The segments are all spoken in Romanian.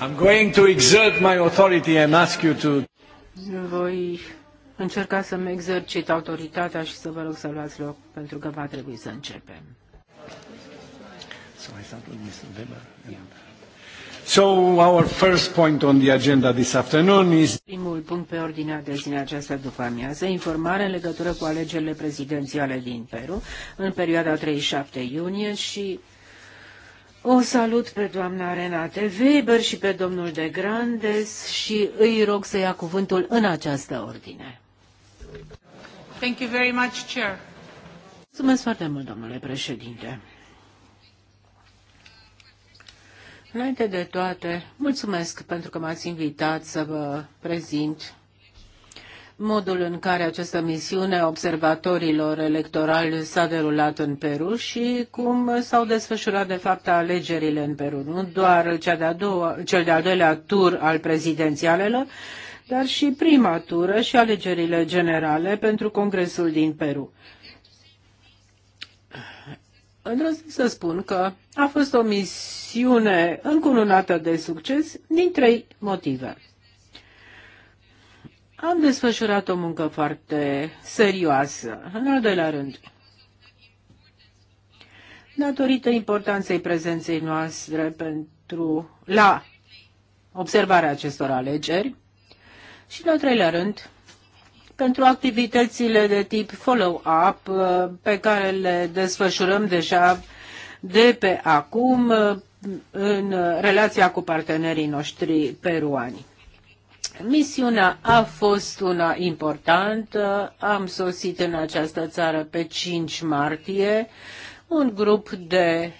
I'm going to exert my authority and ask you to... Voi încerca să-mi exercit autoritatea și să vă rog să luați loc, pentru că va trebui să începem. So I start with Mr. Weber. So our first point on the agenda this afternoon is... Primul punct pe ordinea de zi în această după amiază, informare în legătură cu alegerile prezidențiale din Peru în perioada 37 iunie și o salut pe doamna Renate Weber și pe domnul de Grandes și îi rog să ia cuvântul în această ordine. Thank you very much, Chair. Mulțumesc foarte mult, domnule președinte. Înainte de toate, mulțumesc pentru că m-ați invitat să vă prezint modul în care această misiune a observatorilor electorali s-a derulat în Peru și cum s-au desfășurat de fapt alegerile în Peru, nu doar cea de-a doua, cel de-al doilea tur al prezidențialelor, dar și prima tură și alegerile generale pentru Congresul din Peru. Îndrăznesc să spun că a fost o misiune încununată de succes din trei motive. Am desfășurat o muncă foarte serioasă. În al doilea rând, datorită importanței prezenței noastre pentru la observarea acestor alegeri și, în al treilea rând, pentru activitățile de tip follow-up uh, pe care le desfășurăm deja de pe acum uh, în relația cu partenerii noștri peruani. Misiunea a fost una importantă. Am sosit în această țară pe 5 martie un grup de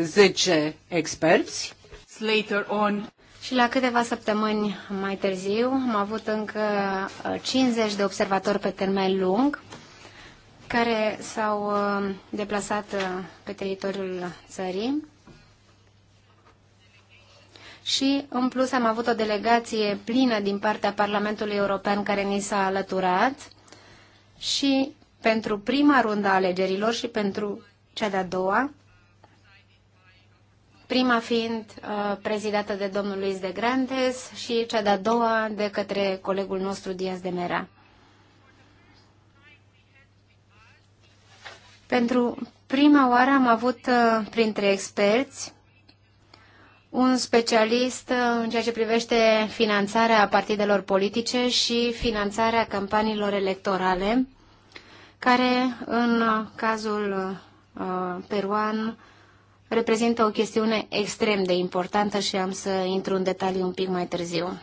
10 experți. Later on. Și la câteva săptămâni mai târziu am avut încă 50 uh, de observatori pe termen lung care s-au uh, deplasat uh, pe teritoriul țării și, în plus, am avut o delegație plină din partea Parlamentului European care ni s-a alăturat și pentru prima rundă a alegerilor și pentru cea de-a doua, prima fiind uh, prezidată de domnul Luis de Grandes și cea de-a doua de către colegul nostru Diaz de Mera. Pentru prima oară am avut uh, printre experți un specialist în ceea ce privește finanțarea partidelor politice și finanțarea campaniilor electorale, care în cazul uh, peruan reprezintă o chestiune extrem de importantă și am să intru în detaliu un pic mai târziu.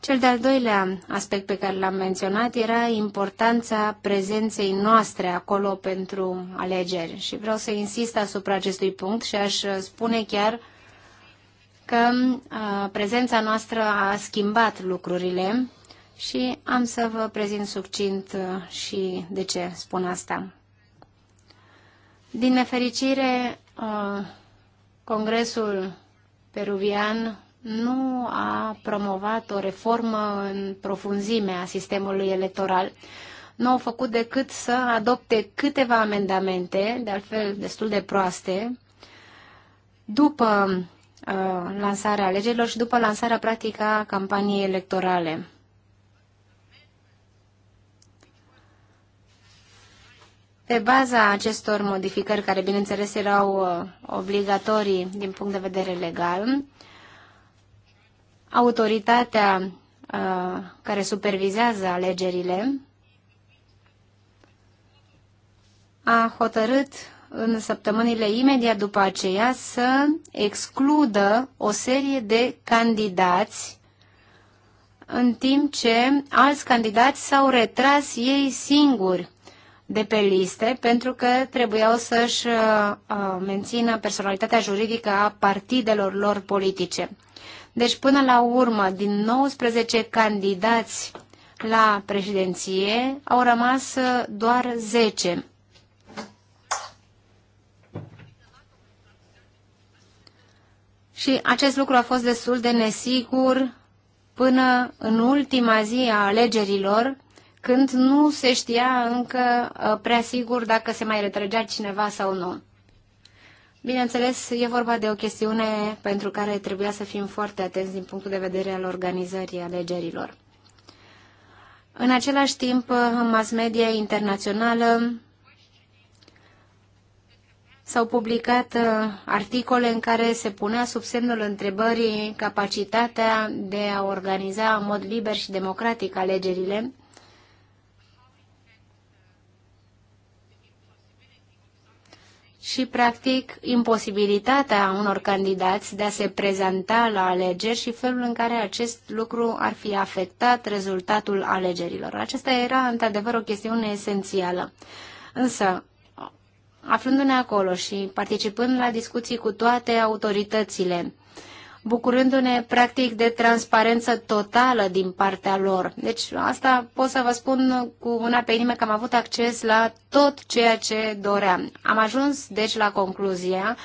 Cel de-al doilea aspect pe care l-am menționat era importanța prezenței noastre acolo pentru alegeri și vreau să insist asupra acestui punct și aș spune chiar că prezența noastră a schimbat lucrurile și am să vă prezint succint și de ce spun asta. Din nefericire, Congresul peruvian nu a promovat o reformă în profunzime a sistemului electoral. Nu au făcut decât să adopte câteva amendamente, de altfel destul de proaste, după uh, lansarea alegerilor și după lansarea practică a campaniei electorale. Pe baza acestor modificări, care bineînțeles erau uh, obligatorii din punct de vedere legal, autoritatea uh, care supervizează alegerile a hotărât în săptămânile imediat după aceea să excludă o serie de candidați în timp ce alți candidați s-au retras ei singuri de pe liste pentru că trebuiau să-și uh, uh, mențină personalitatea juridică a partidelor lor politice. Deci, până la urmă, din 19 candidați la președinție, au rămas uh, doar 10. Și acest lucru a fost destul de nesigur până în ultima zi a alegerilor, când nu se știa încă uh, prea sigur dacă se mai retrăgea cineva sau nu. Bineînțeles, e vorba de o chestiune pentru care trebuia să fim foarte atenți din punctul de vedere al organizării alegerilor. În același timp, în mass media internațională s-au publicat uh, articole în care se punea sub semnul întrebării capacitatea de a organiza în mod liber și democratic alegerile și, practic, imposibilitatea unor candidați de a se prezenta la alegeri și felul în care acest lucru ar fi afectat rezultatul alegerilor. Acesta era, într-adevăr, o chestiune esențială. Însă, aflându-ne acolo și participând la discuții cu toate autoritățile, bucurându-ne practic de transparență totală din partea lor. Deci asta pot să vă spun cu una pe inimă că am avut acces la tot ceea ce doream. Am ajuns deci la concluzia,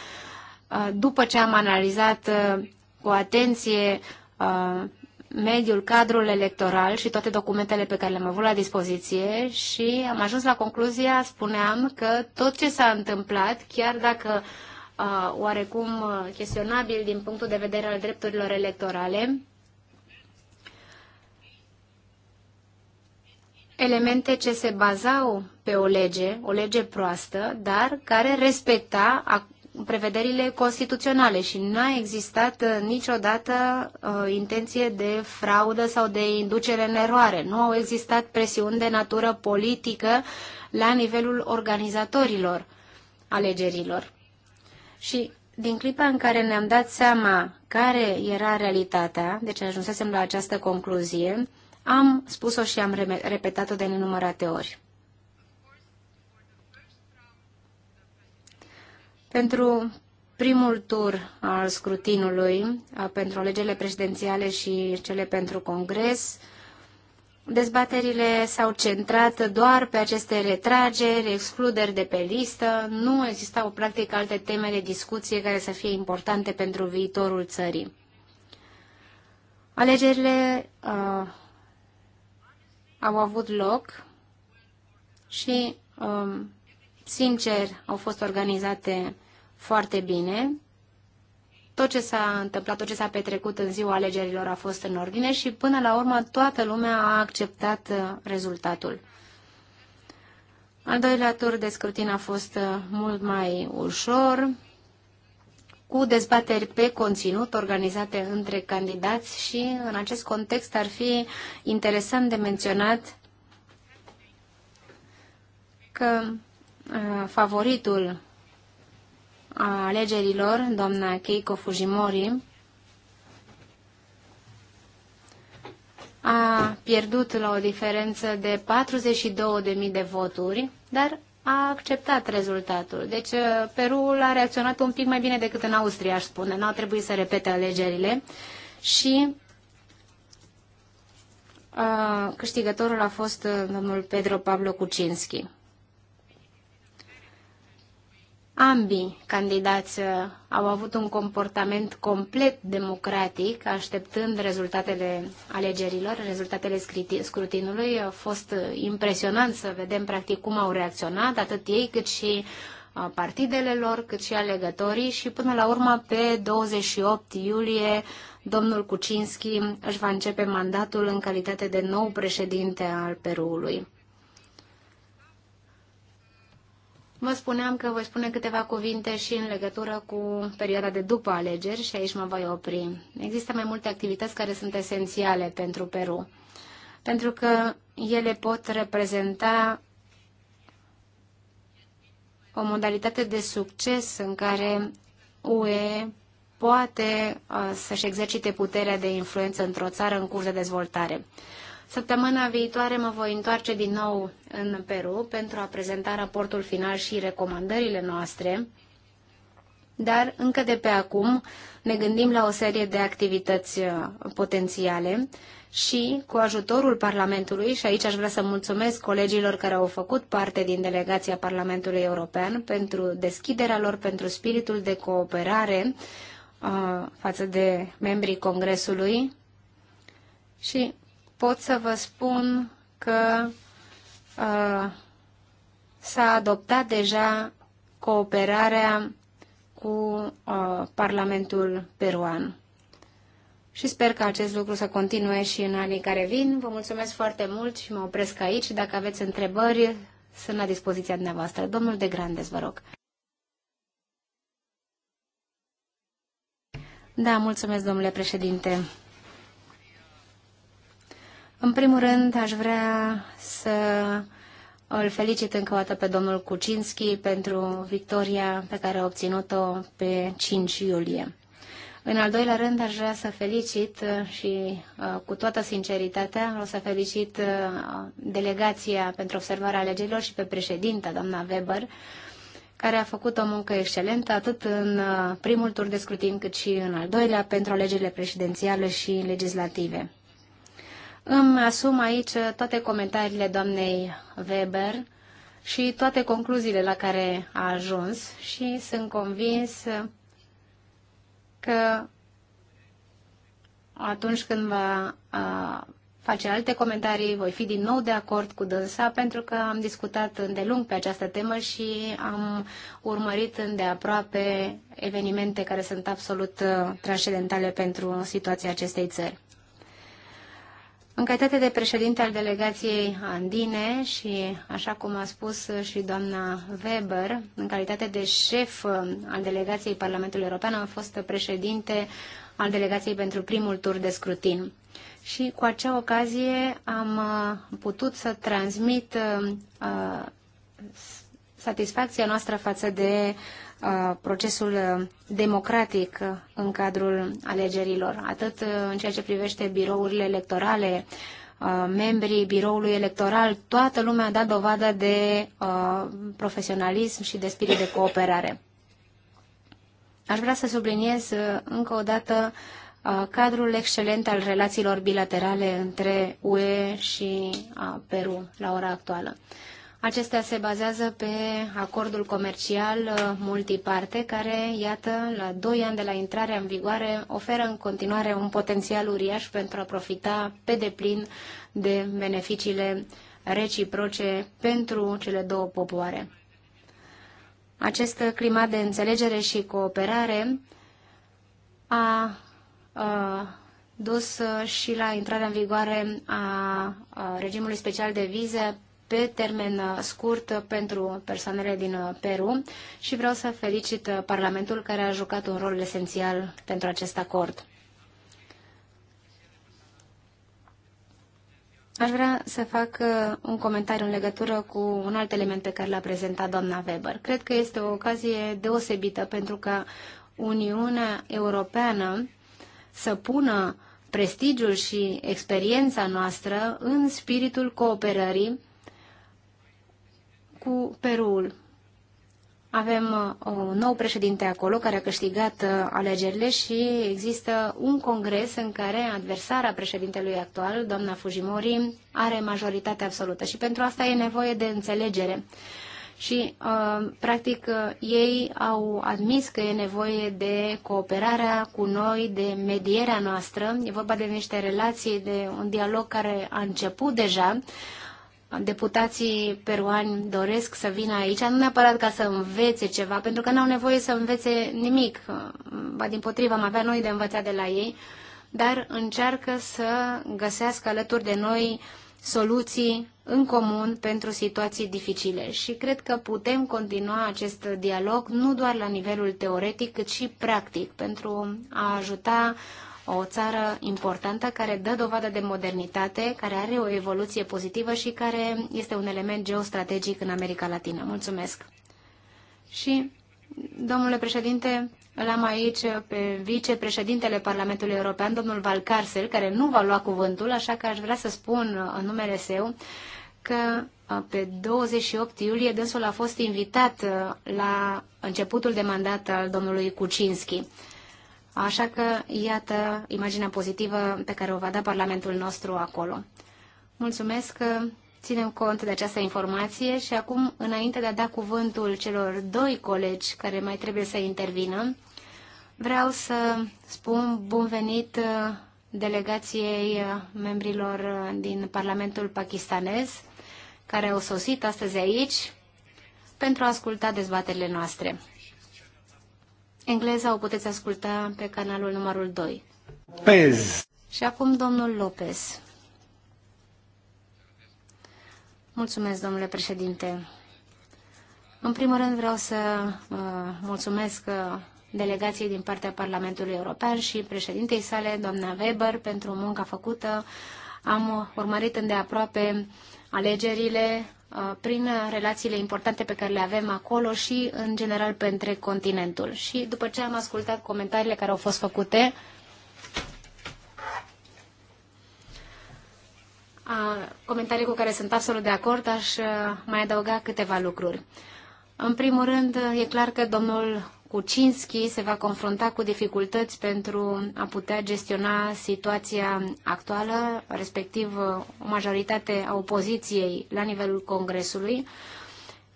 uh, după ce am analizat uh, cu atenție uh, mediul, cadrul electoral și toate documentele pe care le-am avut la dispoziție și am ajuns la concluzia, spuneam, că tot ce s-a întâmplat, chiar dacă uh, oarecum chestionabil din punctul de vedere al drepturilor electorale, elemente ce se bazau pe o lege, o lege proastă, dar care respecta prevederile constituționale și nu a existat niciodată uh, intenție de fraudă sau de inducere în eroare. Nu au existat presiuni de natură politică la nivelul organizatorilor alegerilor. Și din clipa în care ne-am dat seama care era realitatea, deci ajunsesem la această concluzie, am spus-o și am repetat-o de nenumărate ori. Pentru primul tur al scrutinului, pentru alegerile prezidențiale și cele pentru congres, Dezbaterile s-au centrat doar pe aceste retrageri, excluderi de pe listă, nu existau practic alte teme de discuție care să fie importante pentru viitorul țării. Alegerile uh, au avut loc și, uh, sincer, au fost organizate foarte bine. Tot ce s-a întâmplat, tot ce s-a petrecut în ziua alegerilor a fost în ordine și până la urmă toată lumea a acceptat uh, rezultatul. Al doilea tur de scrutin a fost uh, mult mai ușor, cu dezbateri pe conținut organizate între candidați și în acest context ar fi interesant de menționat că uh, favoritul a alegerilor, doamna Keiko Fujimori, a pierdut la o diferență de 42.000 de voturi, dar a acceptat rezultatul. Deci uh, Perul a reacționat un pic mai bine decât în Austria, aș spune. N-au trebuit să repete alegerile și a, uh, câștigătorul a fost uh, domnul Pedro Pablo Kuczynski. Ambii candidați uh, au avut un comportament complet democratic, așteptând rezultatele alegerilor, rezultatele scrutinului. A fost uh, impresionant să vedem practic cum au reacționat atât ei cât și uh, partidele lor, cât și alegătorii și până la urmă pe 28 iulie domnul Kuczynski își va începe mandatul în calitate de nou președinte al Peruului. Vă spuneam că voi spune câteva cuvinte și în legătură cu perioada de după alegeri și aici mă voi opri. Există mai multe activități care sunt esențiale pentru Peru, pentru că ele pot reprezenta o modalitate de succes în care UE poate uh, să-și exercite puterea de influență într-o țară în curs de dezvoltare. Săptămâna viitoare mă voi întoarce din nou în Peru pentru a prezenta raportul final și recomandările noastre, dar încă de pe acum ne gândim la o serie de activități uh, potențiale și cu ajutorul Parlamentului, și aici aș vrea să mulțumesc colegilor care au făcut parte din delegația Parlamentului European pentru deschiderea lor, pentru spiritul de cooperare uh, față de membrii Congresului și pot să vă spun că uh, s-a adoptat deja cooperarea cu uh, Parlamentul peruan. Și sper că acest lucru să continue și în anii care vin. Vă mulțumesc foarte mult și mă opresc aici. Dacă aveți întrebări, sunt la dispoziția dumneavoastră. Domnul de Grandes, vă rog. Da, mulțumesc, domnule președinte. În primul rând, aș vrea să îl felicit încă o dată pe domnul Kucinski pentru victoria pe care a obținut-o pe 5 iulie. În al doilea rând, aș vrea să felicit și uh, cu toată sinceritatea, o să felicit uh, delegația pentru observarea alegerilor și pe președinta, doamna Weber, care a făcut o muncă excelentă atât în uh, primul tur de scrutin cât și în al doilea pentru alegerile prezidențiale și legislative. Îmi asum aici toate comentariile doamnei Weber și toate concluziile la care a ajuns și sunt convins că atunci când va face alte comentarii, voi fi din nou de acord cu dânsa, pentru că am discutat îndelung pe această temă și am urmărit îndeaproape evenimente care sunt absolut transcendentale pentru situația acestei țări. În calitate de președinte al delegației andine și, așa cum a spus și doamna Weber, în calitate de șef al delegației Parlamentului European, am fost președinte al delegației pentru primul tur de scrutin. Și cu acea ocazie am uh, putut să transmit uh, uh, satisfacția noastră față de uh, Uh, procesul uh, democratic uh, în cadrul alegerilor, atât în ceea ce privește birourile electorale, membrii biroului electoral, toată lumea a dat dovadă de profesionalism și de spirit de cooperare. Aș vrea să subliniez încă o dată cadrul excelent al relațiilor bilaterale între UE și Peru la ora actuală. Acestea se bazează pe acordul comercial uh, multiparte care, iată, la doi ani de la intrarea în vigoare, oferă în continuare un potențial uriaș pentru a profita pe deplin de beneficiile reciproce pentru cele două popoare. Acest climat de înțelegere și cooperare a, a uh, dus și la intrarea în vigoare a, a uh, regimului special de vize pe termen uh, scurt uh, pentru persoanele din uh, Peru și vreau să felicit Parlamentul care a jucat un rol esențial pentru acest acord. Aș vrea să fac un comentariu în legătură cu un alt element pe care l-a prezentat doamna Weber. Cred că este o ocazie deosebită pentru ca Uniunea Europeană să pună prestigiul și experiența noastră în spiritul cooperării cu Perul. Avem un uh, nou președinte acolo care a câștigat uh, alegerile și există un congres în care adversara președintelui actual, doamna Fujimori, are majoritate absolută și pentru asta e nevoie de înțelegere. Și, uh, practic, ei au admis că e nevoie de cooperarea cu noi, de medierea noastră. E vorba de niște relații, de un dialog care a început deja deputații peruani doresc să vină aici, nu neapărat ca să învețe ceva, pentru că n-au nevoie să învețe nimic, ba din potrivă am avea noi de învățat de la ei, dar încearcă să găsească alături de noi soluții în comun pentru situații dificile și cred că putem continua acest dialog nu doar la nivelul teoretic, cât și practic pentru a ajuta o țară importantă care dă dovadă de modernitate, care are o evoluție pozitivă și care este un element geostrategic în America Latină. Mulțumesc! Și, domnule președinte, îl am aici pe vicepreședintele Parlamentului European, domnul Valcarcel, care nu va lua cuvântul, așa că aș vrea să spun în numele său că uh, pe 28 iulie dânsul a fost invitat uh, la începutul de mandat al domnului Kuczynski. Așa că, iată, imaginea pozitivă pe care o va da Parlamentul nostru acolo. Mulțumesc că ținem cont de această informație și acum, înainte de a da cuvântul celor doi colegi care mai trebuie să intervină, vreau să spun bun venit uh, delegației uh, membrilor uh, din Parlamentul pakistanez care au sosit astăzi aici pentru a asculta dezbaterile noastre. Engleza o puteți asculta pe canalul numărul 2. Pez. Și acum domnul Lopez. Mulțumesc, domnule președinte. În primul rând vreau să uh, mulțumesc uh, delegației din partea Parlamentului European și președintei sale, doamna Weber, pentru munca făcută. Am urmărit îndeaproape alegerile Uh, prin relațiile importante pe care le avem acolo și, în general, pe întreg continentul. Și după ce am ascultat comentariile care au fost făcute, comentarii cu care sunt absolut de acord, aș uh, mai adăuga câteva lucruri. În primul rând, e clar că domnul Kuczynski se va confrunta cu dificultăți pentru a putea gestiona situația actuală, respectiv o majoritate a opoziției la nivelul Congresului,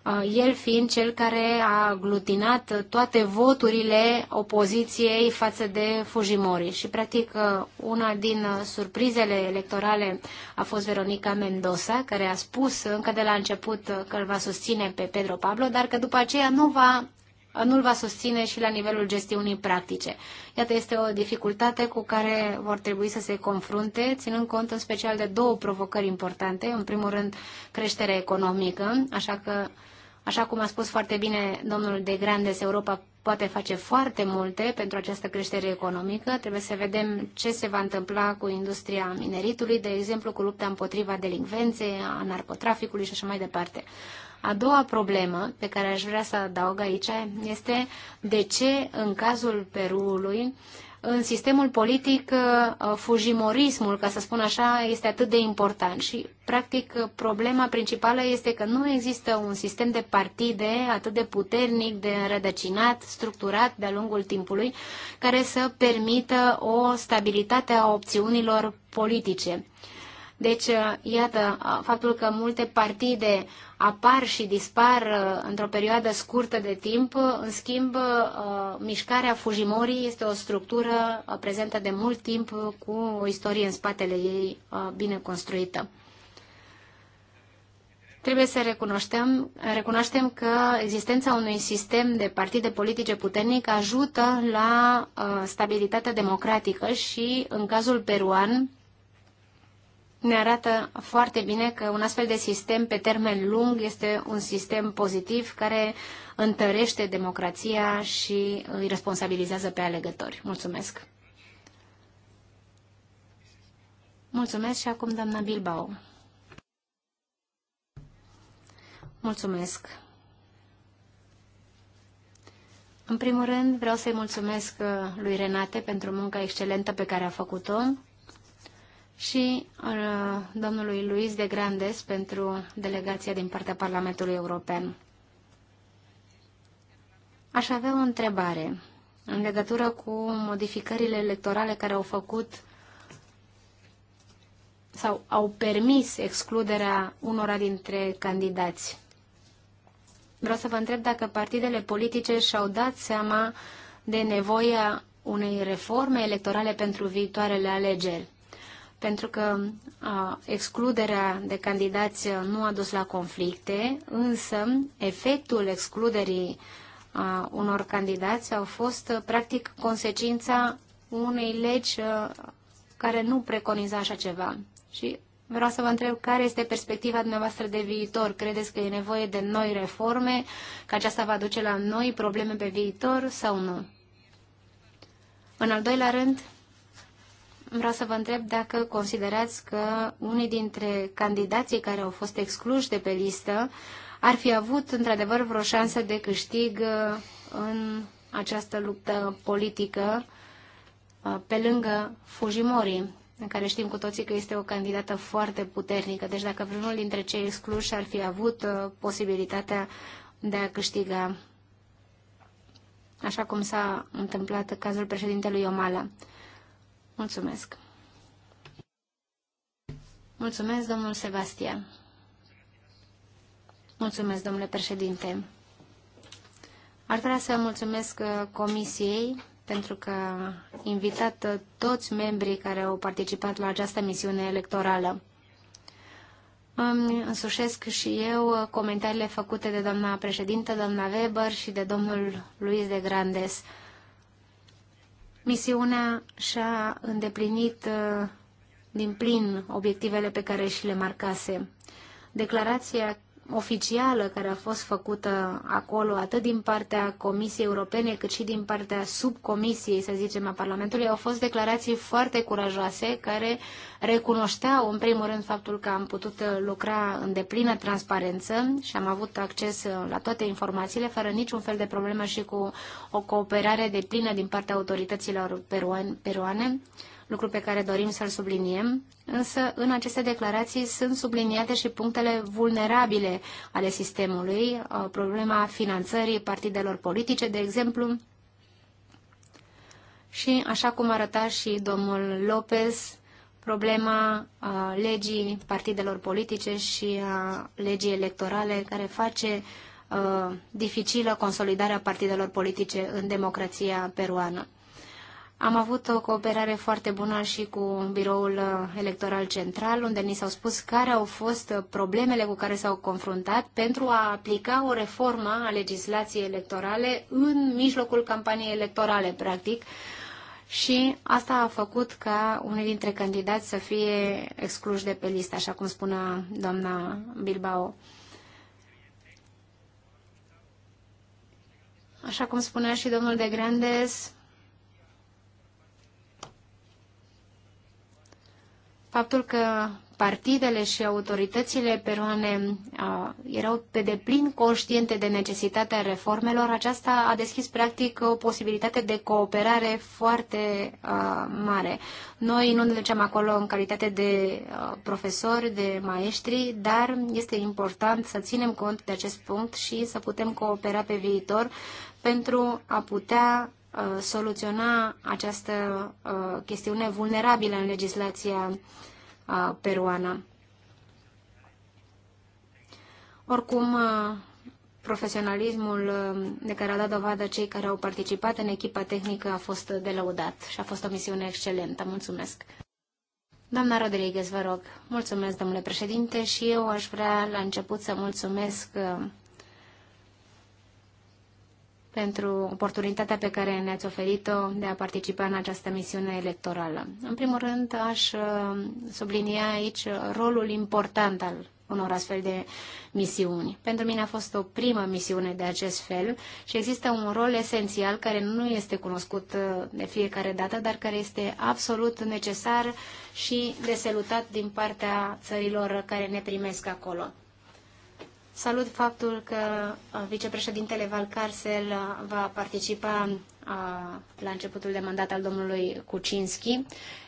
uh, el fiind cel care a aglutinat toate voturile opoziției față de Fujimori. Și, practic, uh, una din surprizele electorale a fost Veronica Mendoza, care a spus încă de la început că îl va susține pe Pedro Pablo, dar că după aceea nu va nu-l va susține și la nivelul gestiunii practice. Iată, este o dificultate cu care vor trebui să se confrunte, ținând cont în special de două provocări importante. În primul rând, creșterea economică, așa că, așa cum a spus foarte bine domnul de Grandes, Europa poate face foarte multe pentru această creștere economică. Trebuie să vedem ce se va întâmpla cu industria mineritului, de exemplu, cu lupta împotriva delinvenței, a narcotraficului și așa mai departe. A doua problemă pe care aș vrea să adaug aici este de ce în cazul Peruului în sistemul politic uh, fujimorismul, ca să spun așa, este atât de important și practic problema principală este că nu există un sistem de partide atât de puternic, de rădăcinat, structurat de-a lungul timpului, care să permită o stabilitate a opțiunilor politice. Deci, uh, iată, uh, faptul că multe partide apar și dispar uh, într-o perioadă scurtă de timp, în schimb, mișcarea Fujimori este o structură prezentă de mult timp cu o istorie în spatele ei bine construită. Trebuie să recunoaștem, recunoaștem că existența unui sistem de partide politice puternic ajută la uh, stabilitatea democratică și, în cazul peruan, ne arată foarte bine că un astfel de sistem pe termen lung este un sistem pozitiv care întărește democrația și îi responsabilizează pe alegători. Mulțumesc! Mulțumesc și acum doamna Bilbao. Mulțumesc! În primul rând, vreau să-i mulțumesc lui Renate pentru munca excelentă pe care a făcut-o și uh, domnului Luis de Grandes pentru delegația din partea Parlamentului European. Aș avea o întrebare în legătură cu modificările electorale care au făcut sau au permis excluderea unora dintre candidați. Vreau să vă întreb dacă partidele politice și-au dat seama de nevoia unei reforme electorale pentru viitoarele alegeri pentru că a, excluderea de candidați nu a dus la conflicte, însă efectul excluderii a, unor candidați au fost practic consecința unei legi a, care nu preconiza așa ceva. Și vreau să vă întreb care este perspectiva dumneavoastră de viitor. Credeți că e nevoie de noi reforme, că aceasta va duce la noi probleme pe viitor sau nu? În al doilea rând, vreau să vă întreb dacă considerați că unii dintre candidații care au fost excluși de pe listă ar fi avut într-adevăr vreo șansă de câștig uh, în această luptă politică uh, pe lângă Fujimori, în care știm cu toții că este o candidată foarte puternică. Deci dacă vreunul dintre cei excluși ar fi avut uh, posibilitatea de a câștiga, așa cum s-a întâmplat în cazul președintelui Omala. Mulțumesc. Mulțumesc, domnul Sebastian. Mulțumesc, domnule președinte. Ar vrea să mulțumesc uh, comisiei pentru că a invitat uh, toți membrii care au participat la această misiune electorală. Îmi însușesc și eu uh, comentariile făcute de doamna președintă, doamna Weber și de domnul Luis de Grandes. Misiunea și-a îndeplinit uh, din plin obiectivele pe care și le marcase. Declarația oficială care a fost făcută acolo, atât din partea Comisiei Europene, cât și din partea subcomisiei, să zicem, a Parlamentului, au fost declarații foarte curajoase care recunoșteau, în primul rând, faptul că am putut lucra în deplină transparență și am avut acces la toate informațiile, fără niciun fel de problemă și cu o cooperare deplină din partea autorităților peruane lucru pe care dorim să-l subliniem, însă în aceste declarații sunt subliniate și punctele vulnerabile ale sistemului, uh, problema finanțării partidelor politice, de exemplu, și, așa cum arăta și domnul Lopez, problema a, uh, legii partidelor politice și a legii electorale care face a, uh, dificilă consolidarea partidelor politice în democrația peruană. Am avut o cooperare foarte bună și cu Biroul uh, Electoral Central, unde ni s-au spus care au fost uh, problemele cu care s-au confruntat pentru a aplica o reformă a legislației electorale în mijlocul campaniei electorale, practic. Și asta a făcut ca unii dintre candidați să fie excluși de pe listă, așa cum spunea doamna Bilbao. Așa cum spunea și domnul de Grandes, faptul că partidele și autoritățile peruane erau pe deplin conștiente de necesitatea reformelor, aceasta a deschis practic o posibilitate de cooperare foarte mare. Noi nu ne ducem acolo în calitate de profesori, de maestri, dar este important să ținem cont de acest punct și să putem coopera pe viitor pentru a putea Uh, soluționa această uh, chestiune vulnerabilă în legislația uh, peruană. Oricum, profesionalismul de care a dat dovadă cei care au participat în echipa tehnică a fost delăudat și a fost o misiune excelentă. Mulțumesc! Doamna Rodriguez, vă rog, mulțumesc, domnule președinte, și eu aș vrea la început să mulțumesc pentru oportunitatea pe care ne-ați oferit-o de a participa în această misiune electorală. În primul rând, aș uh, sublinia aici rolul important al unor astfel de misiuni. Pentru mine a fost o primă misiune de acest fel și există un rol esențial care nu este cunoscut uh, de fiecare dată, dar care este absolut necesar și de din partea țărilor care ne primesc acolo. Salut faptul că uh, vicepreședintele Valcarcel uh, va participa uh, la începutul de mandat al domnului Kucinski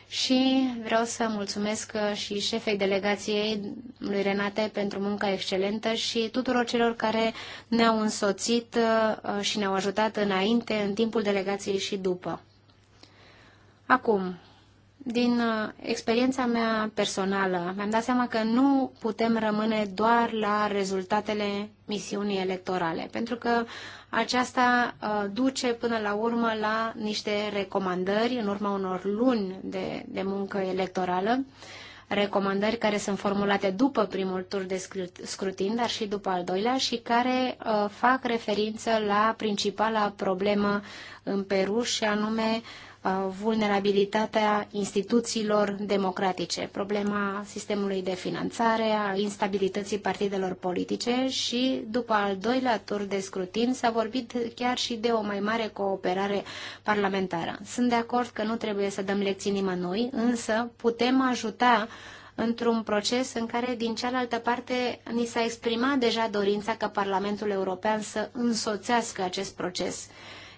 și vreau să mulțumesc și șefei delegației lui Renate pentru munca excelentă și tuturor celor care ne-au însoțit și ne-au ajutat înainte, în timpul delegației și după. Acum, din uh, experiența mea personală, mi-am dat seama că nu putem rămâne doar la rezultatele misiunii electorale, pentru că aceasta uh, duce până la urmă la niște recomandări în urma unor luni de, de muncă electorală, recomandări care sunt formulate după primul tur de scrutin, dar și după al doilea și care uh, fac referință la principala problemă în Peru și anume uh, Uh, vulnerabilitatea instituțiilor democratice, problema sistemului de finanțare, a instabilității partidelor politice și, după al doilea tur de scrutin, s-a vorbit chiar și de o mai mare cooperare parlamentară. Sunt de acord că nu trebuie să dăm lecții nimănui, însă putem ajuta într-un proces în care, din cealaltă parte, ni s-a exprimat deja dorința ca Parlamentul European să însoțească acest proces.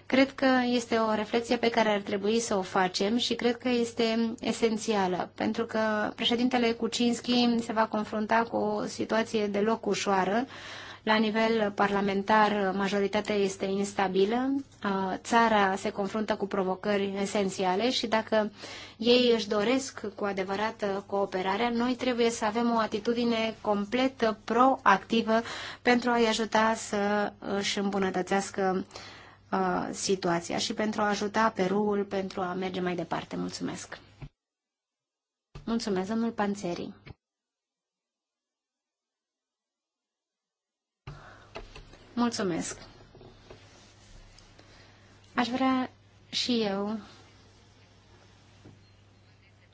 Cred că este o reflexie pe care ar trebui să o facem și cred că este esențială, pentru că președintele Kuczynski se va confrunta cu o situație deloc ușoară. La nivel parlamentar, majoritatea este instabilă, țara se confruntă cu provocări esențiale și dacă ei își doresc cu adevărat cooperarea, noi trebuie să avem o atitudine complet proactivă pentru a-i ajuta să își îmbunătățească Uh, situația și pentru a ajuta Peruul pentru a merge mai departe. Mulțumesc! Mulțumesc, domnul Panțerii! Mulțumesc! Aș vrea și eu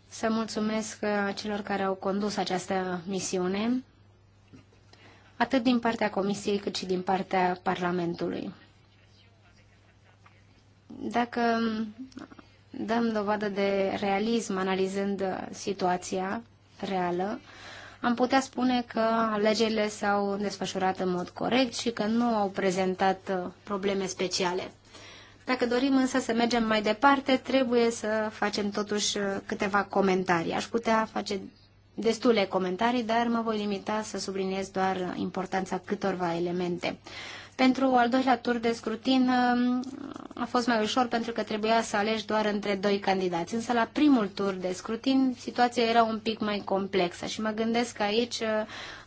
să mulțumesc uh, celor care au condus această misiune, atât din partea Comisiei cât și din partea Parlamentului. Dacă dăm dovadă de realism analizând uh, situația reală, am putea spune că alegerile s-au desfășurat în mod corect și că nu au prezentat uh, probleme speciale. Dacă dorim însă să mergem mai departe, trebuie să facem totuși uh, câteva comentarii. Aș putea face destule comentarii, dar mă voi limita să subliniez doar importanța câtorva elemente. Pentru al doilea tur de scrutin um, a fost mai ușor pentru că trebuia să alegi doar între doi candidați. Însă la primul tur de scrutin situația era un pic mai complexă și mă gândesc aici uh,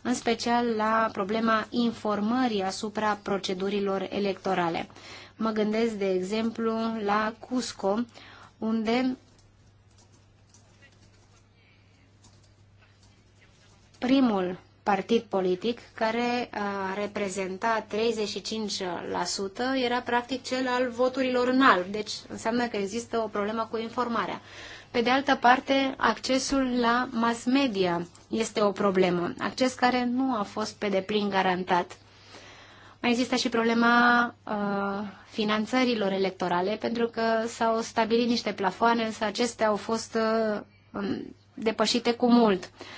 în special la problema informării asupra procedurilor electorale. Mă gândesc, de exemplu, la Cusco, unde primul partid politic care reprezenta 35% era practic cel al voturilor în alb. Deci înseamnă că există o problemă cu informarea. Pe de altă parte, accesul la mass media este o problemă, acces care nu a fost pe deplin garantat. Mai există și problema uh, finanțărilor electorale, pentru că s-au stabilit niște plafoane, însă acestea au fost uh, depășite cu mult. Uh,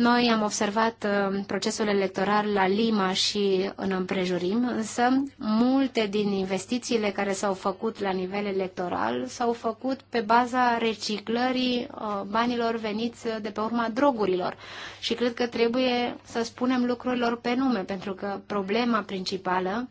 noi am observat uh, procesul electoral la Lima și în împrejurim, însă multe din investițiile care s-au făcut la nivel electoral s-au făcut pe baza reciclării uh, banilor veniți de pe urma drogurilor. Și cred că trebuie să spunem lucrurilor pe nume, pentru că problema principală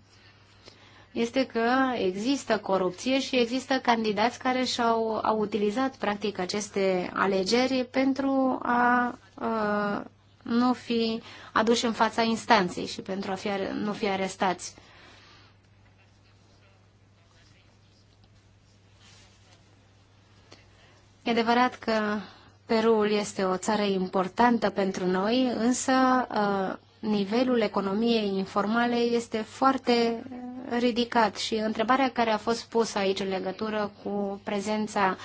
este că există corupție și există candidați care și-au au utilizat practic aceste alegeri pentru a, a nu fi aduși în fața instanței și pentru a fi, nu fi arestați. E adevărat că Perul este o țară importantă pentru noi, însă nivelul economiei informale este foarte ridicat și întrebarea care a fost pusă aici în legătură cu prezența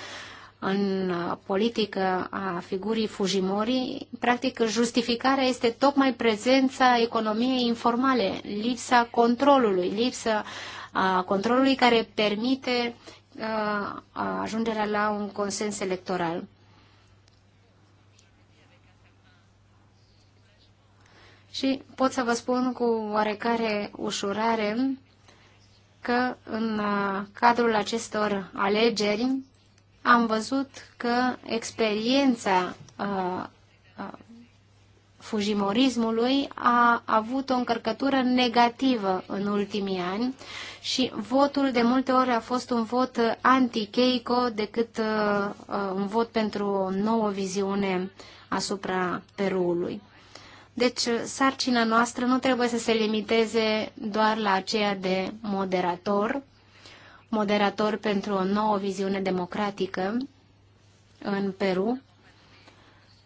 în politică a figurii Fujimori, practic justificarea este tocmai prezența economiei informale, lipsa controlului, lipsa a controlului care permite a, ajungerea la un consens electoral. Și pot să vă spun cu oarecare ușurare că în uh, cadrul acestor alegeri am văzut că experiența uh, uh, fujimorismului a avut o încărcătură negativă în ultimii ani și votul de multe ori a fost un vot anti-Keiko decât un vot pentru o nouă viziune asupra Peruului. Deci, sarcina noastră nu trebuie să se limiteze doar la aceea de moderator, moderator pentru o nouă viziune democratică în Peru.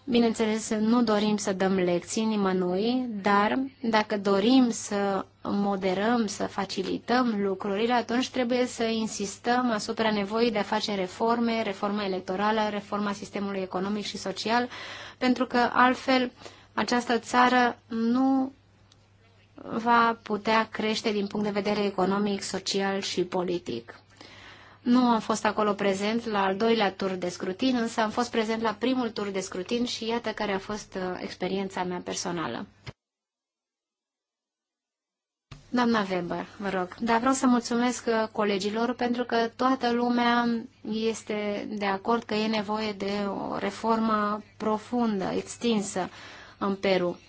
Bineînțeles, nu dorim să dăm lecții nimănui, dar dacă dorim să moderăm, să facilităm lucrurile, atunci trebuie să insistăm asupra nevoii de a face reforme, reforma electorală, reforma sistemului economic și social, pentru că altfel uh, această țară nu va putea crește din punct de vedere economic, social și politic. Nu am fost acolo prezent la al doilea tur de scrutin, însă am fost prezent la primul tur de scrutin și iată care a fost uh, experiența mea personală. Doamna Weber, vă rog, dar vreau să mulțumesc uh, colegilor pentru că toată lumea este de acord că e nevoie de o reformă profundă, extinsă în Peru.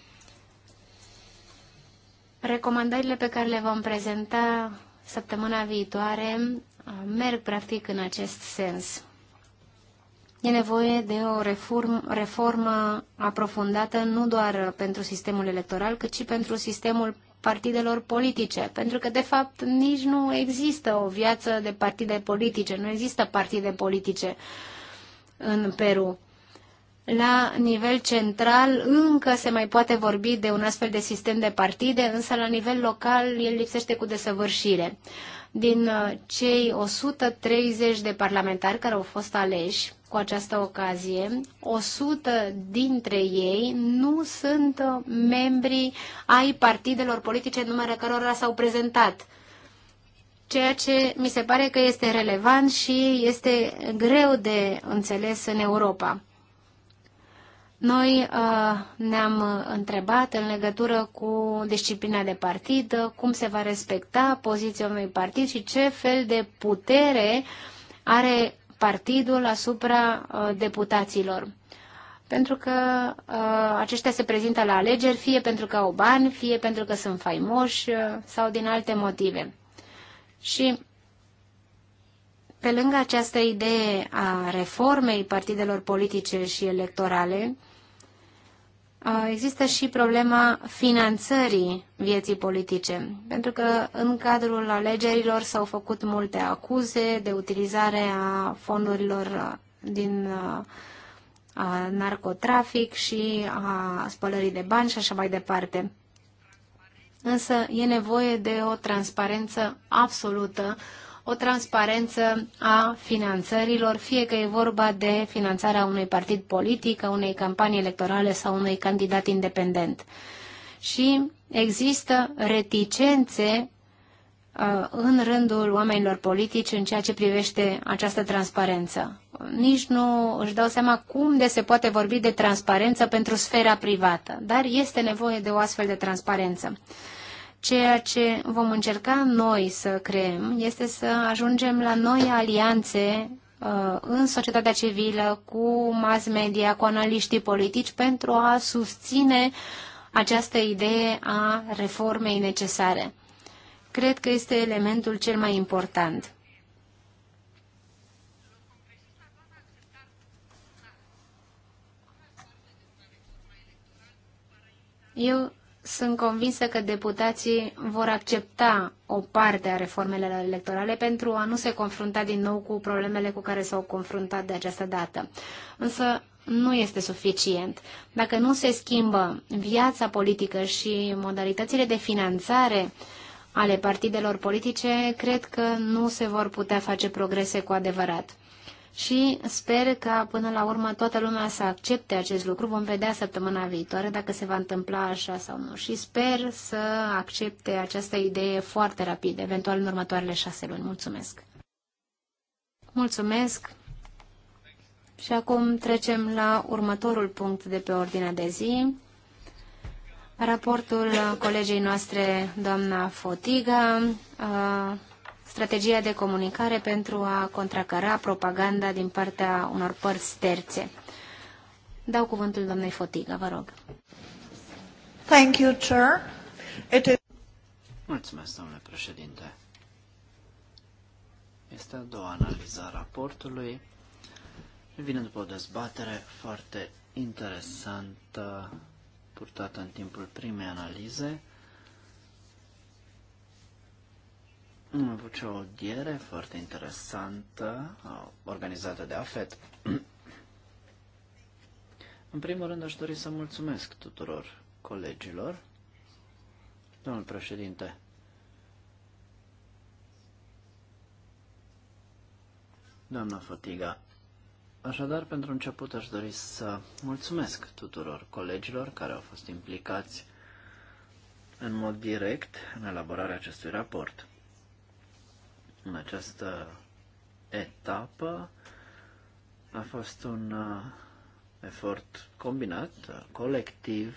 Recomandările pe care le vom prezenta săptămâna viitoare uh, merg practic în acest sens. E nevoie de o reform, reformă aprofundată nu doar pentru sistemul electoral, cât și pentru sistemul partidelor politice, pentru că, de fapt, nici nu există o viață de partide politice, nu există partide politice în Peru la nivel central încă se mai poate vorbi de un astfel de sistem de partide, însă la nivel local el lipsește cu desăvârșire. Din uh, cei 130 de parlamentari care au fost aleși cu această ocazie, 100 dintre ei nu sunt uh, membri ai partidelor politice în numele cărora s-au prezentat ceea ce mi se pare că este relevant și este greu de înțeles în Europa. Noi uh, ne-am uh, întrebat în legătură cu disciplina de partid, uh, cum se va respecta poziția unui partid și ce fel de putere are partidul asupra uh, deputaților. Pentru că uh, aceștia se prezintă la alegeri fie pentru că au bani, fie pentru că sunt faimoși uh, sau din alte motive. Și pe lângă această idee a reformei partidelor politice și electorale, Există și problema finanțării vieții politice, pentru că în cadrul alegerilor s-au făcut multe acuze de utilizare a fondurilor din a narcotrafic și a spălării de bani și așa mai departe. Însă e nevoie de o transparență absolută o transparență a finanțărilor, fie că e vorba de finanțarea unui partid politic, a unei campanii electorale sau unui candidat independent. Și există reticențe uh, în rândul oamenilor politici în ceea ce privește această transparență. Nici nu își dau seama cum de se poate vorbi de transparență pentru sfera privată, dar este nevoie de o astfel de transparență. Ceea ce vom încerca noi să creăm este să ajungem la noi alianțe uh, în societatea civilă, cu mass media, cu analiștii politici, pentru a susține această idee a reformei necesare. Cred că este elementul cel mai important. Eu sunt convinsă că deputații vor accepta o parte a reformelor electorale pentru a nu se confrunta din nou cu problemele cu care s-au confruntat de această dată. Însă nu este suficient. Dacă nu se schimbă viața politică și modalitățile de finanțare ale partidelor politice, cred că nu se vor putea face progrese cu adevărat și sper că până la urmă toată lumea să accepte acest lucru. Vom vedea săptămâna viitoare dacă se va întâmpla așa sau nu și sper să accepte această idee foarte rapid, eventual în următoarele șase luni. Mulțumesc! Mulțumesc! Și acum trecem la următorul punct de pe ordinea de zi. Raportul colegii noastre, doamna Fotiga, strategia de comunicare pentru a contracara propaganda din partea unor părți terțe. Dau cuvântul doamnei Fotiga, vă rog. Thank you, Chair. It is... Mulțumesc, domnule președinte. Este a doua analiză a raportului. Vine după o dezbatere foarte interesantă purtată în timpul primei analize. Am avut și o audiere foarte interesantă, organizată de AFET. În primul rând aș dori să mulțumesc tuturor colegilor. Domnul președinte, doamna Fatiga, așadar pentru început aș dori să mulțumesc tuturor colegilor care au fost implicați în mod direct în elaborarea acestui raport în această etapă. A fost un uh, efort combinat, uh, colectiv,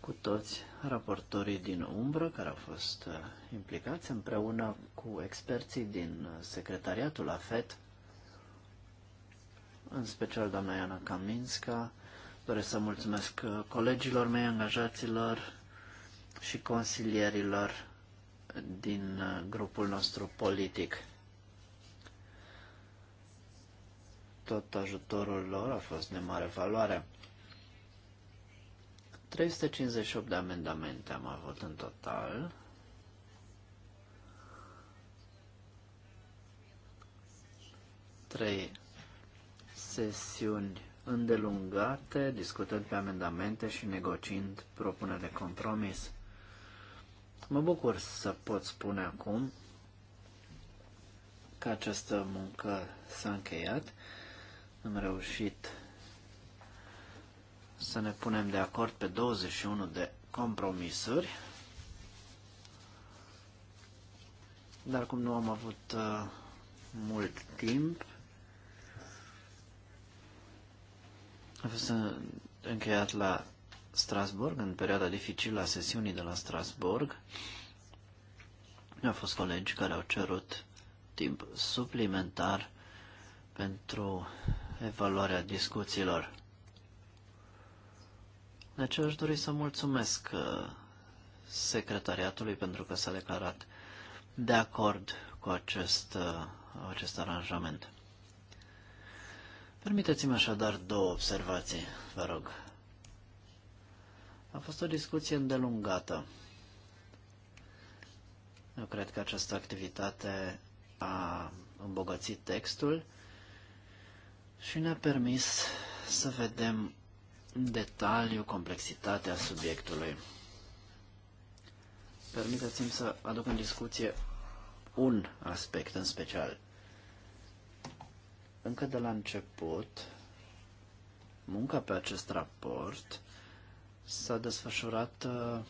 cu toți raportorii din umbră care au fost uh, implicați împreună cu experții din secretariatul AFET, în special doamna Iana Kaminska. Doresc să mulțumesc colegilor mei, angajaților și consilierilor din uh, grupul nostru politic. Tot ajutorul lor a fost de mare valoare. 358 de amendamente am avut în total. Trei sesiuni îndelungate, discutând pe amendamente și negociind propuneri de compromis. Mă bucur să pot spune acum că această muncă s-a încheiat. Am reușit să ne punem de acord pe 21 de compromisuri. Dar cum nu am avut uh, mult timp, a fost încheiat la Strasburg, în perioada dificilă a sesiunii de la Strasburg. Au fost colegi care au cerut timp suplimentar pentru evaluarea discuțiilor. De deci aceea aș dori să mulțumesc uh, secretariatului pentru că s-a declarat de acord cu acest, uh, acest aranjament. Permiteți-mi așadar două observații, vă rog. A fost o discuție îndelungată. Eu cred că această activitate a îmbogățit textul și ne-a permis să vedem în detaliu complexitatea subiectului. Permiteți-mi să aduc în discuție un aspect în special. Încă de la început, munca pe acest raport s-a desfășurat uh,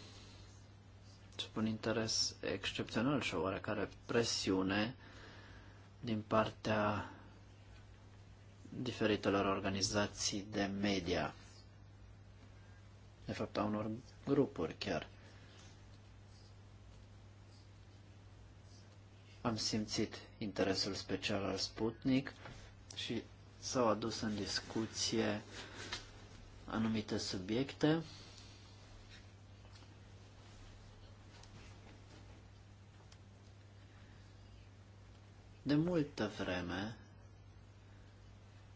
sub un interes excepțional și o oarecare presiune din partea diferitelor organizații de media, de fapt a unor grupuri chiar. Am simțit interesul special al Sputnik și s-au adus în discuție anumite subiecte De multă vreme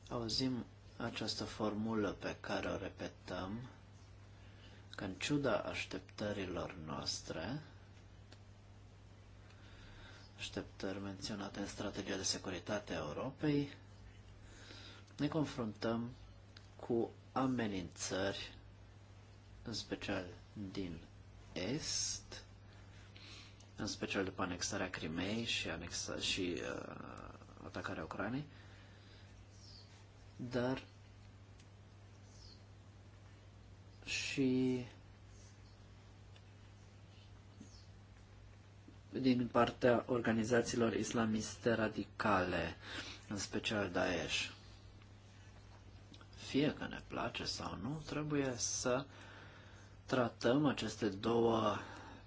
auzim această formulă pe care o repetăm, că în ciuda așteptărilor noastre, așteptări menționate în strategia de securitate a Europei, ne confruntăm cu amenințări, în special din Est, în special după anexarea Crimei și, anexa, și uh, atacarea Ucrainei, dar și din partea organizațiilor islamiste radicale, în special Daesh. Fie că ne place sau nu, trebuie să tratăm aceste două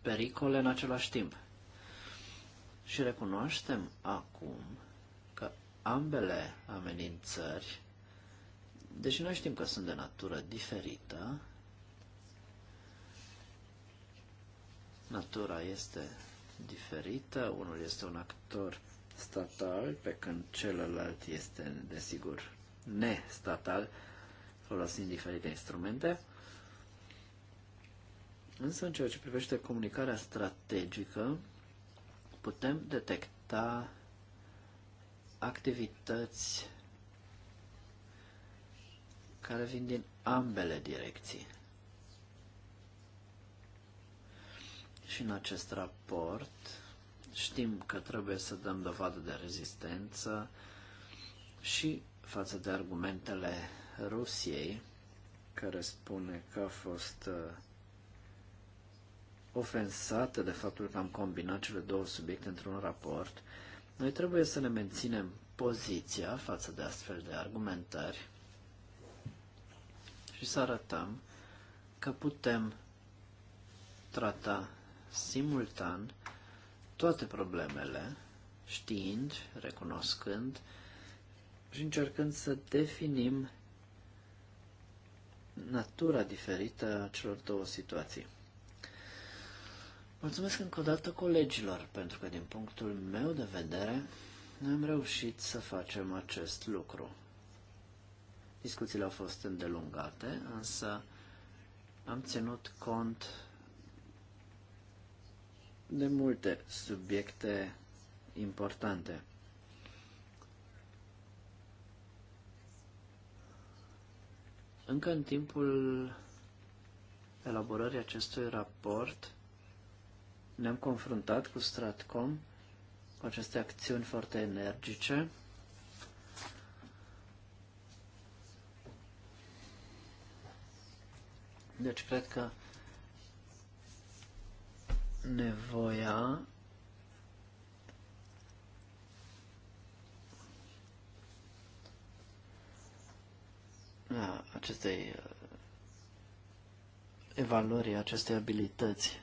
pericole în același timp. Și recunoaștem acum că ambele amenințări, deși noi știm că sunt de natură diferită, natura este diferită, unul este un actor statal, pe când celălalt este, desigur, nestatal, folosind diferite instrumente. Însă, în ceea ce privește comunicarea strategică, putem detecta activități care vin din ambele direcții. Și în acest raport știm că trebuie să dăm dovadă de rezistență și față de argumentele Rusiei, care spune că a fost uh, ofensată de faptul că am combinat cele două subiecte într-un raport, noi trebuie să ne menținem poziția față de astfel de argumentări și să arătăm că putem trata simultan toate problemele, știind, recunoscând și încercând să definim natura diferită a celor două situații. Mulțumesc încă o dată colegilor, pentru că din punctul meu de vedere am reușit să facem acest lucru. Discuțiile au fost îndelungate, însă am ținut cont de multe subiecte importante. Încă în timpul elaborării acestui raport, ne-am confruntat cu Stratcom, cu aceste acțiuni foarte energice. Deci cred că nevoia acestei uh, evaluării, acestei abilități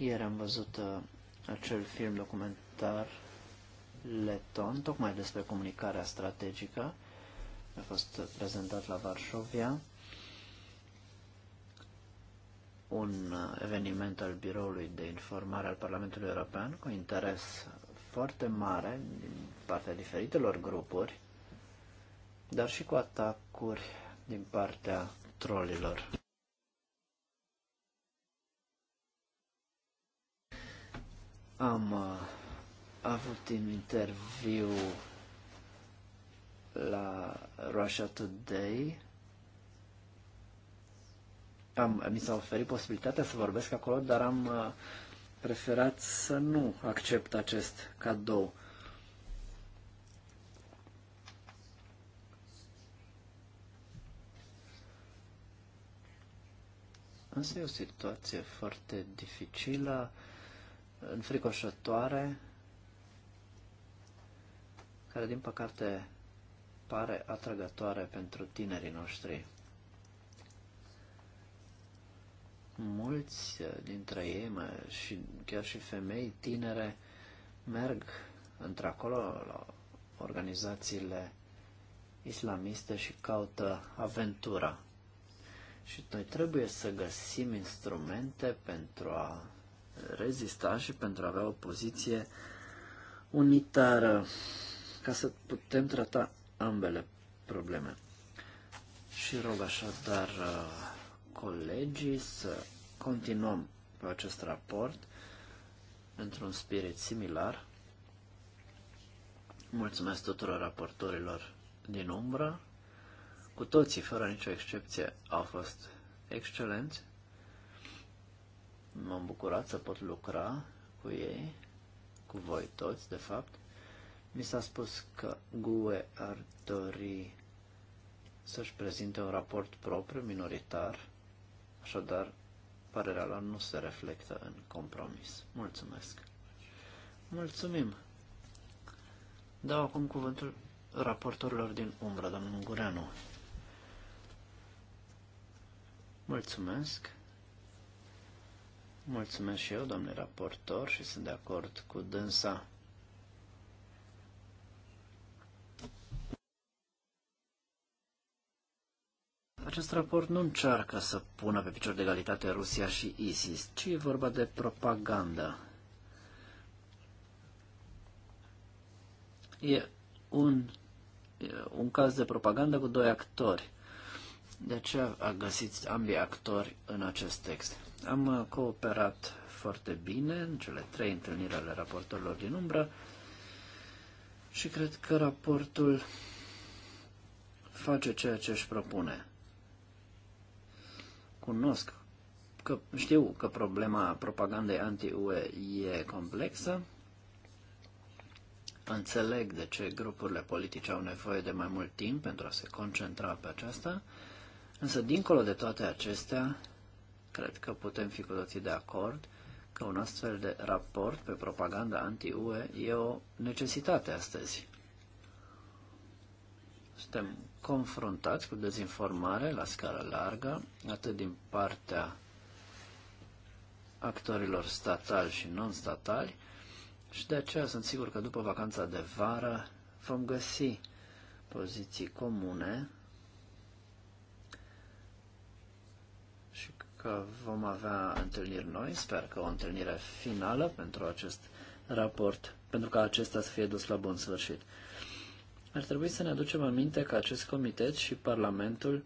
Ieri am văzut uh, acel film documentar leton, tocmai despre comunicarea strategică. A fost prezentat la Varșovia. Un uh, eveniment al Biroului de Informare al Parlamentului European cu interes foarte mare din partea diferitelor grupuri, dar și cu atacuri din partea trolilor. Am uh, avut un interviu la Russia Today. Am, mi s-a oferit posibilitatea să vorbesc acolo, dar am uh, preferat să nu accept acest cadou. Asta e o situație foarte dificilă înfricoșătoare care din păcate pare atrăgătoare pentru tinerii noștri. Mulți dintre ei, și chiar și femei tinere, merg într-acolo la organizațiile islamiste și caută aventura. Și noi trebuie să găsim instrumente pentru a rezista și pentru a avea o poziție unitară ca să putem trata ambele probleme. Și rog așadar uh, colegii să continuăm pe acest raport într-un spirit similar. Mulțumesc tuturor raportorilor din umbră. Cu toții, fără nicio excepție, au fost excelenți m-am bucurat să pot lucra cu ei, cu voi toți, de fapt. Mi s-a spus că GUE ar dori să-și prezinte un raport propriu, minoritar, așadar părerea lor nu se reflectă în compromis. Mulțumesc! Mulțumim! Dau acum cuvântul raportorilor din umbră, domnul Gureanu. Mulțumesc! Mulțumesc și eu, domnule raportor, și sunt de acord cu dânsa. Acest raport nu încearcă să pună pe picior de egalitate Rusia și ISIS, ci e vorba de propagandă. E un, e un caz de propagandă cu doi actori. De aceea a găsit ambii actori în acest text. Am uh, cooperat foarte bine în cele trei întâlniri ale raportorilor din umbră și cred că raportul face ceea ce își propune. Cunosc că știu că problema propagandei anti-UE e complexă, înțeleg de ce grupurile politice au nevoie de mai mult timp pentru a se concentra pe aceasta, însă dincolo de toate acestea, Cred că putem fi cu toții de acord că un astfel de raport pe propaganda anti-UE e o necesitate astăzi. Suntem confruntați cu dezinformare la scară largă, atât din partea actorilor statali și non-statali, și de aceea sunt sigur că după vacanța de vară vom găsi poziții comune că vom avea întâlniri noi, sper că o întâlnire finală pentru acest raport, pentru ca acesta să fie dus la bun sfârșit. Ar trebui să ne aducem aminte că acest comitet și Parlamentul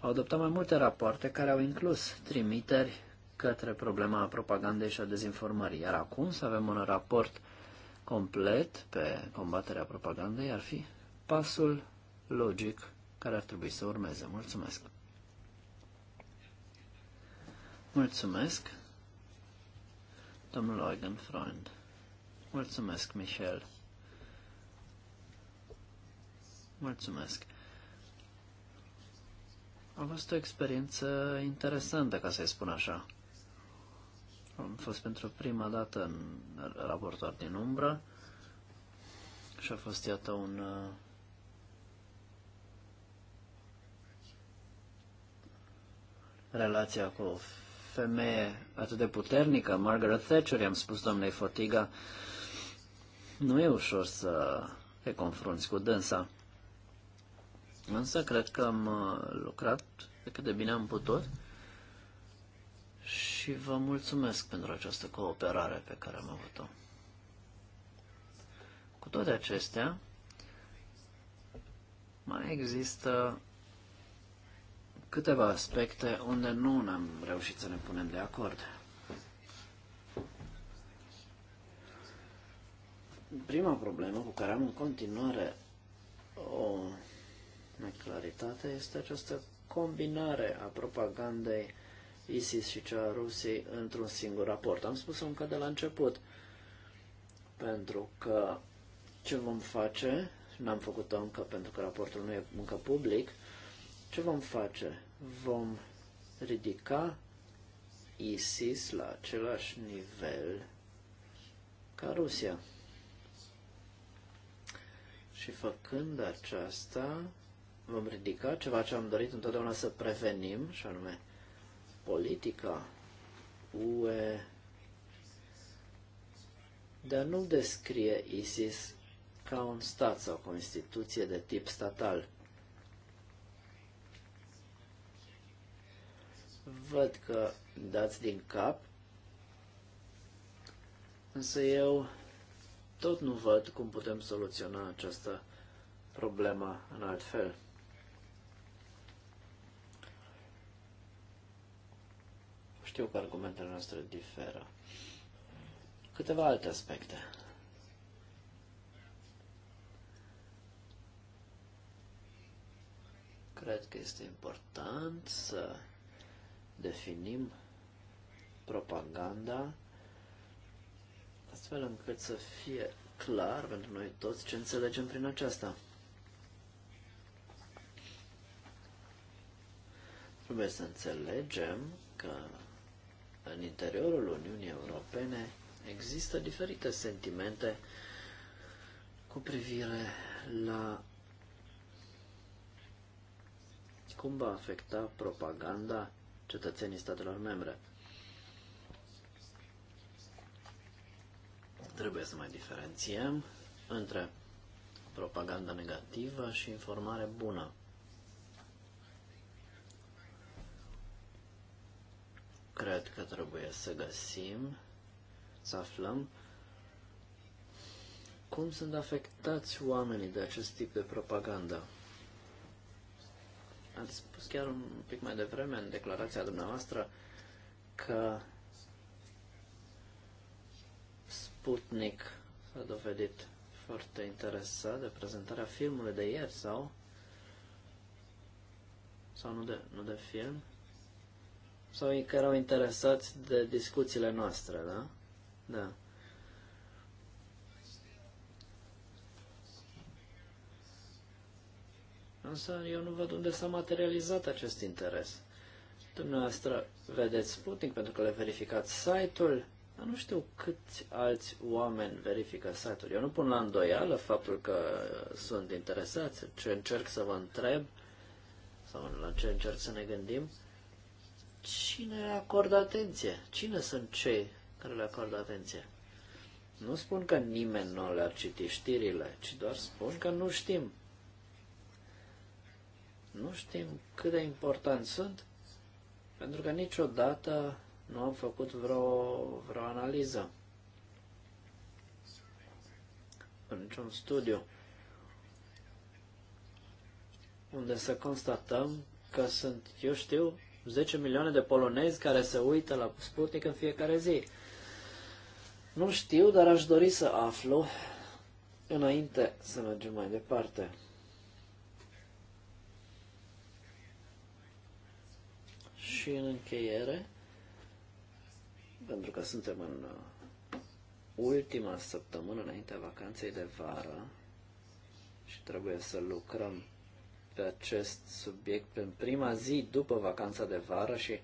au adoptat mai multe rapoarte care au inclus trimiteri către problema propagandei și a dezinformării. Iar acum să avem un raport complet pe combaterea propagandei ar fi pasul logic care ar trebui să urmeze. Mulțumesc! Mulțumesc, domnul Freund. Mulțumesc, Michel. Mulțumesc. A fost o experiență interesantă, ca să-i spun așa. Am fost pentru prima dată în raportor din umbră și a fost, iată, un uh, relația cu femeie atât de puternică, Margaret Thatcher, i-am spus domnei Fotiga, nu e ușor să te confrunți cu dânsa. Însă cred că am uh, lucrat de cât de bine am putut și vă mulțumesc pentru această cooperare pe care am avut-o. Cu toate acestea, mai există câteva aspecte unde nu ne-am reușit să ne punem de acord. Prima problemă cu care am în continuare o neclaritate este această combinare a propagandei ISIS și cea a Rusiei într-un singur raport. Am spus-o încă de la început, pentru că ce vom face, n-am făcut-o încă pentru că raportul nu e încă public, ce vom face? Vom ridica ISIS la același nivel ca Rusia. Și făcând aceasta, vom ridica ceva ce am dorit întotdeauna să prevenim, și anume politica UE de a nu descrie ISIS ca un stat sau o instituție de tip statal. Văd că dați din cap, însă eu tot nu văd cum putem soluționa această problemă în alt fel. Știu că argumentele noastre diferă. Câteva alte aspecte. Cred că este important să definim propaganda astfel încât să fie clar pentru noi toți ce înțelegem prin aceasta. Trebuie să înțelegem că în interiorul Uniunii Europene există diferite sentimente cu privire la cum va afecta propaganda cetățenii statelor membre. Trebuie să mai diferențiem între propaganda negativă și informare bună. Cred că trebuie să găsim, să aflăm cum sunt afectați oamenii de acest tip de propagandă. Ați spus chiar un pic mai devreme în declarația dumneavoastră că Sputnik s-a dovedit foarte interesat de prezentarea filmului de ieri sau sau nu de, nu de film sau că erau interesați de discuțiile noastre, da? Da. Însă eu nu văd unde s-a materializat acest interes. Dumneavoastră vedeți Sputnik pentru că le verificați site-ul, dar nu știu câți alți oameni verifică site-ul. Eu nu pun la îndoială faptul că sunt interesați, ce încerc să vă întreb sau la ce încerc să ne gândim, cine acordă atenție? Cine sunt cei care le acordă atenție? Nu spun că nimeni nu le-ar citi știrile, ci doar spun că nu știm nu știm cât de important sunt, pentru că niciodată nu am făcut vreo, vreo analiză, niciun studiu, unde să constatăm că sunt, eu știu, 10 milioane de polonezi care se uită la Sputnik în fiecare zi. Nu știu, dar aș dori să aflu înainte să mergem mai departe. și în încheiere, pentru că suntem în uh, ultima săptămână înaintea vacanței de vară și trebuie să lucrăm pe acest subiect în prima zi după vacanța de vară și uh,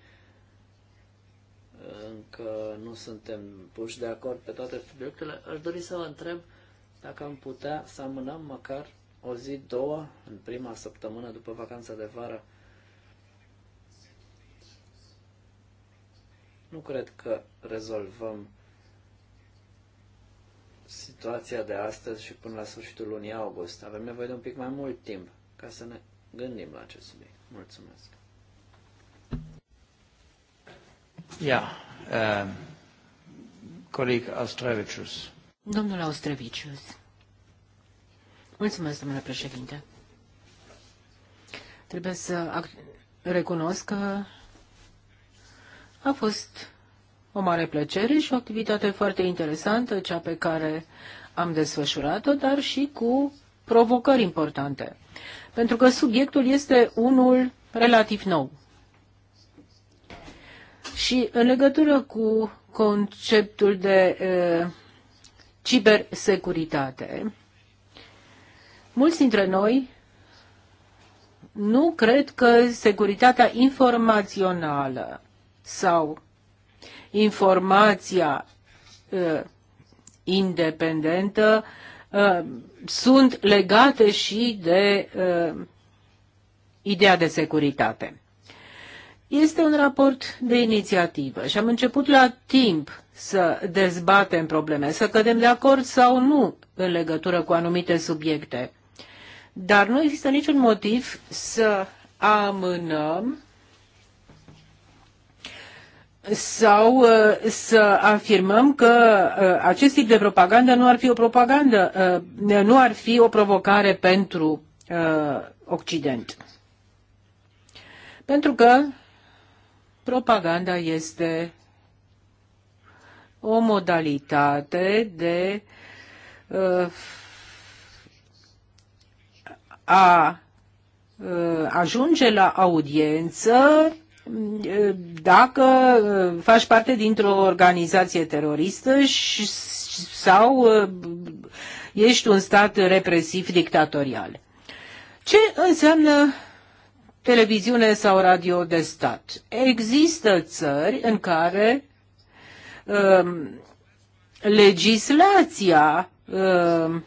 încă nu suntem puși de acord pe toate subiectele, aș dori să vă întreb dacă am putea să amânăm măcar o zi, două, în prima săptămână după vacanța de vară, Nu cred că rezolvăm situația de astăzi și până la sfârșitul lunii august. Avem nevoie de un pic mai mult timp ca să ne gândim la acest subiect. Mulțumesc. Ia, yeah, uh, coleg Austrevicius. Domnul Austrevicius. Mulțumesc, domnule președinte. Trebuie să recunosc că a fost o mare plăcere și o activitate foarte interesantă, cea pe care am desfășurat-o, dar și cu provocări importante. Pentru că subiectul este unul relativ nou. Și în legătură cu conceptul de e, cibersecuritate, mulți dintre noi nu cred că securitatea informațională sau informația uh, independentă uh, sunt legate și de uh, ideea de securitate. Este un raport de inițiativă și am început la timp să dezbatem probleme, să cădem de acord sau nu în legătură cu anumite subiecte. Dar nu există niciun motiv să amânăm sau uh, să afirmăm că uh, acest tip de propagandă nu ar fi o propagandă, uh, nu ar fi o provocare pentru Occident. Pentru că propaganda este o modalitate de a ajunge la audiență dacă uh, faci parte dintr-o organizație teroristă și, sau uh, ești un stat represiv dictatorial. Ce înseamnă televiziune sau radio de stat? Există țări în care um, legislația um,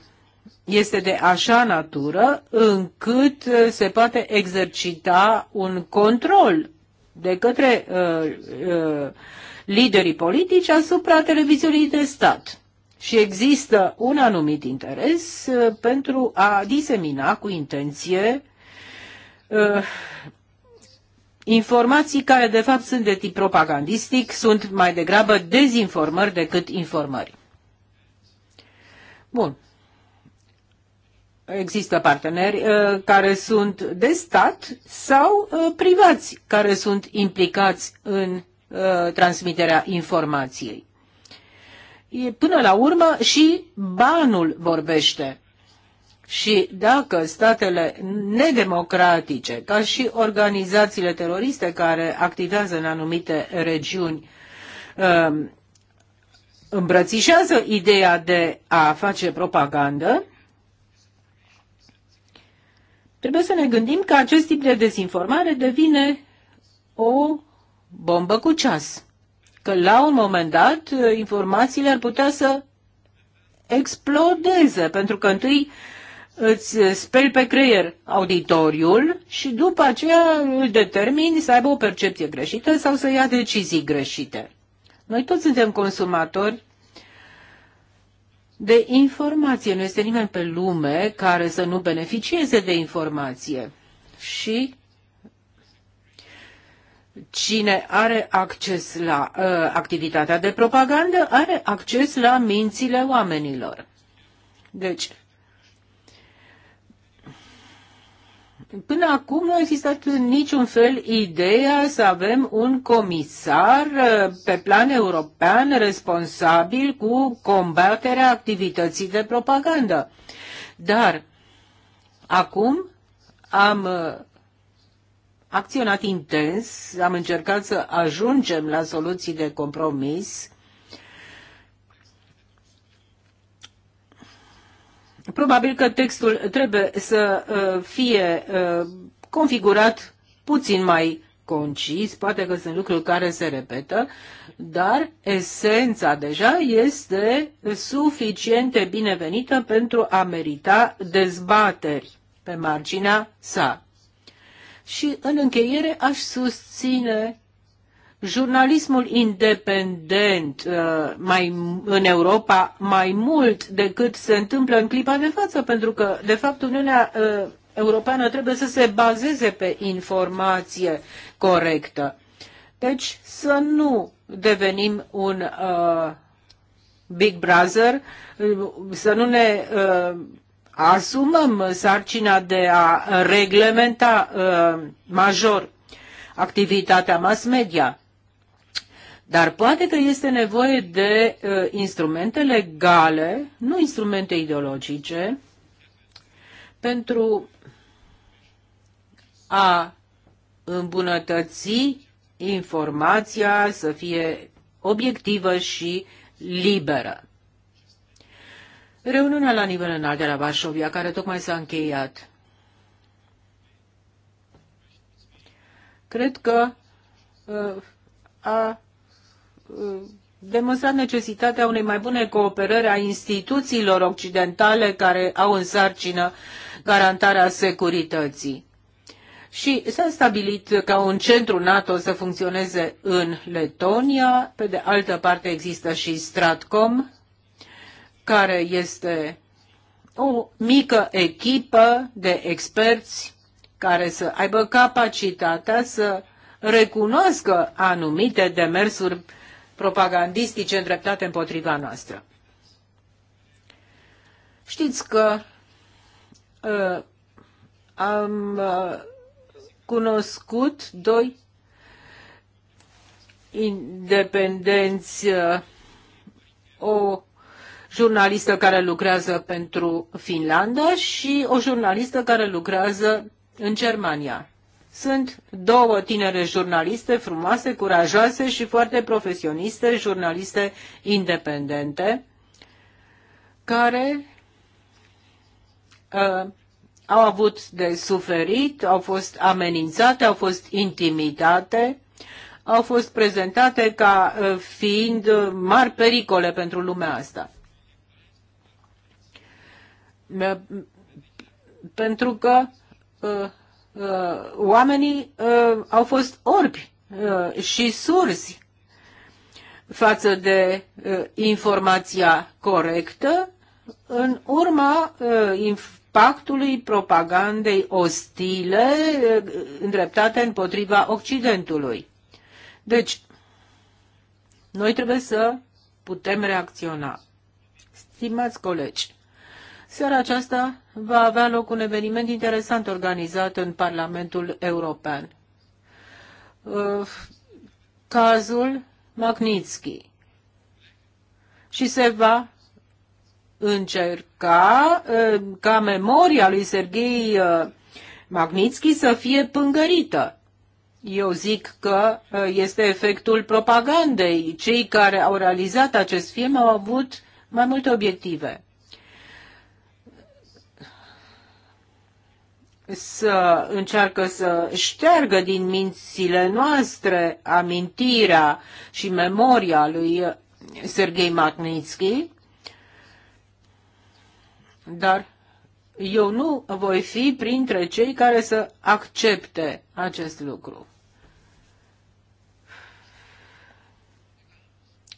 este de așa natură încât uh, se poate exercita un control de către uh, uh, liderii politici asupra televiziunii de stat. Și există un anumit interes uh, pentru a disemina cu intenție uh, informații care de fapt sunt de tip propagandistic, sunt mai degrabă dezinformări decât informări. Bun există parteneri uh, care sunt de stat sau uh, privați care sunt implicați în uh, transmiterea informației. Până la urmă și banul vorbește. Și dacă statele nedemocratice, ca și organizațiile teroriste care activează în anumite regiuni, um, îmbrățișează ideea de a face propagandă, Trebuie să ne gândim că acest tip de dezinformare devine o bombă cu ceas. Că la un moment dat uh, informațiile ar putea să explodeze, pentru că întâi îți speli pe creier auditoriul și după aceea îl determini să aibă o percepție greșită sau să ia decizii greșite. Noi toți suntem consumatori de informație. Nu este nimeni pe lume care să nu beneficieze de informație. Și cine are acces la uh, activitatea de propagandă are acces la mințile oamenilor. Deci, Până acum nu a existat niciun fel ideea să avem un comisar uh, pe plan european responsabil cu combaterea activității de propagandă. Dar acum am uh, acționat intens, am încercat să ajungem la soluții de compromis Probabil că textul trebuie să uh, fie uh, configurat puțin mai concis, poate că sunt lucruri care se repetă, dar esența deja este suficient de binevenită pentru a merita dezbateri pe marginea sa. Și în încheiere aș susține jurnalismul independent uh, mai, în Europa mai mult decât se întâmplă în clipa de față, pentru că, de fapt, Uniunea uh, Europeană trebuie să se bazeze pe informație corectă. Deci să nu devenim un uh, Big Brother, uh, să nu ne uh, asumăm sarcina de a reglementa uh, major activitatea mass media. Dar poate că este nevoie de uh, instrumente legale, nu instrumente ideologice, pentru a îmbunătăți informația să fie obiectivă și liberă. Reuniunea la nivel înalt de la Varsovia, care tocmai s-a încheiat, cred că uh, a Uh, demonstrat necesitatea unei mai bune cooperări a instituțiilor occidentale care au în sarcină garantarea securității. Și s-a stabilit ca un centru NATO să funcționeze în Letonia. Pe de altă parte există și Stratcom, care este o mică echipă de experți care să aibă capacitatea să recunoască anumite demersuri uh, propagandistice îndreptate împotriva noastră. Știți că uh, am uh, cunoscut doi independenți, uh, o jurnalistă care lucrează pentru Finlanda și o jurnalistă care lucrează în Germania. Sunt două tinere jurnaliste frumoase, curajoase și foarte profesioniste, jurnaliste independente, care uh, au avut de suferit, au fost amenințate, au fost intimidate, au fost prezentate ca uh, fiind uh, mari pericole pentru lumea asta. Uh, pentru că Uh, oamenii uh, au fost orbi uh, și surzi față de informația corectă în urma impactului propagandei ostile îndreptate împotriva Occidentului. Deci, noi trebuie să putem reacționa. Stimați colegi, Seara aceasta va avea loc un eveniment interesant organizat în Parlamentul European. Uh, cazul Magnitsky. Și se va încerca uh, ca memoria lui Sergei uh, Magnitsky să fie pângărită. Eu zic că este efectul propagandei. Cei care au realizat acest film au avut mai multe obiective. să încearcă să șteargă din mințile noastre amintirea și memoria lui Sergei Magnitsky, dar eu nu voi fi printre cei care să accepte acest lucru.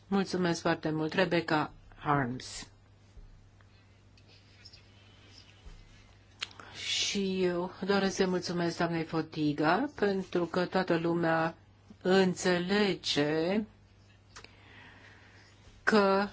Mulțumesc foarte mult, Rebecca Harms. și eu doresc să mulțumesc doamnei Fotiga pentru că toată lumea înțelege că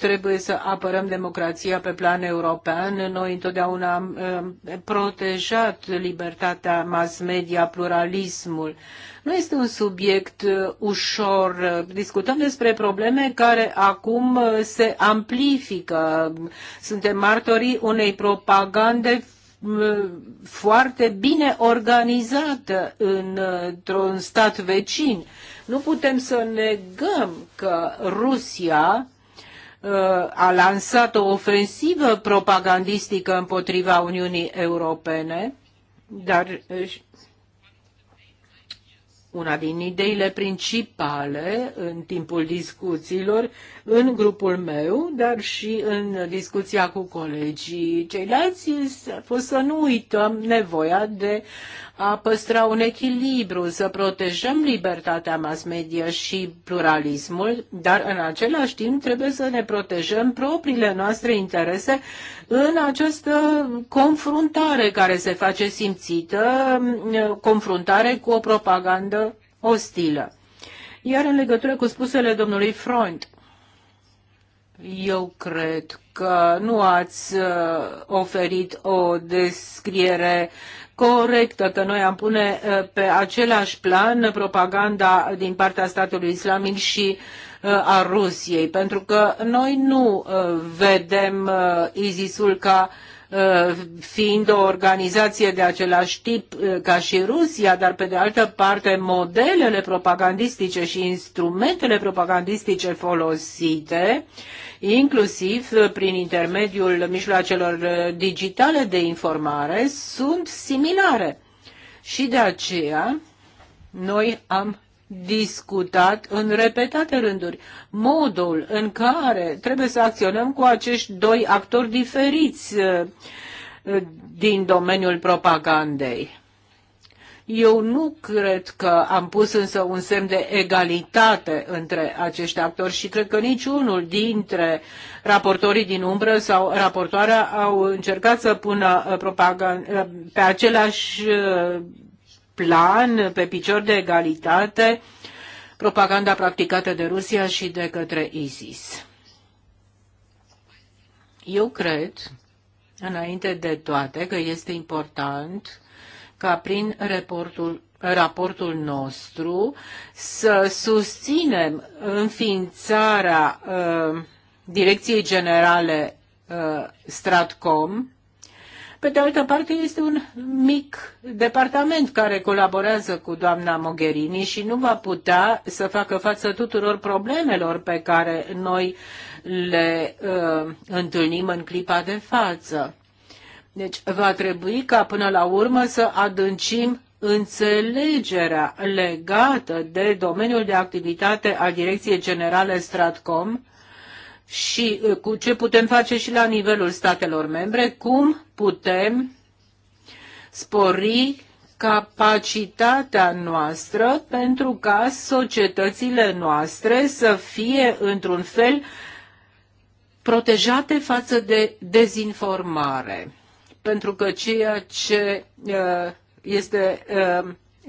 trebuie să apărăm democrația pe plan european. Noi întotdeauna am um, protejat libertatea mass media, pluralismul. Nu este un subiect uh, ușor. Discutăm despre probleme care acum uh, se amplifică. Suntem martorii unei propagande uh, foarte bine organizată într-un stat vecin. Nu putem să negăm că Rusia Uh, a lansat o ofensivă propagandistică împotriva Uniunii Europene, dar uh, una din ideile principale în timpul discuțiilor în grupul meu, dar și în discuția cu colegii ceilalți, a fost să nu uităm nevoia de a păstra un echilibru, să protejăm libertatea mass media și pluralismul, dar în același timp trebuie să ne protejăm propriile noastre interese în această confruntare care se face simțită, confruntare cu o propagandă ostilă. Iar în legătură cu spusele domnului Freund, eu cred că nu ați uh, oferit o descriere corectă că noi am pune uh, pe același plan propaganda din partea statului islamic și uh, a Rusiei, pentru că noi nu uh, vedem ISIS-ul ca Uh, fiind o organizație de același tip uh, ca și Rusia, dar pe de altă parte modelele propagandistice și instrumentele propagandistice folosite, inclusiv prin intermediul mijloacelor uh, digitale de informare, sunt similare. Și de aceea noi am discutat în repetate rânduri modul în care trebuie să acționăm cu acești doi actori diferiți uh, uh, din domeniul propagandei. Eu nu cred că am pus însă un semn de egalitate între acești actori și cred că niciunul dintre raportorii din umbră sau raportoarea au încercat să pună uh, pe același plan, pe picior de egalitate, propaganda practicată de Rusia și de către ISIS. Eu cred, înainte de toate, că este important ca prin raportul, raportul nostru să susținem înființarea uh, Direcției Generale uh, Stratcom, pe de altă parte, este un mic departament care colaborează cu doamna Mogherini și nu va putea să facă față tuturor problemelor pe care noi le uh, întâlnim în clipa de față. Deci va trebui ca până la urmă să adâncim înțelegerea legată de domeniul de activitate al Direcției Generale Stratcom și cu ce putem face și la nivelul statelor membre, cum putem spori capacitatea noastră pentru ca societățile noastre să fie într-un fel protejate față de dezinformare. Pentru că ceea ce este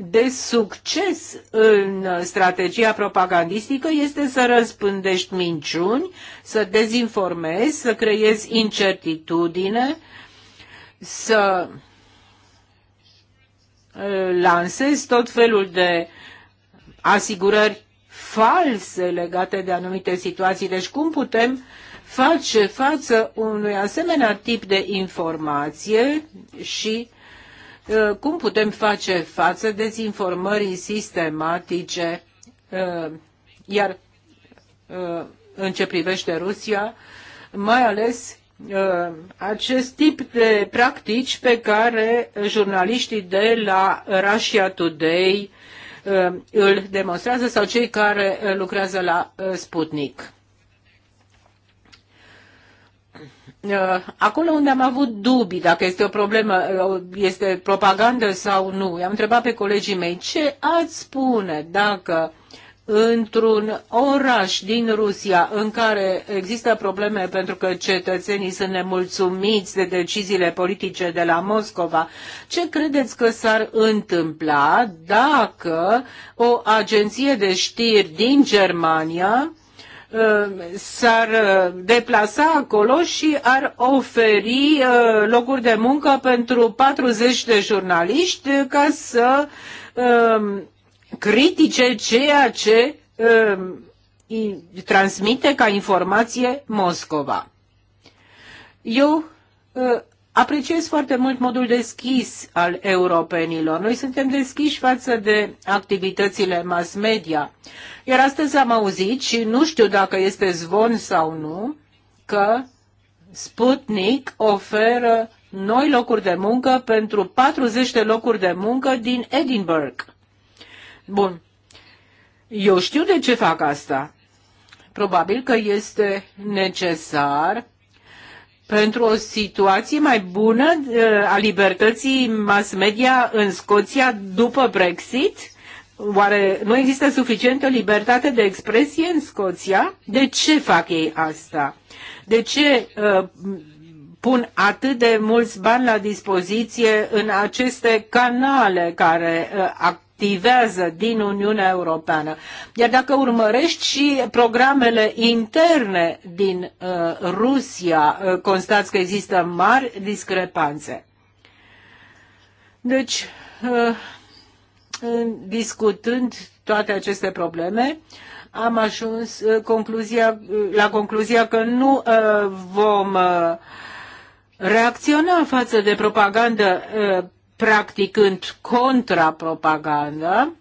de succes în strategia propagandistică este să răspândești minciuni, să dezinformezi, să creezi incertitudine, să lansezi tot felul de asigurări false legate de anumite situații. Deci cum putem face față unui asemenea tip de informație și uh, Uh, cum putem face față dezinformării sistematice? Uh, iar uh, în ce privește Rusia, mai ales acest tip de practici pe care jurnaliștii de la Russia Today îl demonstrează sau cei care lucrează la Sputnik. Uh, acolo unde am avut dubii dacă este o problemă, uh, este propagandă sau nu, i-am întrebat pe colegii mei ce ați spune dacă într-un oraș din Rusia în care există probleme pentru că cetățenii sunt nemulțumiți de deciziile politice de la Moscova, ce credeți că s-ar întâmpla dacă o agenție de știri din Germania Uh, s-ar uh, deplasa acolo și ar oferi uh, locuri de muncă pentru 40 de jurnaliști ca să um, critique ceea ce um, transmite ca informație Moscova. Eu Apreciez foarte mult modul deschis al europenilor. Noi suntem deschiși față de activitățile mass media. Iar astăzi am auzit și nu știu dacă este zvon sau nu că Sputnik oferă noi locuri de muncă pentru 40 de locuri de muncă din Edinburgh. Bun. Eu știu de ce fac asta. Probabil că este necesar pentru o situație mai bună uh, a libertății mass media în Scoția după Brexit? Oare nu există suficientă libertate de expresie în Scoția? De ce fac ei asta? De ce uh, pun atât de mulți bani la dispoziție în aceste canale care uh, activează din Uniunea Europeană. Iar dacă urmărești și programele interne din uh, Rusia, uh, constați că există mari discrepanțe. Deci, uh, discutând toate aceste probleme, am ajuns concluzia, la concluzia că nu vom reacționa față de propagandă practicând contrapropagandă,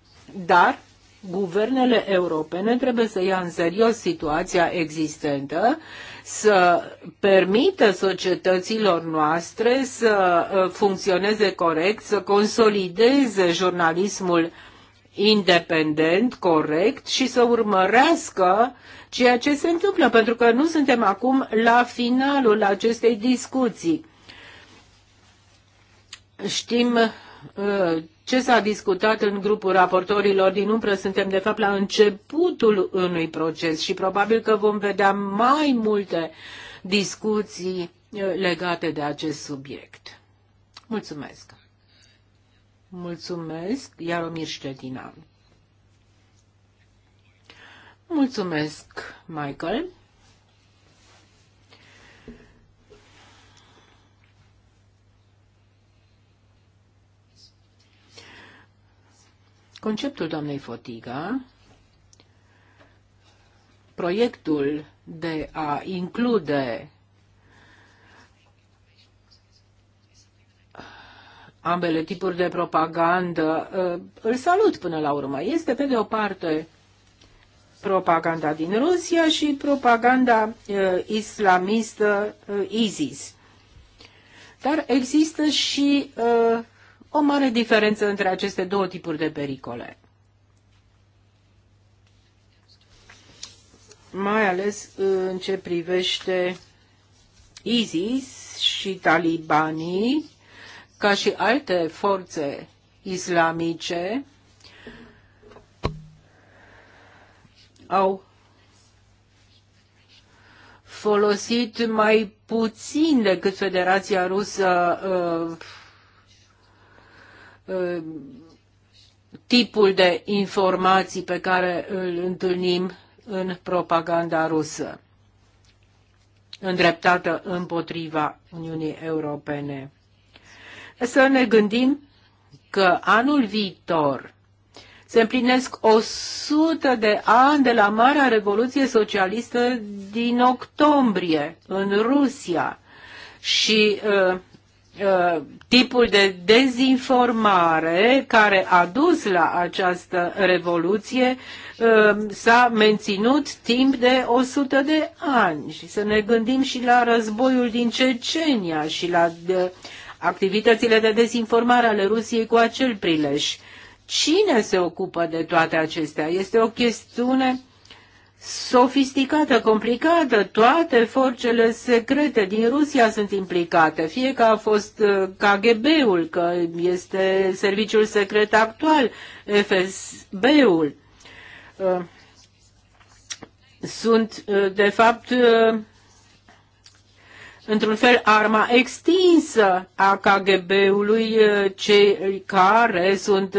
dar guvernele europene trebuie să ia în serios situația existentă, să permită societăților noastre să uh, funcționeze corect, să consolideze jurnalismul independent, corect și să urmărească ceea ce se întâmplă, pentru că nu suntem acum la finalul acestei discuții. Știm uh, ce s-a discutat în grupul raportorilor din umbră, suntem de fapt la începutul unui proces și probabil că vom vedea mai multe discuții uh, legate de acest subiect. Mulțumesc! Mulțumesc, Iaromir Ștetina. Mulțumesc, Michael. Conceptul doamnei Fotiga, proiectul de a include uh, ambele tipuri de propagandă, uh, îl salut până la urmă. Este, pe de o parte, propaganda din Rusia și propaganda uh, islamistă ISIS. Dar există și o mare diferență între aceste două tipuri de pericole. Mai ales în ce privește ISIS și talibanii, ca și alte forțe islamice, au folosit mai puțin decât Federația Rusă uh, Uh, tipul de informații pe care îl întâlnim în propaganda rusă îndreptată împotriva Uniunii Europene. Să ne gândim că anul viitor se împlinesc 100 de ani de la Marea Revoluție Socialistă din octombrie în Rusia și uh, Uh, tipul de dezinformare care a dus la această revoluție uh, s-a menținut timp de 100 de ani. Și să ne gândim și la războiul din Cecenia și la activitățile de dezinformare ale Rusiei cu acel prilej. Cine se ocupă de toate acestea? Este o chestiune sofisticată, complicată. Toate forțele secrete din Rusia sunt implicate. Fie că a fost uh, KGB-ul, că este serviciul secret actual, FSB-ul. Uh, sunt, uh, de fapt, într-un fel, arma extinsă a KGB-ului, cei care sunt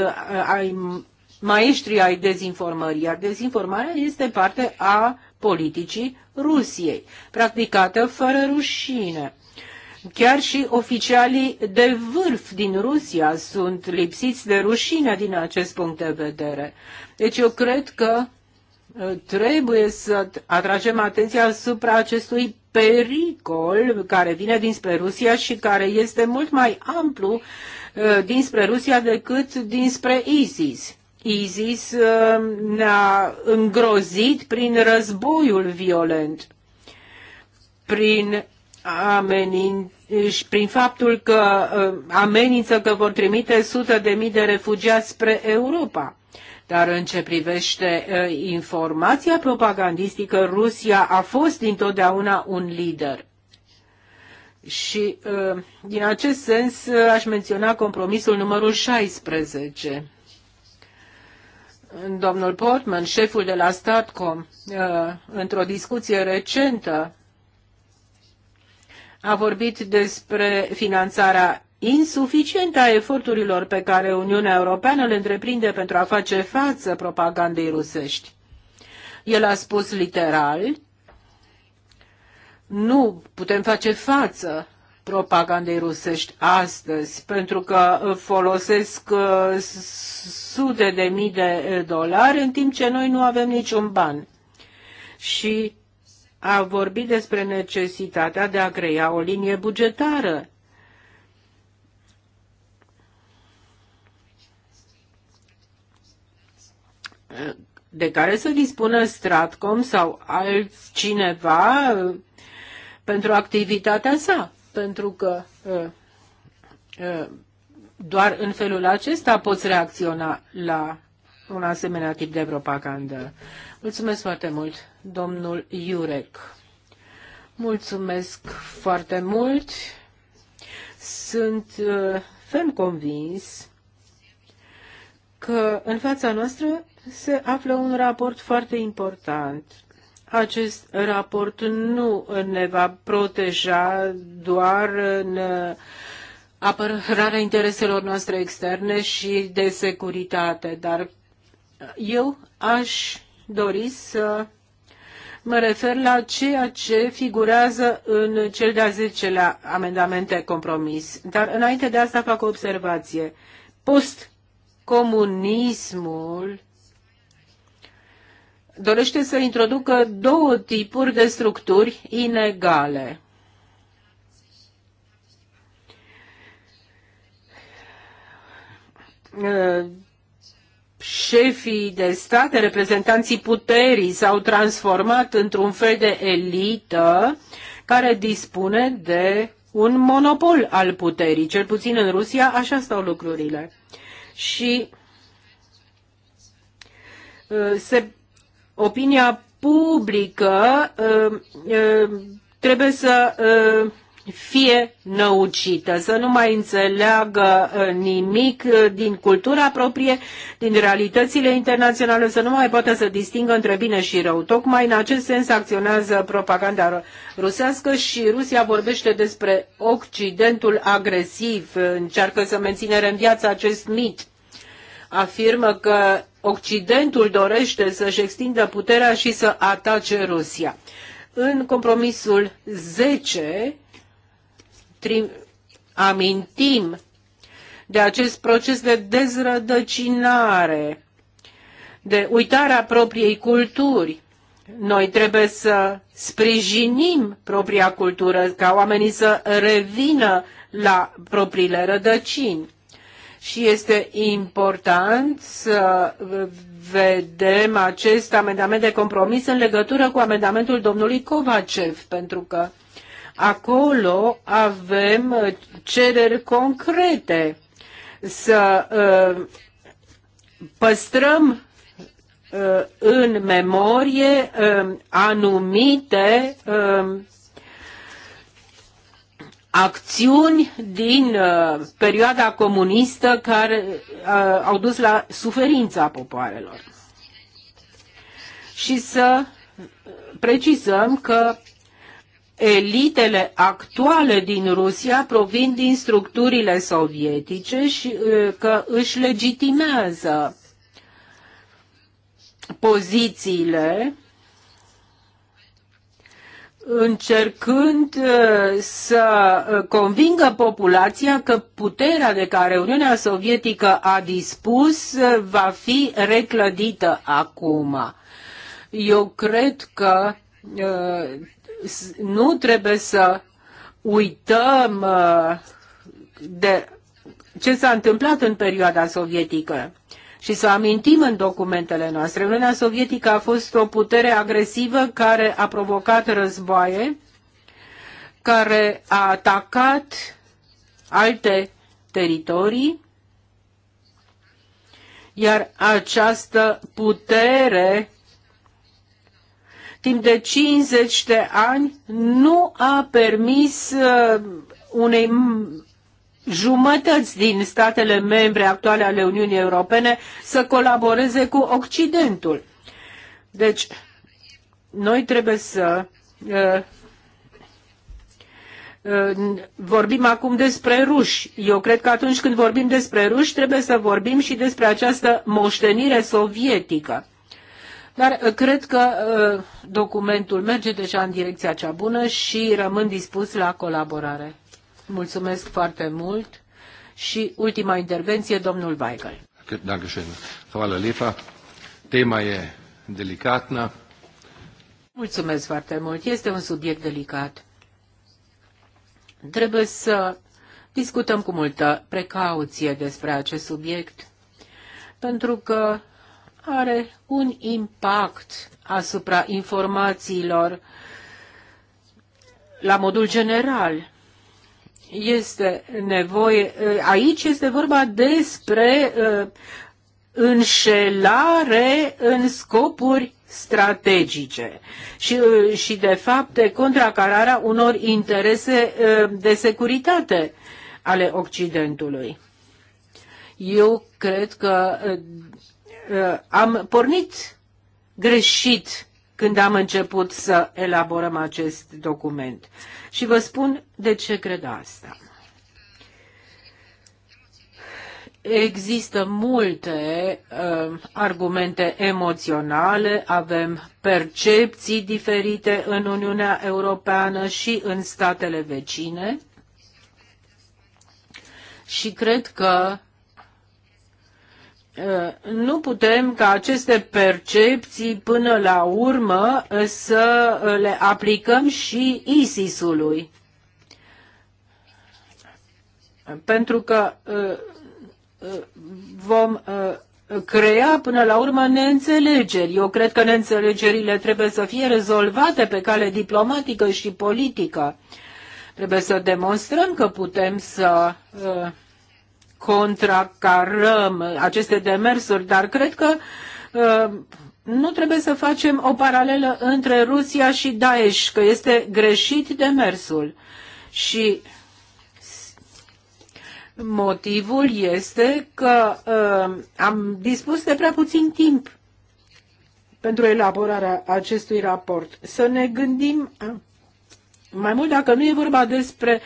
maestri ai dezinformării, iar dezinformarea este parte a politicii Rusiei, practicată fără rușine. Chiar și oficialii de vârf din Rusia sunt lipsiți de rușine din acest punct de vedere. Deci eu cred că uh, trebuie să atragem atenția asupra acestui pericol care vine dinspre Rusia și care este mult mai amplu uh, dinspre Rusia decât dinspre ISIS. ISIS uh, ne-a îngrozit prin războiul violent, prin amenin și prin faptul că uh, amenință că vor trimite sute de mii de refugiați spre Europa. Dar în ce privește uh, informația propagandistică, Rusia a fost întotdeauna un lider. Și din acest sens aș menționa compromisul numărul 16 domnul Portman, șeful de la Statcom, uh, într-o discuție recentă, a vorbit despre finanțarea insuficientă a eforturilor pe care Uniunea Europeană le întreprinde pentru a face față propagandei rusești. El a spus literal, nu putem face față propagandei rusești astăzi, pentru că folosesc uh, sute de mii de uh, dolari, în timp ce noi nu avem niciun ban. Și a vorbit despre necesitatea de a crea o linie bugetară. de care să dispună Stratcom sau cineva uh, pentru activitatea sa pentru că uh, uh, doar în felul acesta poți reacționa la un asemenea tip de propagandă. Mulțumesc foarte mult, domnul Iurec. Mulțumesc foarte mult. Sunt uh, ferm convins că în fața noastră se află un raport foarte important acest raport nu ne va proteja doar în uh, apărarea intereselor noastre externe și de securitate, dar eu aș dori să mă refer la ceea ce figurează în cel de-a 10 amendamente compromis. Dar înainte de asta fac o observație. Postcomunismul dorește să introducă două tipuri de structuri inegale. Șefii de state, reprezentanții puterii s-au transformat într-un fel de elită care dispune de un monopol al puterii. Cel puțin în Rusia așa stau lucrurile. Și uh, se opinia publică uh, uh, trebuie să uh, fie năucită, să nu mai înțeleagă nimic din cultura proprie, din realitățile internaționale, să nu mai poată să distingă între bine și rău. Tocmai în acest sens acționează propaganda rusească și Rusia vorbește despre Occidentul agresiv, încearcă să menținere în viață acest mit. Afirmă că Occidentul dorește să-și extindă puterea și să atace Rusia. În compromisul 10 trim, amintim de acest proces de dezrădăcinare, de uitarea propriei culturi. Noi trebuie să sprijinim propria cultură ca oamenii să revină la propriile rădăcini și este important să vedem acest amendament de compromis în legătură cu amendamentul domnului Kovacev, pentru că acolo avem cereri concrete să uh, păstrăm uh, în memorie uh, anumite acțiuni din uh, perioada comunistă care uh, au dus la suferința popoarelor. Și să precizăm că elitele actuale din Rusia provin din structurile sovietice și uh, că își legitimează pozițiile încercând uh, să uh, convingă populația că puterea de care Uniunea Sovietică a dispus uh, va fi reclădită acum. Eu cred că nu trebuie să uităm de ce s-a întâmplat în perioada sovietică și să amintim în documentele noastre. Uniunea Sovietică a fost o putere agresivă care a provocat războaie, care a atacat alte teritorii, iar această putere timp de 50 de ani nu a permis uh, unei jumătăți din statele membre actuale ale Uniunii Europene să colaboreze cu Occidentul. Deci, noi trebuie să uh, uh, vorbim acum despre ruși. Eu cred că atunci când vorbim despre ruși, trebuie să vorbim și despre această moștenire sovietică. Dar uh, cred că documentul merge deja în direcția cea bună și rămân dispus la colaborare. Mulțumesc foarte mult. Și ultima intervenție, domnul Weigel. Mulțumesc foarte mult. Este un subiect delicat. Trebuie să discutăm cu multă precauție despre acest subiect, pentru că are un impact asupra informațiilor la modul general este nevoie, ă, aici este vorba despre ă, înșelare în scopuri strategice și, ă, și de fapt de contracararea unor interese de securitate ale Occidentului. Eu cred că am pornit greșit când am început să elaborăm acest document. Și vă spun de ce cred asta. Există multe uh, argumente emoționale, avem percepții diferite în Uniunea Europeană și în statele vecine și cred că Uh, nu putem ca aceste percepții până la urmă uh, să uh, le aplicăm și ISIS-ului. Pentru că vom crea până la urmă neînțelegeri. Eu cred că neînțelegerile trebuie să fie rezolvate pe cale diplomatică și politică. Trebuie să demonstrăm că putem să contracarăm aceste demersuri, dar cred că uh, nu trebuie să facem o paralelă între Rusia și Daesh, că este greșit demersul. Și motivul este că uh, am dispus de prea puțin timp pentru elaborarea acestui raport. Să ne gândim mai mult dacă nu e vorba despre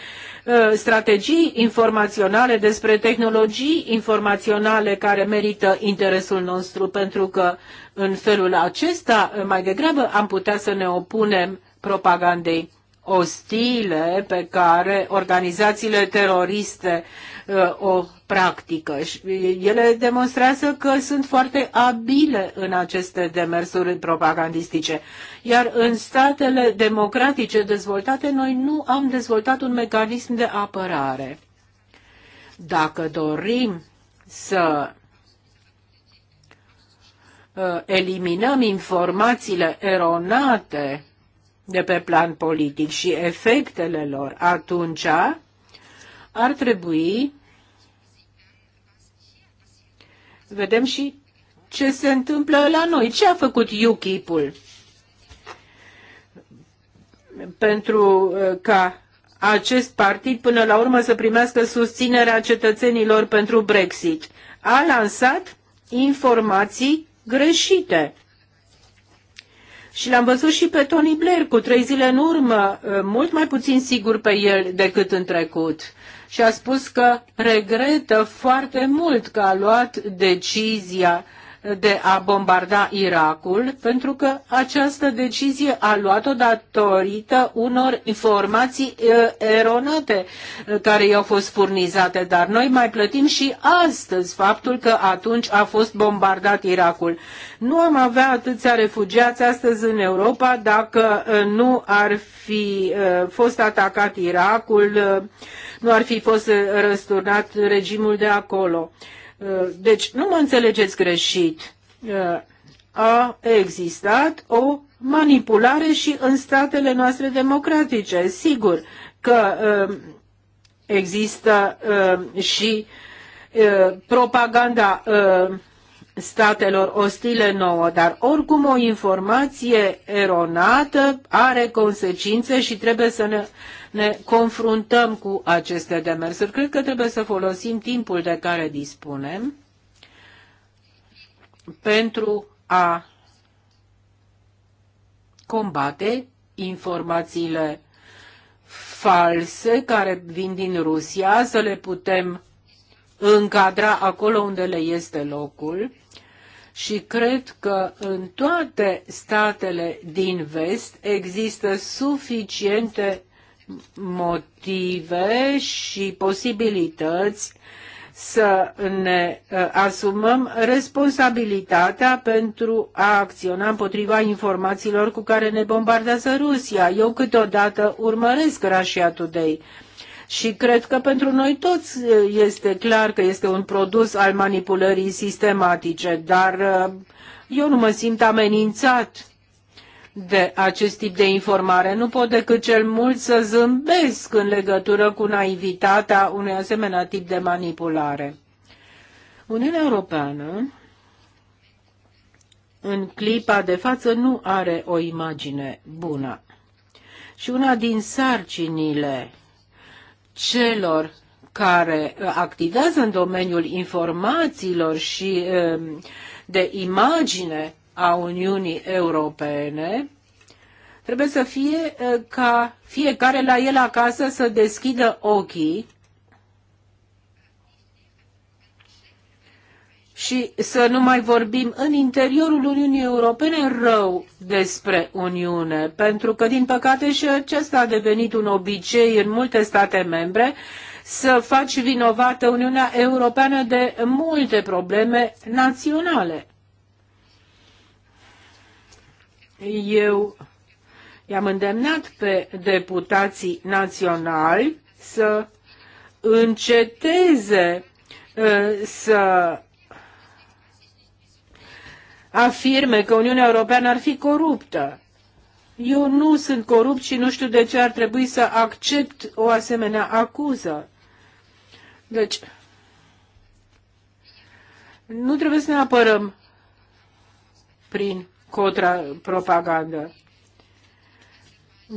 uh, strategii informaționale, despre tehnologii informaționale care merită interesul nostru, pentru că în felul acesta uh, mai degrabă am putea să ne opunem propagandei ostile pe care organizațiile teroriste uh, o practică. Și ele demonstrează că sunt foarte abile în aceste demersuri propagandistice. Iar în statele democratice dezvoltate, noi nu am dezvoltat un mecanism de apărare. Dacă dorim să uh, eliminăm informațiile eronate de pe plan politic și efectele lor, atunci ar trebui vedem și ce se întâmplă la noi. Ce a făcut UKIP-ul pentru uh, ca acest partid până la urmă să primească susținerea cetățenilor pentru Brexit? A lansat informații greșite și l-am văzut și pe Tony Blair cu trei zile în urmă, mult mai puțin sigur pe el decât în trecut. Și a spus că regretă foarte mult că a luat decizia uh, de a bombarda Irakul, pentru că această decizie a luat-o datorită unor informații eronate care i-au fost furnizate. Dar noi mai plătim și astăzi faptul că atunci a fost bombardat Irakul. Nu am avea atâția refugiați astăzi în Europa dacă nu ar fi fost atacat Irakul, nu ar fi fost răsturnat regimul de acolo. Uh, deci nu mă înțelegeți greșit. Uh, a existat o manipulare și în statele noastre democratice. Sigur că uh, există și propaganda statelor ostile nouă, dar oricum o informație eronată are consecințe și trebuie să ne ne confruntăm cu aceste demersuri. Cred că trebuie să folosim timpul de care dispunem pentru a combate informațiile false care vin din Rusia, să le putem încadra acolo unde le este locul și cred că în toate statele din vest există suficiente motive și posibilități să ne uh, asumăm responsabilitatea pentru a acționa împotriva informațiilor cu care ne bombardează Rusia. Eu câteodată urmăresc Russia Today și cred că pentru noi toți uh, este clar că este un produs al manipulării sistematice, dar uh, eu nu mă simt amenințat de acest tip de informare. Nu pot decât cel mult să zâmbesc în legătură cu naivitatea unui asemenea tip de manipulare. Uniunea Europeană în clipa de față nu are o imagine bună. Și una din sarcinile celor care activează în domeniul informațiilor și eh, de imagine a Uniunii Europene trebuie să fie eh, ca fiecare la el acasă să deschidă ochii și să nu mai vorbim în interiorul Uniunii Europene rău despre Uniune, pentru că, din păcate, și acesta a devenit un obicei în multe state membre să faci vinovată Uniunea Europeană de multe probleme naționale. eu i-am îndemnat pe deputații naționali să înceteze uh, să afirme că Uniunea Europeană ar fi coruptă. Eu nu sunt corupt și nu știu de ce ar trebui să accept o asemenea acuză. Deci, nu trebuie să ne apărăm prin contrapropagandă.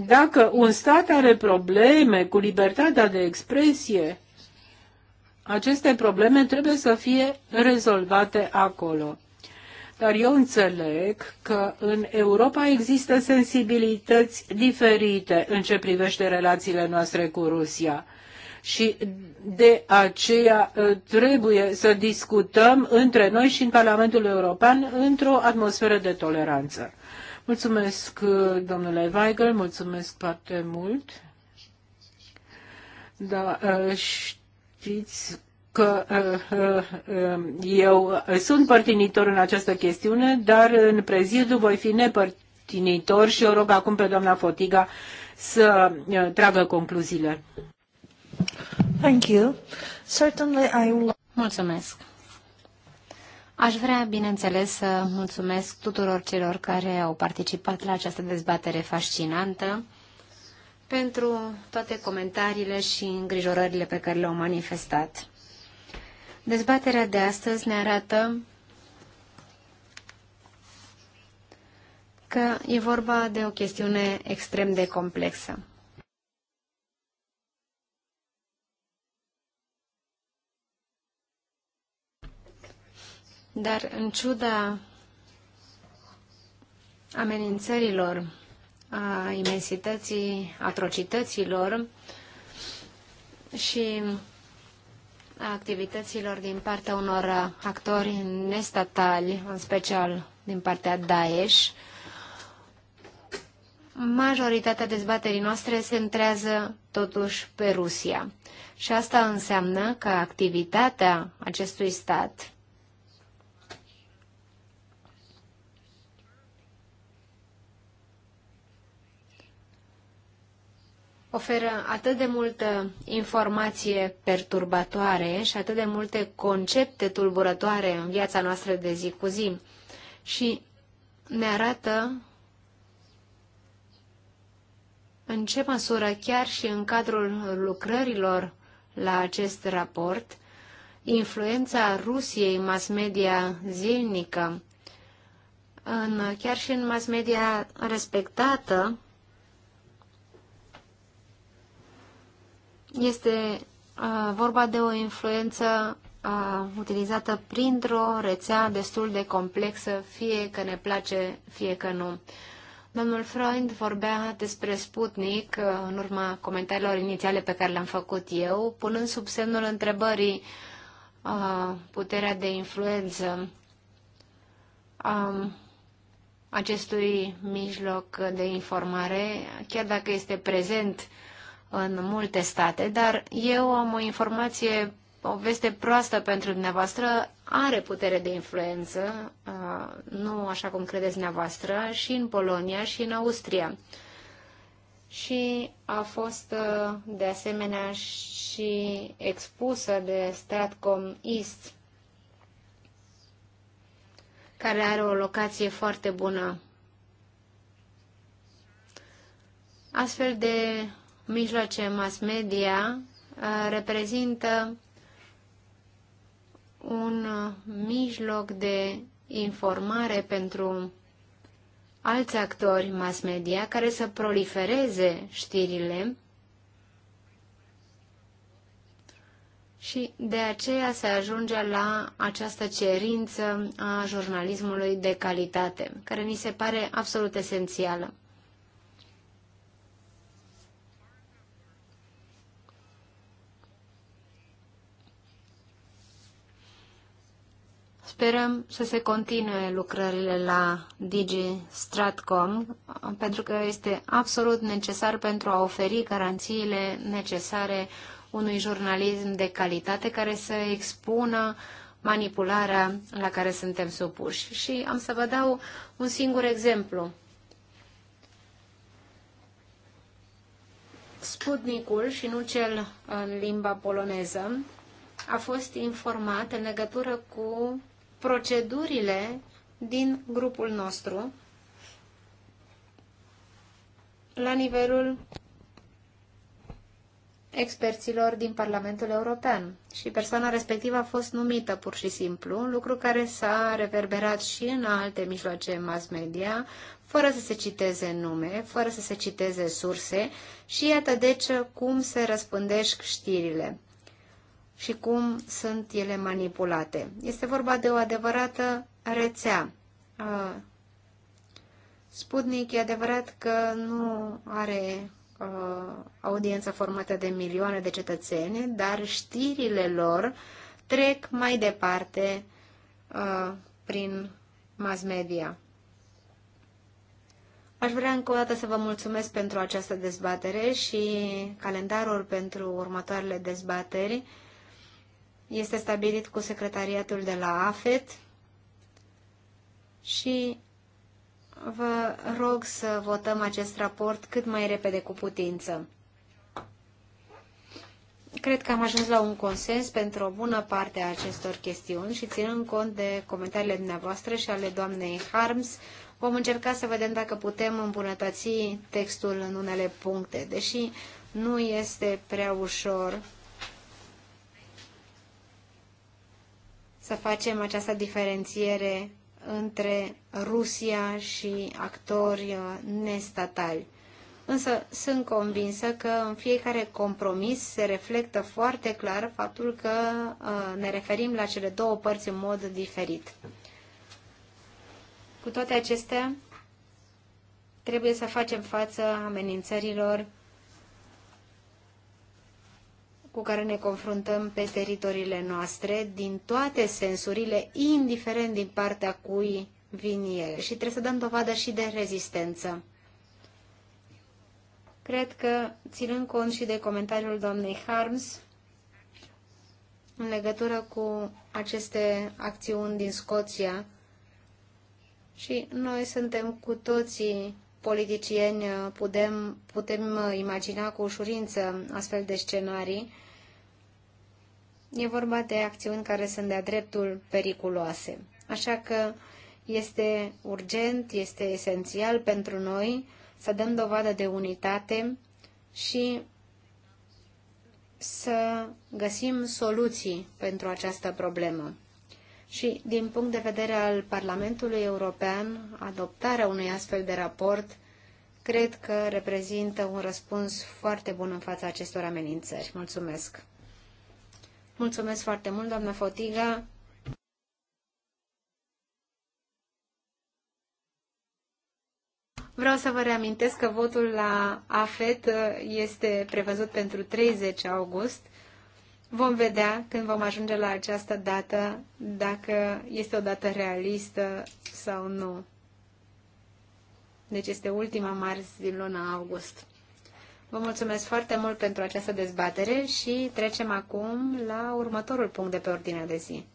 Dacă un stat are probleme cu libertatea de expresie, aceste probleme trebuie să fie rezolvate acolo. Dar eu înțeleg că în Europa există sensibilități diferite în ce privește relațiile noastre cu Rusia și de aceea ă, trebuie să discutăm între noi și în Parlamentul European într-o atmosferă de toleranță. Mulțumesc, ă, domnule Weigel, mulțumesc foarte mult. Da, ă, știți că eu sunt părtinitor în această chestiune, dar în prezidiu voi fi nepărtinitor și o rog acum pe doamna Fotiga să tragă concluziile. Thank you. Certainly I will... Mulțumesc. Aș vrea, bineînțeles, să mulțumesc tuturor celor care au participat la această dezbatere fascinantă pentru toate comentariile și îngrijorările pe care le-au manifestat. Dezbaterea de astăzi ne arată că e vorba de o chestiune extrem de complexă. Dar în ciuda amenințărilor, a imensității atrocităților și a activităților din partea unor actori nestatali, în special din partea Daesh, majoritatea dezbaterii noastre se întrează totuși pe Rusia. Și asta înseamnă că activitatea acestui stat oferă atât de multă informație perturbatoare și atât de multe concepte tulburătoare în viața noastră de zi cu zi și ne arată în ce măsură chiar și în cadrul lucrărilor la acest raport, influența Rusiei mass media zilnică, în, chiar și în mass media respectată, Este uh, vorba de o influență uh, utilizată printr-o rețea destul de complexă, fie că ne place, fie că nu. Domnul Freund vorbea despre Sputnik uh, în urma comentariilor inițiale pe care le-am făcut eu, punând sub semnul întrebării puterea de influență a um, acestui mijloc de informare, chiar dacă este prezent uh, în multe state, dar eu am o informație, o veste proastă pentru dumneavoastră, are putere de influență, uh, nu așa cum credeți dumneavoastră, și în Polonia și în Austria. Și a fost uh, de asemenea și expusă de Stratcom East, care are o locație foarte bună Astfel de mijloace mass media uh, reprezintă un uh, mijloc de informare pentru alți actori mass media care să prolifereze știrile și de aceea se ajunge la această cerință a jurnalismului de calitate, care mi se pare absolut esențială. Sperăm să se continue lucrările la Digi Stratcom, pentru că este absolut necesar pentru a oferi garanțiile necesare unui jurnalism de calitate care să expună manipularea la care suntem supuși. Și am să vă dau un singur exemplu. Sputnicul, și nu cel în limba poloneză, a fost informat în legătură cu procedurile din grupul nostru la nivelul experților din Parlamentul European și persoana respectivă a fost numită pur și simplu, lucru care s-a reverberat și în alte mijloace mass media, fără să se citeze nume, fără să se citeze surse și iată deci cum se răspândesc știrile și cum sunt ele manipulate. Este vorba de o adevărată rețea. Sputnik e adevărat că nu are audiență formată de milioane de cetățeni, dar știrile lor trec mai departe prin mass media. Aș vrea încă o dată să vă mulțumesc pentru această dezbatere și calendarul pentru următoarele dezbateri este stabilit cu secretariatul de la AFET și vă rog să votăm acest raport cât mai repede cu putință. Cred că am ajuns la un consens pentru o bună parte a acestor chestiuni și ținând cont de comentariile dumneavoastră și ale doamnei Harms, vom încerca să vedem dacă putem îmbunătăți textul în unele puncte, deși nu este prea ușor să facem această diferențiere între Rusia și actori uh, nestatali. Însă sunt convinsă că în fiecare compromis se reflectă foarte clar faptul că uh, ne referim la cele două părți în mod diferit. Cu toate acestea, trebuie să facem față amenințărilor cu care ne confruntăm pe teritoriile noastre, din toate sensurile, indiferent din partea cui vin ele. Și trebuie să dăm dovadă și de rezistență. Cred că, ținând cont și de comentariul doamnei Harms, în legătură cu aceste acțiuni din Scoția, și noi suntem cu toții politicieni putem, putem imagina cu ușurință astfel de scenarii E vorba de acțiuni care sunt de-a dreptul periculoase. Așa că este urgent, este esențial pentru noi să dăm dovadă de unitate și să găsim soluții pentru această problemă. Și din punct de vedere al Parlamentului European, adoptarea unui astfel de raport cred că reprezintă un răspuns foarte bun în fața acestor amenințări. Mulțumesc! Mulțumesc foarte mult, doamna Fotiga. Vreau să vă reamintesc că votul la AFET uh, este prevăzut pentru 30 august. Vom vedea când vom ajunge la această dată, dacă este o dată realistă sau nu. Deci este ultima marți din luna august. Vă mulțumesc foarte mult pentru această dezbatere și trecem acum la următorul punct de pe ordinea de zi.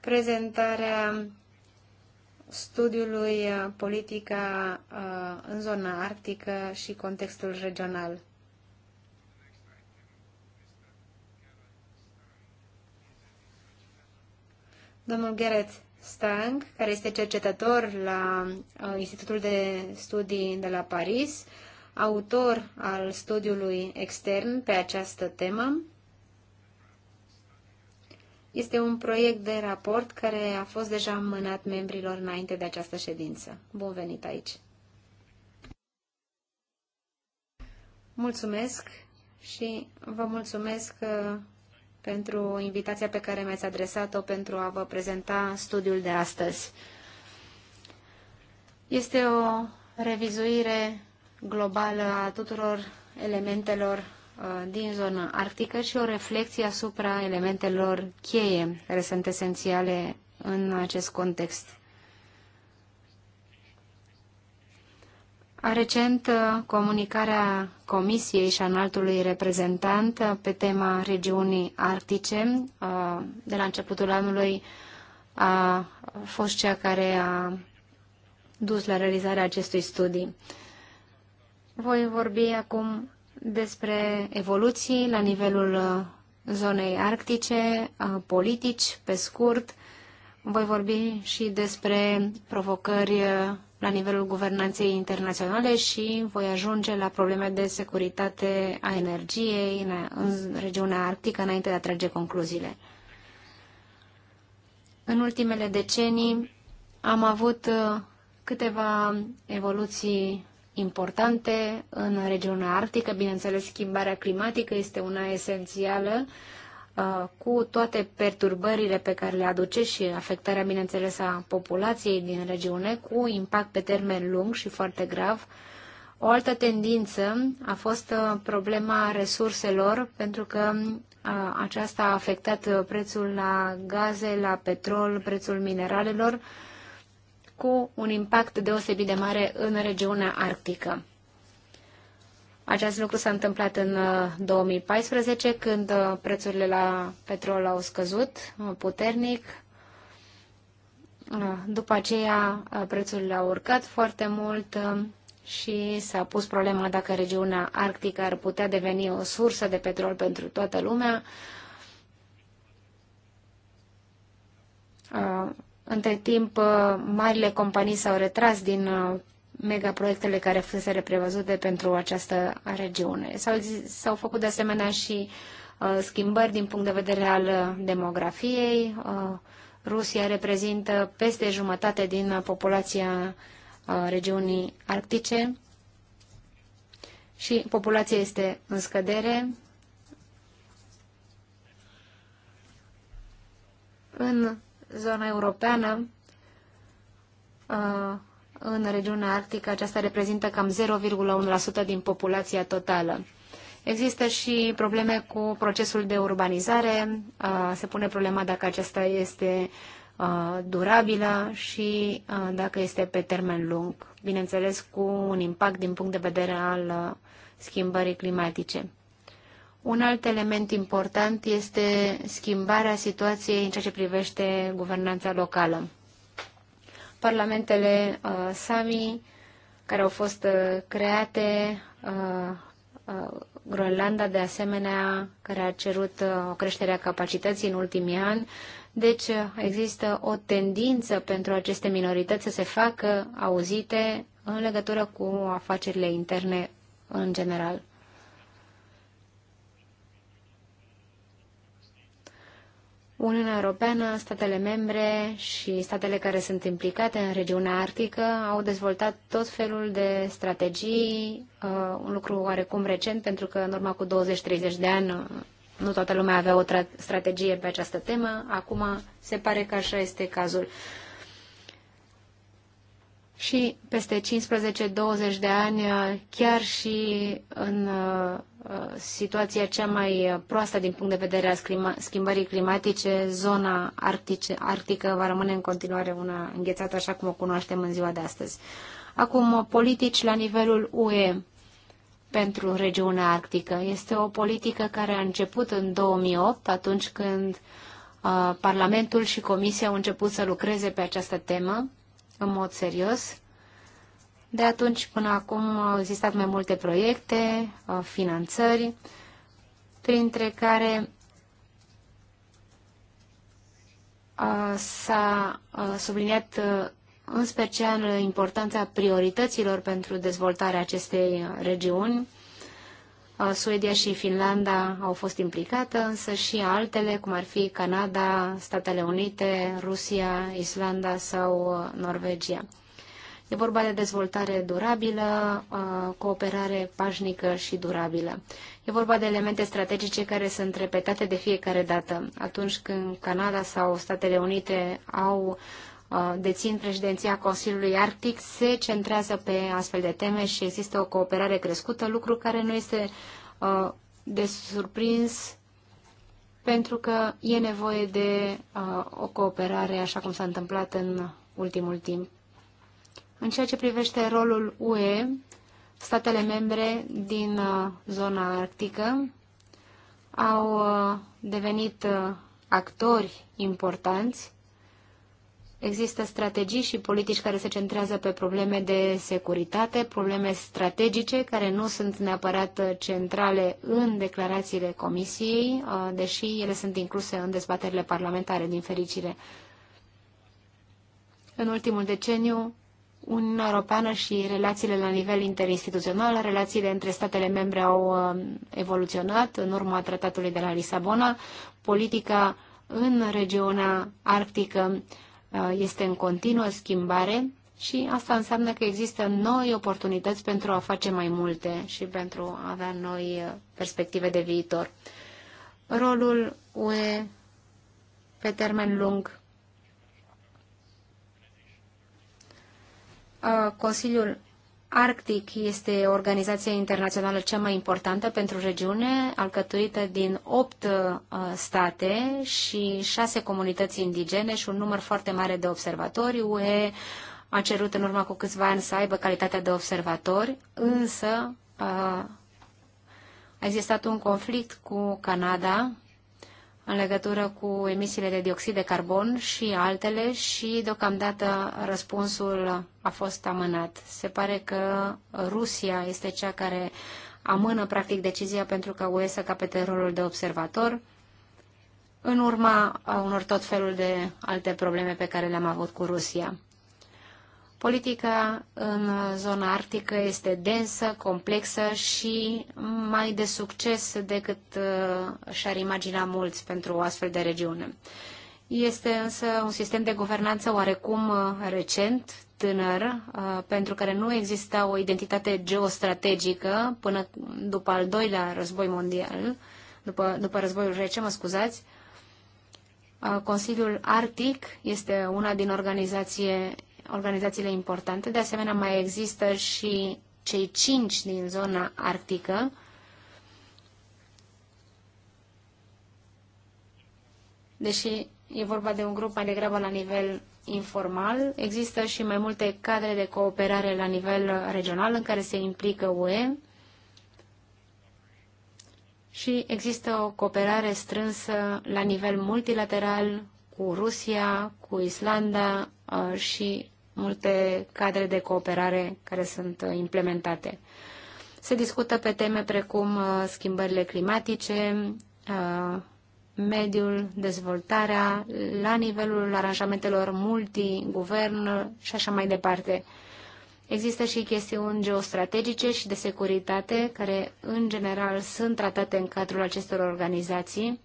Prezentarea studiului politica uh, în zona arctică și contextul regional. Domnul Gheret, Stang, care este cercetător la uh, Institutul de Studii de la Paris, autor al studiului extern pe această temă. Este un proiect de raport care a fost deja mânat membrilor înainte de această ședință. Bun venit aici! Mulțumesc și vă mulțumesc uh, pentru invitația pe care mi-ați adresat-o pentru a vă prezenta studiul de astăzi. Este o revizuire globală a tuturor elementelor uh, din zona arctică și o reflexie asupra elementelor cheie care sunt esențiale în acest context. Recent, uh, comunicarea Comisiei și înaltului reprezentant uh, pe tema regiunii arctice uh, de la începutul anului a fost cea care a dus la realizarea acestui studii. Voi vorbi acum despre evoluții la nivelul zonei arctice, politici, pe scurt. Voi vorbi și despre provocări la nivelul guvernanței internaționale și voi ajunge la probleme de securitate a energiei în, în regiunea arctică înainte de a trage concluziile. În ultimele decenii am avut uh, câteva evoluții importante în regiunea arctică. Bineînțeles, schimbarea climatică este una esențială Uh, cu toate perturbările pe care le aduce și afectarea, bineînțeles, a populației din regiune, cu impact pe termen lung și foarte grav. O altă tendință a fost uh, problema resurselor, pentru că uh, aceasta a afectat prețul la gaze, la petrol, prețul mineralelor, cu un impact deosebit de mare în regiunea arctică. Acest lucru s-a întâmplat în 2014, uh, când uh, prețurile la petrol au scăzut uh, puternic. După aceea, prețurile au urcat foarte mult și s-a pus problema dacă regiunea arctică ar putea deveni o sursă de petrol pentru toată lumea. Între timp, marile companii s-au retras din megaproiectele care fusese prevăzute pentru această regiune. S-au, făcut de asemenea și uh, schimbări din punct de vedere al uh, demografiei. Uh, Rusia reprezintă peste jumătate din uh, populația uh, regiunii arctice și populația este în scădere. În zona europeană, uh, în regiunea arctică aceasta reprezintă cam 0,1% din populația totală. Există și probleme cu procesul de urbanizare, se pune problema dacă aceasta este durabilă și dacă este pe termen lung, bineînțeles cu un impact din punct de vedere al schimbării climatice. Un alt element important este schimbarea situației în ceea ce privește guvernanța locală parlamentele uh, Sami care au fost uh, create, uh, uh, Groenlanda de asemenea, care a cerut uh, o creștere a capacității în ultimii ani. Deci uh, există o tendință pentru aceste minorități să se facă auzite în legătură cu afacerile interne în general. Uniunea Europeană, statele membre și statele care sunt implicate în regiunea arctică au dezvoltat tot felul de strategii, uh, un lucru oarecum recent, pentru că în urma cu 20-30 de ani uh, nu toată lumea avea o strategie pe această temă. Acum se pare că așa este cazul și peste 15-20 de ani, chiar și în uh, uh, situația cea mai proastă din punct de vedere a schimbării climatice, zona arctice, arctică va rămâne în continuare una înghețată așa cum o cunoaștem în ziua de astăzi. Acum, politici la nivelul UE pentru regiunea arctică. Este o politică care a început în 2008, atunci când uh, Parlamentul și Comisia au început să lucreze pe această temă în mod serios. De atunci până acum au existat mai multe proiecte, uh, finanțări, printre care uh, s-a uh, subliniat în special importanța priorităților pentru dezvoltarea acestei regiuni, Suedia și Finlanda au fost implicate, însă și altele, cum ar fi Canada, Statele Unite, Rusia, Islanda sau uh, Norvegia. E vorba de dezvoltare durabilă, uh, cooperare pașnică și durabilă. E vorba de elemente strategice care sunt repetate de fiecare dată. Atunci când Canada sau Statele Unite au uh, Uh, dețin președinția Consiliului Arctic se centrează pe astfel de teme și există o cooperare crescută, lucru care nu este uh, de surprins pentru că e nevoie de uh, o cooperare așa cum s-a întâmplat în ultimul timp. În ceea ce privește rolul UE, statele membre din zona arctică au devenit actori importanți Există strategii și politici care se centrează pe probleme de securitate, probleme strategice care nu sunt neapărat centrale în declarațiile Comisiei, uh, deși ele sunt incluse în dezbaterile parlamentare, din fericire. În ultimul deceniu, Uniunea Europeană și relațiile la nivel interinstituțional, relațiile între statele membre au uh, evoluționat în urma tratatului de la Lisabona, politica în regiunea arctică, Uh, este în continuă schimbare și asta înseamnă că există noi oportunități pentru a face mai multe și pentru a avea noi uh, perspective de viitor. Rolul UE pe termen lung. Uh, Consiliul Arctic este organizația internațională cea mai importantă pentru regiune, alcătuită din opt uh, state și șase comunități indigene și un număr foarte mare de observatori. UE a cerut în urma cu câțiva ani să aibă calitatea de observatori, însă uh, a existat un conflict cu Canada în legătură cu emisiile de dioxid de carbon și altele și deocamdată răspunsul a fost amânat. Se pare că Rusia este cea care amână practic decizia pentru că UE să capete rolul de observator în urma unor tot felul de alte probleme pe care le-am avut cu Rusia. Politica în zona arctică este densă, complexă și mai de succes decât uh, și-ar imagina mulți pentru o astfel de regiune. Este însă un sistem de guvernanță oarecum uh, recent, tânăr, uh, pentru care nu exista o identitate geostrategică până după al doilea război mondial, după, după războiul rece, mă scuzați. Consiliul Arctic este una din organizație organizațiile importante. De asemenea, mai există și cei cinci din zona arctică, deși e vorba de un grup mai degrabă la nivel informal, există și mai multe cadre de cooperare la nivel regional în care se implică UE și există o cooperare strânsă la nivel multilateral cu Rusia, cu Islanda uh, și multe cadre de cooperare care sunt uh, implementate. Se discută pe teme precum uh, schimbările climatice, mediul, dezvoltarea, la nivelul aranjamentelor multiguvern și așa mai departe. Există și chestiuni geostrategice și de securitate, care în general sunt tratate în cadrul acestor organizații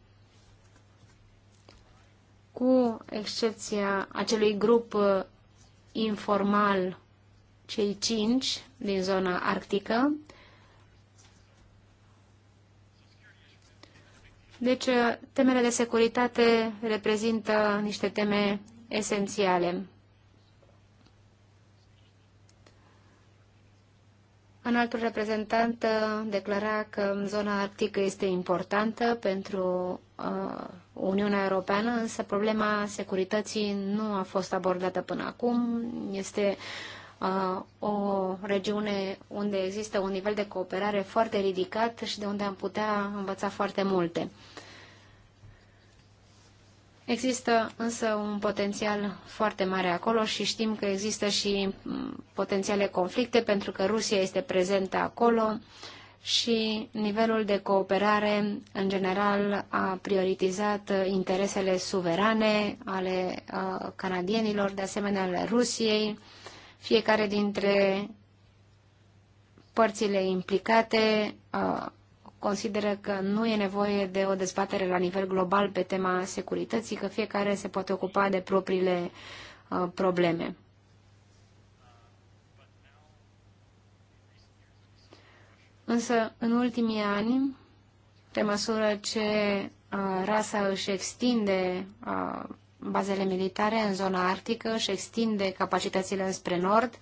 cu excepția acelui grup uh, informal, cei cinci din zona arctică. Deci, uh, temele de securitate reprezintă niște teme esențiale. Un altul reprezentant uh, declara că zona arctică este importantă pentru uh, Uniunea Europeană, însă problema securității nu a fost abordată până acum. Este uh, o regiune unde există un nivel de cooperare foarte ridicat și de unde am putea învăța foarte multe. Există însă un potențial foarte mare acolo și știm că există și mm, potențiale conflicte pentru că Rusia este prezentă acolo. Uh, și nivelul de cooperare, în general, a prioritizat interesele suverane ale canadienilor, de asemenea ale Rusiei. Fiecare dintre părțile implicate consideră că nu e nevoie de o dezbatere la nivel global pe tema securității, că fiecare se poate ocupa de propriile probleme. Însă, în ultimii ani, pe măsură ce rasa își extinde bazele militare în zona arctică, își extinde capacitățile înspre nord,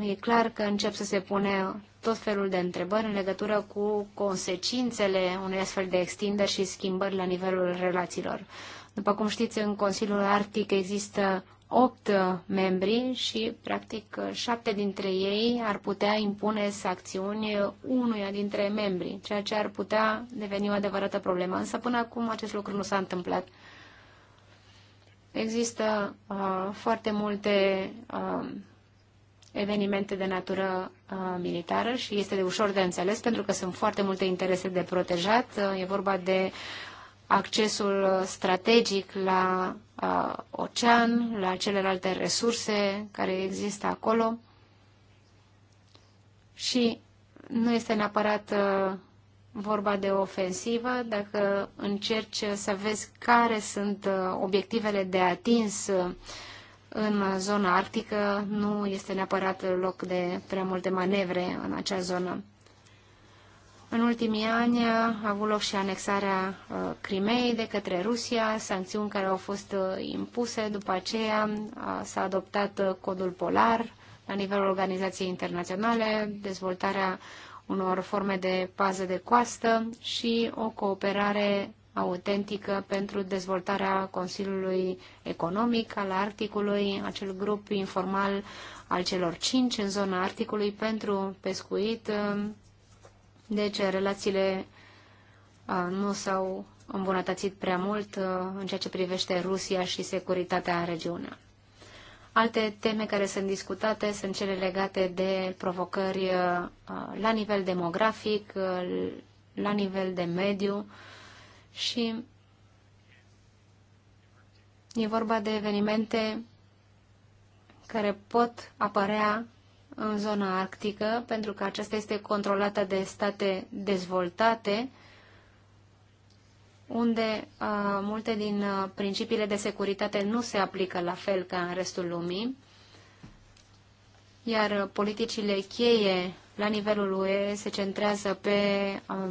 e clar că încep să se pune tot felul de întrebări în legătură cu consecințele unei astfel de extinderi și schimbări la nivelul relațiilor. După cum știți, în Consiliul Arctic există opt uh, membri și, practic, uh, șapte dintre ei ar putea impune sancțiuni uh, unuia dintre membri, ceea ce ar putea deveni o adevărată problemă. Însă, până acum, acest lucru nu s-a întâmplat. Există uh, foarte multe uh, evenimente de natură uh, militară și este de ușor de înțeles pentru că sunt foarte multe interese de protejat. Uh, e vorba de uh, accesul strategic la uh, ocean, la celelalte resurse care există acolo și nu este neapărat uh, vorba de ofensivă, dacă încerci să vezi care sunt uh, obiectivele de atins uh, în zona arctică, nu este neapărat loc de prea multe manevre în acea zonă. În ultimii ani a avut loc și anexarea uh, Crimeei de către Rusia, sancțiuni care au fost uh, impuse. După aceea s-a adoptat uh, codul polar la nivelul organizației internaționale, dezvoltarea unor forme de pază de coastă și o cooperare autentică pentru dezvoltarea Consiliului Economic al Arcticului, acel grup informal al celor cinci în zona Arcticului pentru pescuit, um, deci relațiile uh, nu s-au îmbunătățit prea mult uh, în ceea ce privește Rusia și securitatea în regiune. Alte teme care sunt discutate sunt cele legate de provocări uh, la nivel demografic, la nivel de mediu și e vorba de evenimente care pot apărea în zona arctică, pentru că aceasta este controlată de state dezvoltate, unde uh, multe din uh, principiile de securitate nu se aplică la fel ca în restul lumii, iar uh, politicile cheie la nivelul UE se centrează pe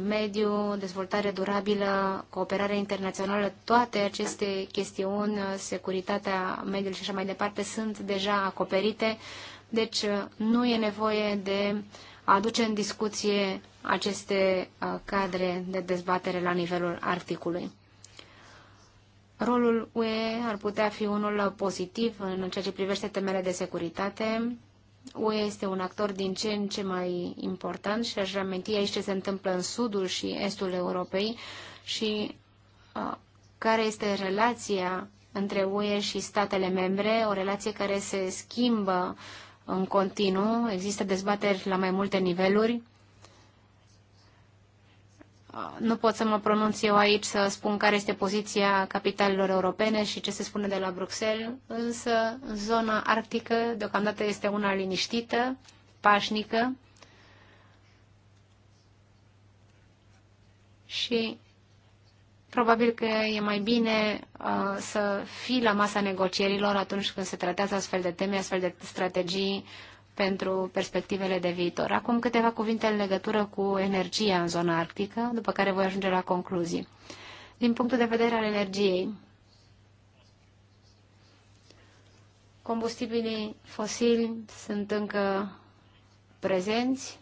mediu, dezvoltare durabilă, cooperare internațională, toate aceste chestiuni, securitatea mediului și așa mai departe, sunt deja acoperite uh, deci uh, nu e nevoie de a aduce în discuție aceste uh, cadre de dezbatere la nivelul articului. Rolul UE ar putea fi unul pozitiv în ceea ce privește temele de securitate. UE este un actor din ce în ce mai important și aș reaminti aici ce se întâmplă în sudul și estul Europei și uh, care este relația între UE și statele membre, o relație care se schimbă uh, în continuu, există dezbateri la mai multe niveluri. Nu pot să mă pronunț eu aici să spun care este poziția capitalelor europene și ce se spune de la Bruxelles, însă zona arctică deocamdată este una liniștită, pașnică și Probabil că e mai bine uh, să fii la masa negocierilor atunci când se tratează astfel de teme, astfel de strategii pentru perspectivele de viitor. Acum câteva cuvinte în legătură cu energia în zona arctică, după care voi ajunge la concluzii. Din punctul de vedere al energiei, combustibilii fosili sunt încă prezenți.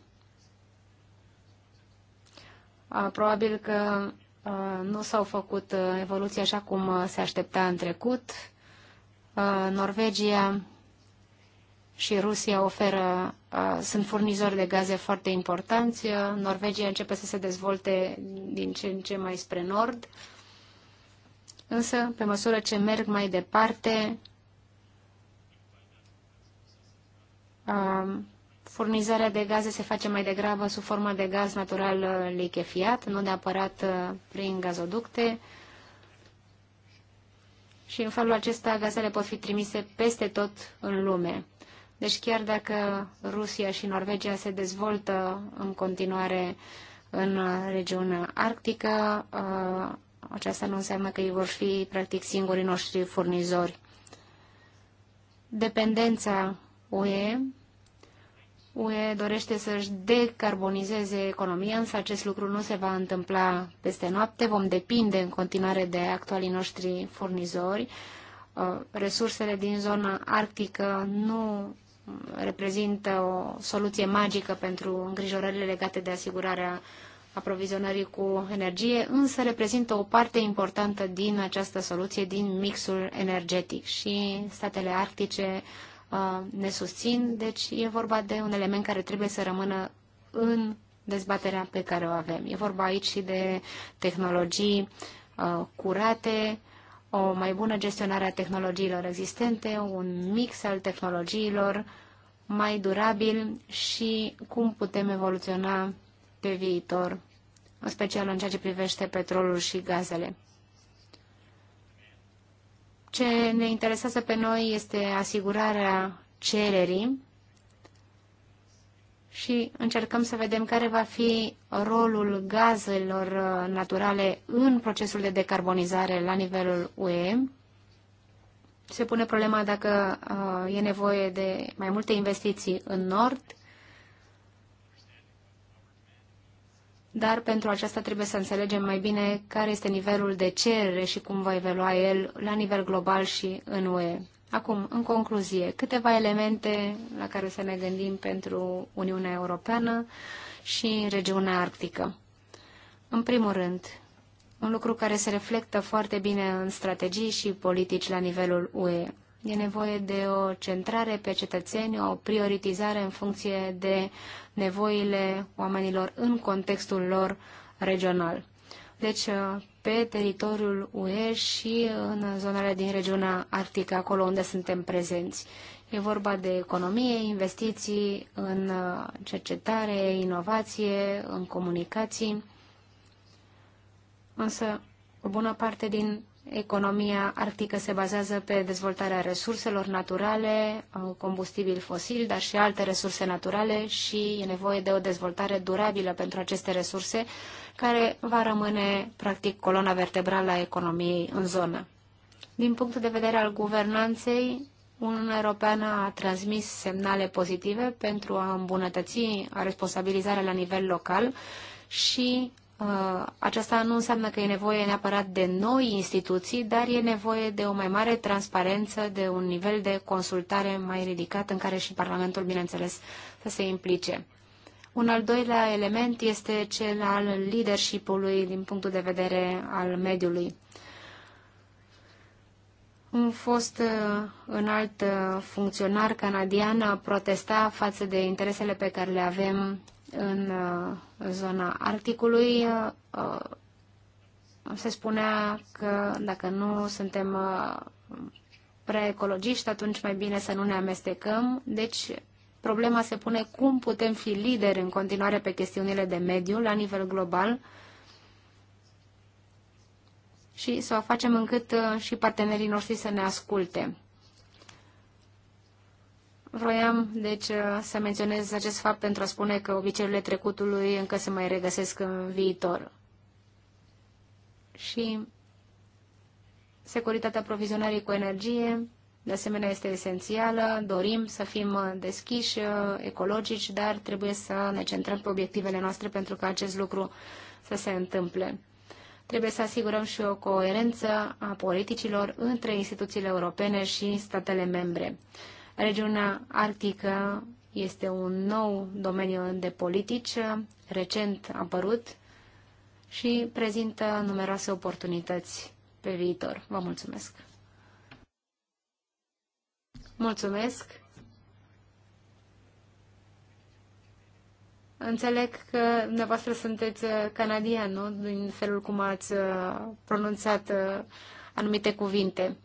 Uh, probabil că Uh, nu s-au făcut uh, evoluții așa cum uh, se aștepta în trecut. Norvegia și Rusia oferă, sunt furnizori de gaze foarte importanți. Norvegia începe să se dezvolte din ce în ce mai spre nord. Însă, pe măsură ce merg mai departe, Furnizarea de gaze se face mai degrabă sub formă de gaz natural uh, lichefiat, nu neapărat uh, prin gazoducte. Și în felul acesta gazele pot fi trimise peste tot în lume. Deci chiar dacă Rusia și Norvegia se dezvoltă în continuare în uh, regiunea arctică, aceasta nu înseamnă că ei vor fi practic singurii noștri furnizori. Dependența UE UE dorește să-și decarbonizeze economia, însă acest lucru nu se va întâmpla peste noapte. Vom depinde în continuare de actualii noștri furnizori. Uh, resursele din zona arctică nu reprezintă o soluție magică pentru îngrijorările legate de asigurarea aprovizionării cu energie, însă reprezintă o parte importantă din această soluție, din mixul energetic și statele arctice Uh, ne susțin, deci e vorba de un element care trebuie să rămână în dezbaterea pe care o avem. E vorba aici și de tehnologii uh, curate, o mai bună gestionare a tehnologiilor existente, un mix al tehnologiilor mai durabil și cum putem evoluționa pe viitor, în special în ceea ce privește petrolul și gazele. Ce ne interesează pe noi este asigurarea cererii și încercăm să vedem care va fi rolul gazelor naturale în procesul de decarbonizare la nivelul UE. Se pune problema dacă uh, e nevoie de mai multe investiții în nord dar pentru aceasta trebuie să înțelegem mai bine care este nivelul de cerere și cum va evolua el la nivel global și în UE. Acum, în concluzie, câteva elemente la care să ne gândim pentru Uniunea Europeană și regiunea arctică. În primul rând, un lucru care se reflectă foarte bine în strategii și politici la nivelul UE. E nevoie de o centrare pe cetățeni, o prioritizare în funcție de nevoile oamenilor în contextul lor regional. Deci, pe teritoriul UE și în zonele din regiunea arctică, acolo unde suntem prezenți. E vorba de economie, investiții în cercetare, inovație, în comunicații. Însă, o bună parte din Economia arctică se bazează pe dezvoltarea resurselor naturale, uh, combustibil fosil, dar și alte resurse naturale și e nevoie de o dezvoltare durabilă pentru aceste resurse, care va rămâne, practic, coloana vertebrală a economiei în zonă. Din punctul de vedere al guvernanței, Uniunea Europeană a transmis semnale pozitive pentru a îmbunătăți responsabilizarea la nivel local și Uh, aceasta nu înseamnă că e nevoie neapărat de noi instituții, dar e nevoie de o mai mare transparență, de un nivel de consultare mai ridicat în care și Parlamentul, bineînțeles, să se implice. Un al doilea element este cel al leadership-ului din punctul de vedere al mediului. Un fost înalt uh, uh, funcționar canadian protesta față de interesele pe care le avem în uh, zona Arcticului uh, uh, se spunea că dacă nu suntem preecologiști, atunci mai bine să nu ne amestecăm. Deci problema se pune cum putem fi lideri în continuare pe chestiunile de mediu la nivel global și să o facem încât și partenerii noștri să ne asculte. Vroiam, deci, uh, să menționez acest fapt pentru a spune că obiceiurile trecutului încă se mai regăsesc în viitor. Și securitatea provizionării cu energie, de asemenea, este esențială. Dorim să fim uh, deschiși, uh, ecologici, dar trebuie să ne centrăm pe obiectivele noastre pentru ca acest lucru să se întâmple. Trebuie să asigurăm și o coerență a politicilor între instituțiile europene și statele membre. Regiunea Arctică este un nou domeniu de politici, recent apărut și prezintă numeroase oportunități pe viitor. Vă mulțumesc! Mulțumesc! Înțeleg că dumneavoastră sunteți canadian, nu? Din felul cum ați uh, pronunțat uh, anumite cuvinte.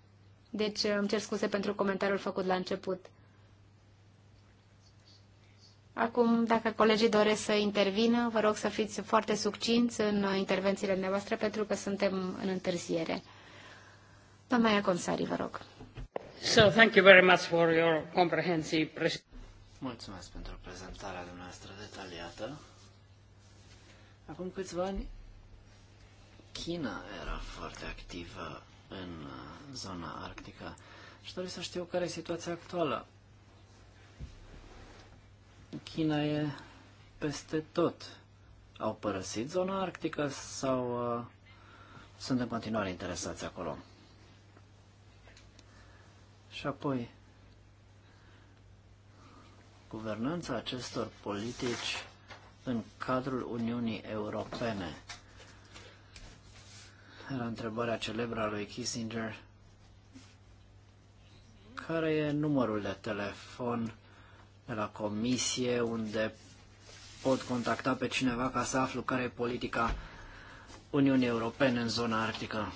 Deci îmi cer scuze pentru comentariul făcut la început. Acum, dacă colegii doresc să intervină, vă rog să fiți foarte succinți în intervențiile noastre, pentru că suntem în întârziere. Doamna Iaconsari, vă rog. So, thank you very much for your comprehensive Mulțumesc pentru prezentarea dumneavoastră detaliată. Acum câțiva ani, China era foarte activă în uh, zona arctică. Și doresc să știu care e situația actuală. China e peste tot. Au părăsit zona arctică sau uh, sunt în continuare interesați acolo? Și apoi, guvernanța acestor politici în cadrul Uniunii Europene la întrebarea celebră a lui Kissinger, care e numărul de telefon de la comisie unde pot contacta pe cineva ca să aflu care e politica Uniunii Europene în zona arctică.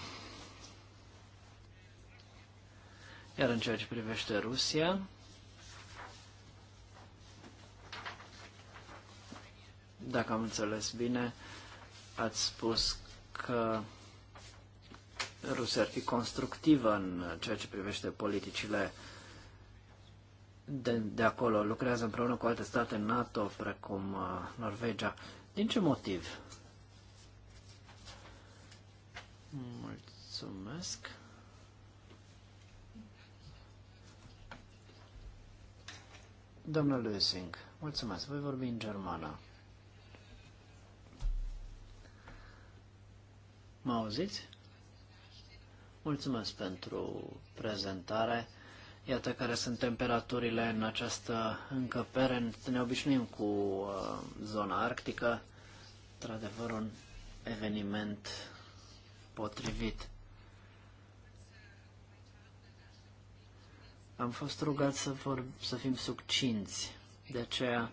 Iar în ceea ce privește Rusia, dacă am înțeles bine, ați spus că Rusia ar fi constructivă în ceea ce privește politicile de, de acolo. Lucrează împreună cu alte state NATO, precum uh, Norvegia. Din ce motiv? Mulțumesc. Domnul Lusing, mulțumesc. Voi vorbi în germană. Mă auziți? Mulțumesc pentru prezentare. Iată care sunt temperaturile în această încăpere. Ne obișnuim cu uh, zona arctică. Într-adevăr, un eveniment potrivit. Am fost rugat să, vor, să fim succinți, de aceea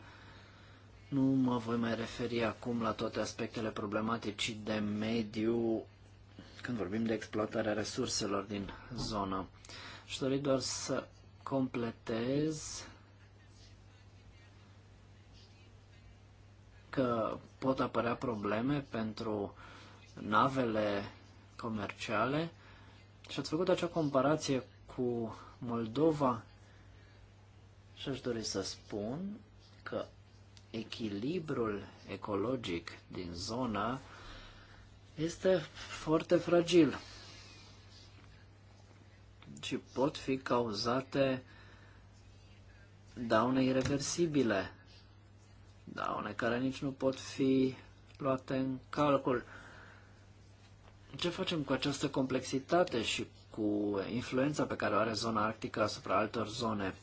nu mă voi mai referi acum la toate aspectele problematici de mediu când vorbim de exploatarea resurselor din zonă. Și dori doar să completez că pot apărea probleme pentru navele comerciale și ați făcut acea comparație cu Moldova și aș dori să spun că echilibrul ecologic din zonă este foarte fragil și pot fi cauzate daune irreversibile, daune care nici nu pot fi luate în calcul. Ce facem cu această complexitate și cu influența pe care o are zona arctică asupra altor zone?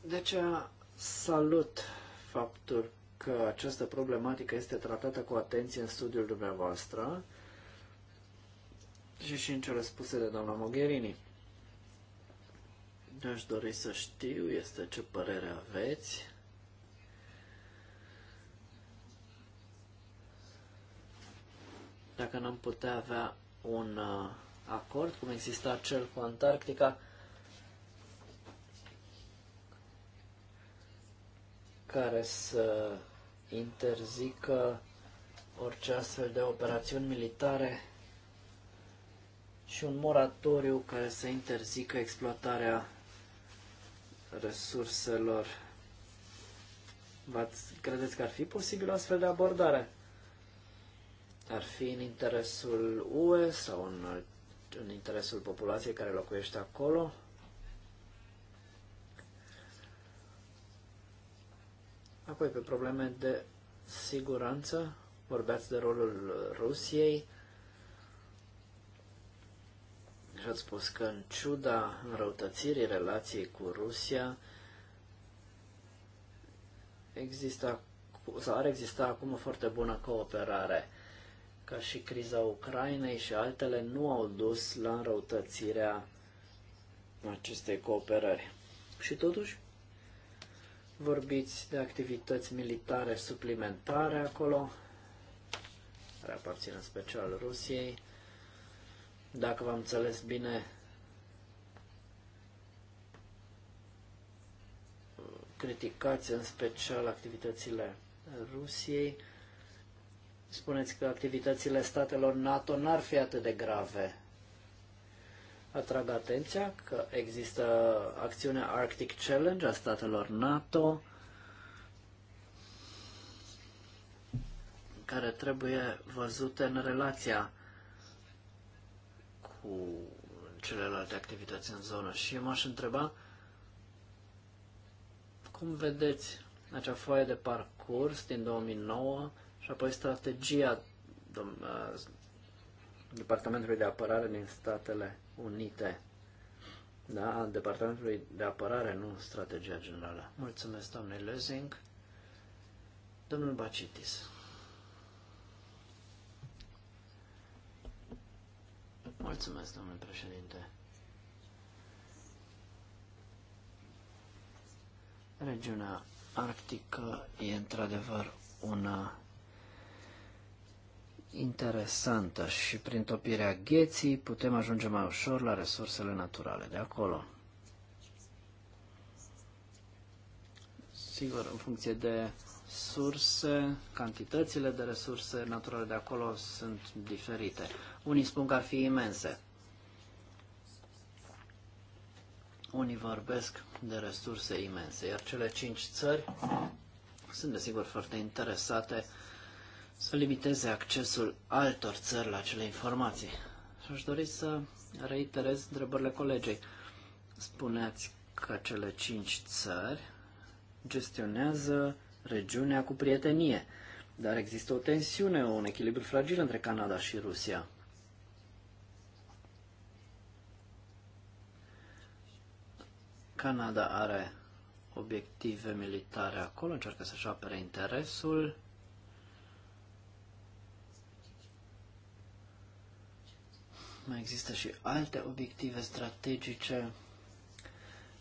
Deci salut faptul că această problematică este tratată cu atenție în studiul dumneavoastră și și în cele spuse de doamna Mogherini. Aș dori să știu este ce părere aveți. Dacă n-am putea avea un uh, acord, cum exista cel cu Antarctica, care să interzică orice astfel de operațiuni militare și un moratoriu care să interzică exploatarea resurselor. Credeți că ar fi posibil astfel de abordare? Ar fi în interesul UE sau în, în interesul populației care locuiește acolo? Apoi, pe probleme de siguranță, vorbeați de rolul Rusiei și ați spus că, în ciuda înrăutățirii relației cu Rusia, există, sau ar exista acum o foarte bună cooperare ca și criza Ucrainei și altele nu au dus la înrăutățirea acestei cooperări. Și totuși, Vorbiți de activități militare suplimentare acolo, care aparțin în special Rusiei. Dacă v-am înțeles bine, criticați în special activitățile Rusiei. Spuneți că activitățile statelor NATO n-ar fi atât de grave. Atrag atenția că există acțiunea Arctic Challenge a statelor NATO care trebuie văzute în relația cu celelalte activități în zonă. Și m-aș întreba cum vedeți acea foaie de parcurs din 2009 și apoi strategia Departamentului de Apărare din Statele Unite. Da, al Departamentului de Apărare, nu Strategia Generală. Mulțumesc, doamne Lezing. Domnul Bacitis. Mulțumesc, domnule președinte. Regiunea arctică e într-adevăr una interesantă și prin topirea gheții putem ajunge mai ușor la resursele naturale de acolo. Sigur, în funcție de surse, cantitățile de resurse naturale de acolo sunt diferite. Unii spun că ar fi imense. Unii vorbesc de resurse imense, iar cele cinci țări sunt desigur foarte interesate să limiteze accesul altor țări la acele informații. Și aș dori să reiterez întrebările colegei. Spuneați că cele cinci țări gestionează regiunea cu prietenie, dar există o tensiune, un echilibru fragil între Canada și Rusia. Canada are obiective militare acolo, încearcă să-și apere interesul, Mai există și alte obiective strategice.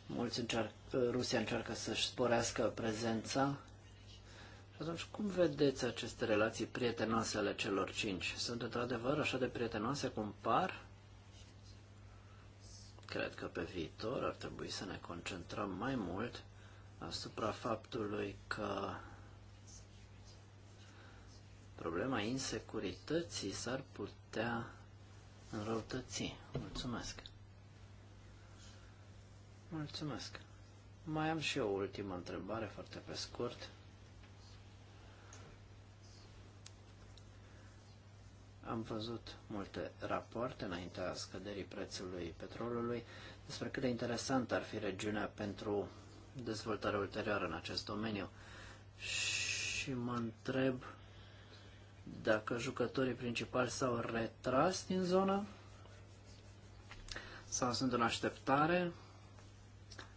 Mulți încearcă, Rusia încearcă să-și sporească prezența. Atunci, cum vedeți aceste relații prietenoase ale celor cinci? Sunt într-adevăr așa de prietenoase cum par? Cred că pe viitor ar trebui să ne concentrăm mai mult asupra faptului că problema insecurității s-ar putea înrăutăți. Mulțumesc. Mulțumesc. Mai am și eu o ultimă întrebare, foarte pe scurt. Am văzut multe rapoarte înaintea scăderii prețului petrolului despre cât de interesant ar fi regiunea pentru dezvoltare ulterioară în acest domeniu. Și mă întreb dacă jucătorii principali s-au retras din zonă sau sunt în așteptare,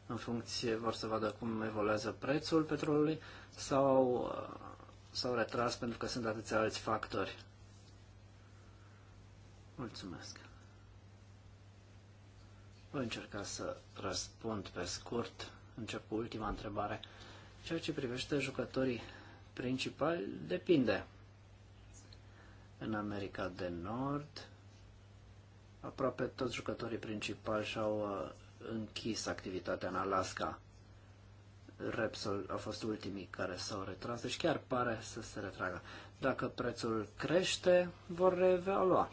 în funcție, vor să vadă cum evoluează prețul petrolului, sau uh, s-au retras pentru că sunt atâția alți factori. Mulțumesc. Voi încerca să răspund pe scurt, încep cu ultima întrebare. Ceea ce privește jucătorii principali depinde. În America de Nord, aproape toți jucătorii principali și-au uh, închis activitatea în Alaska. Repsol a fost ultimii care s-au retras, deci chiar pare să se retragă. Dacă prețul crește, vor reevalua.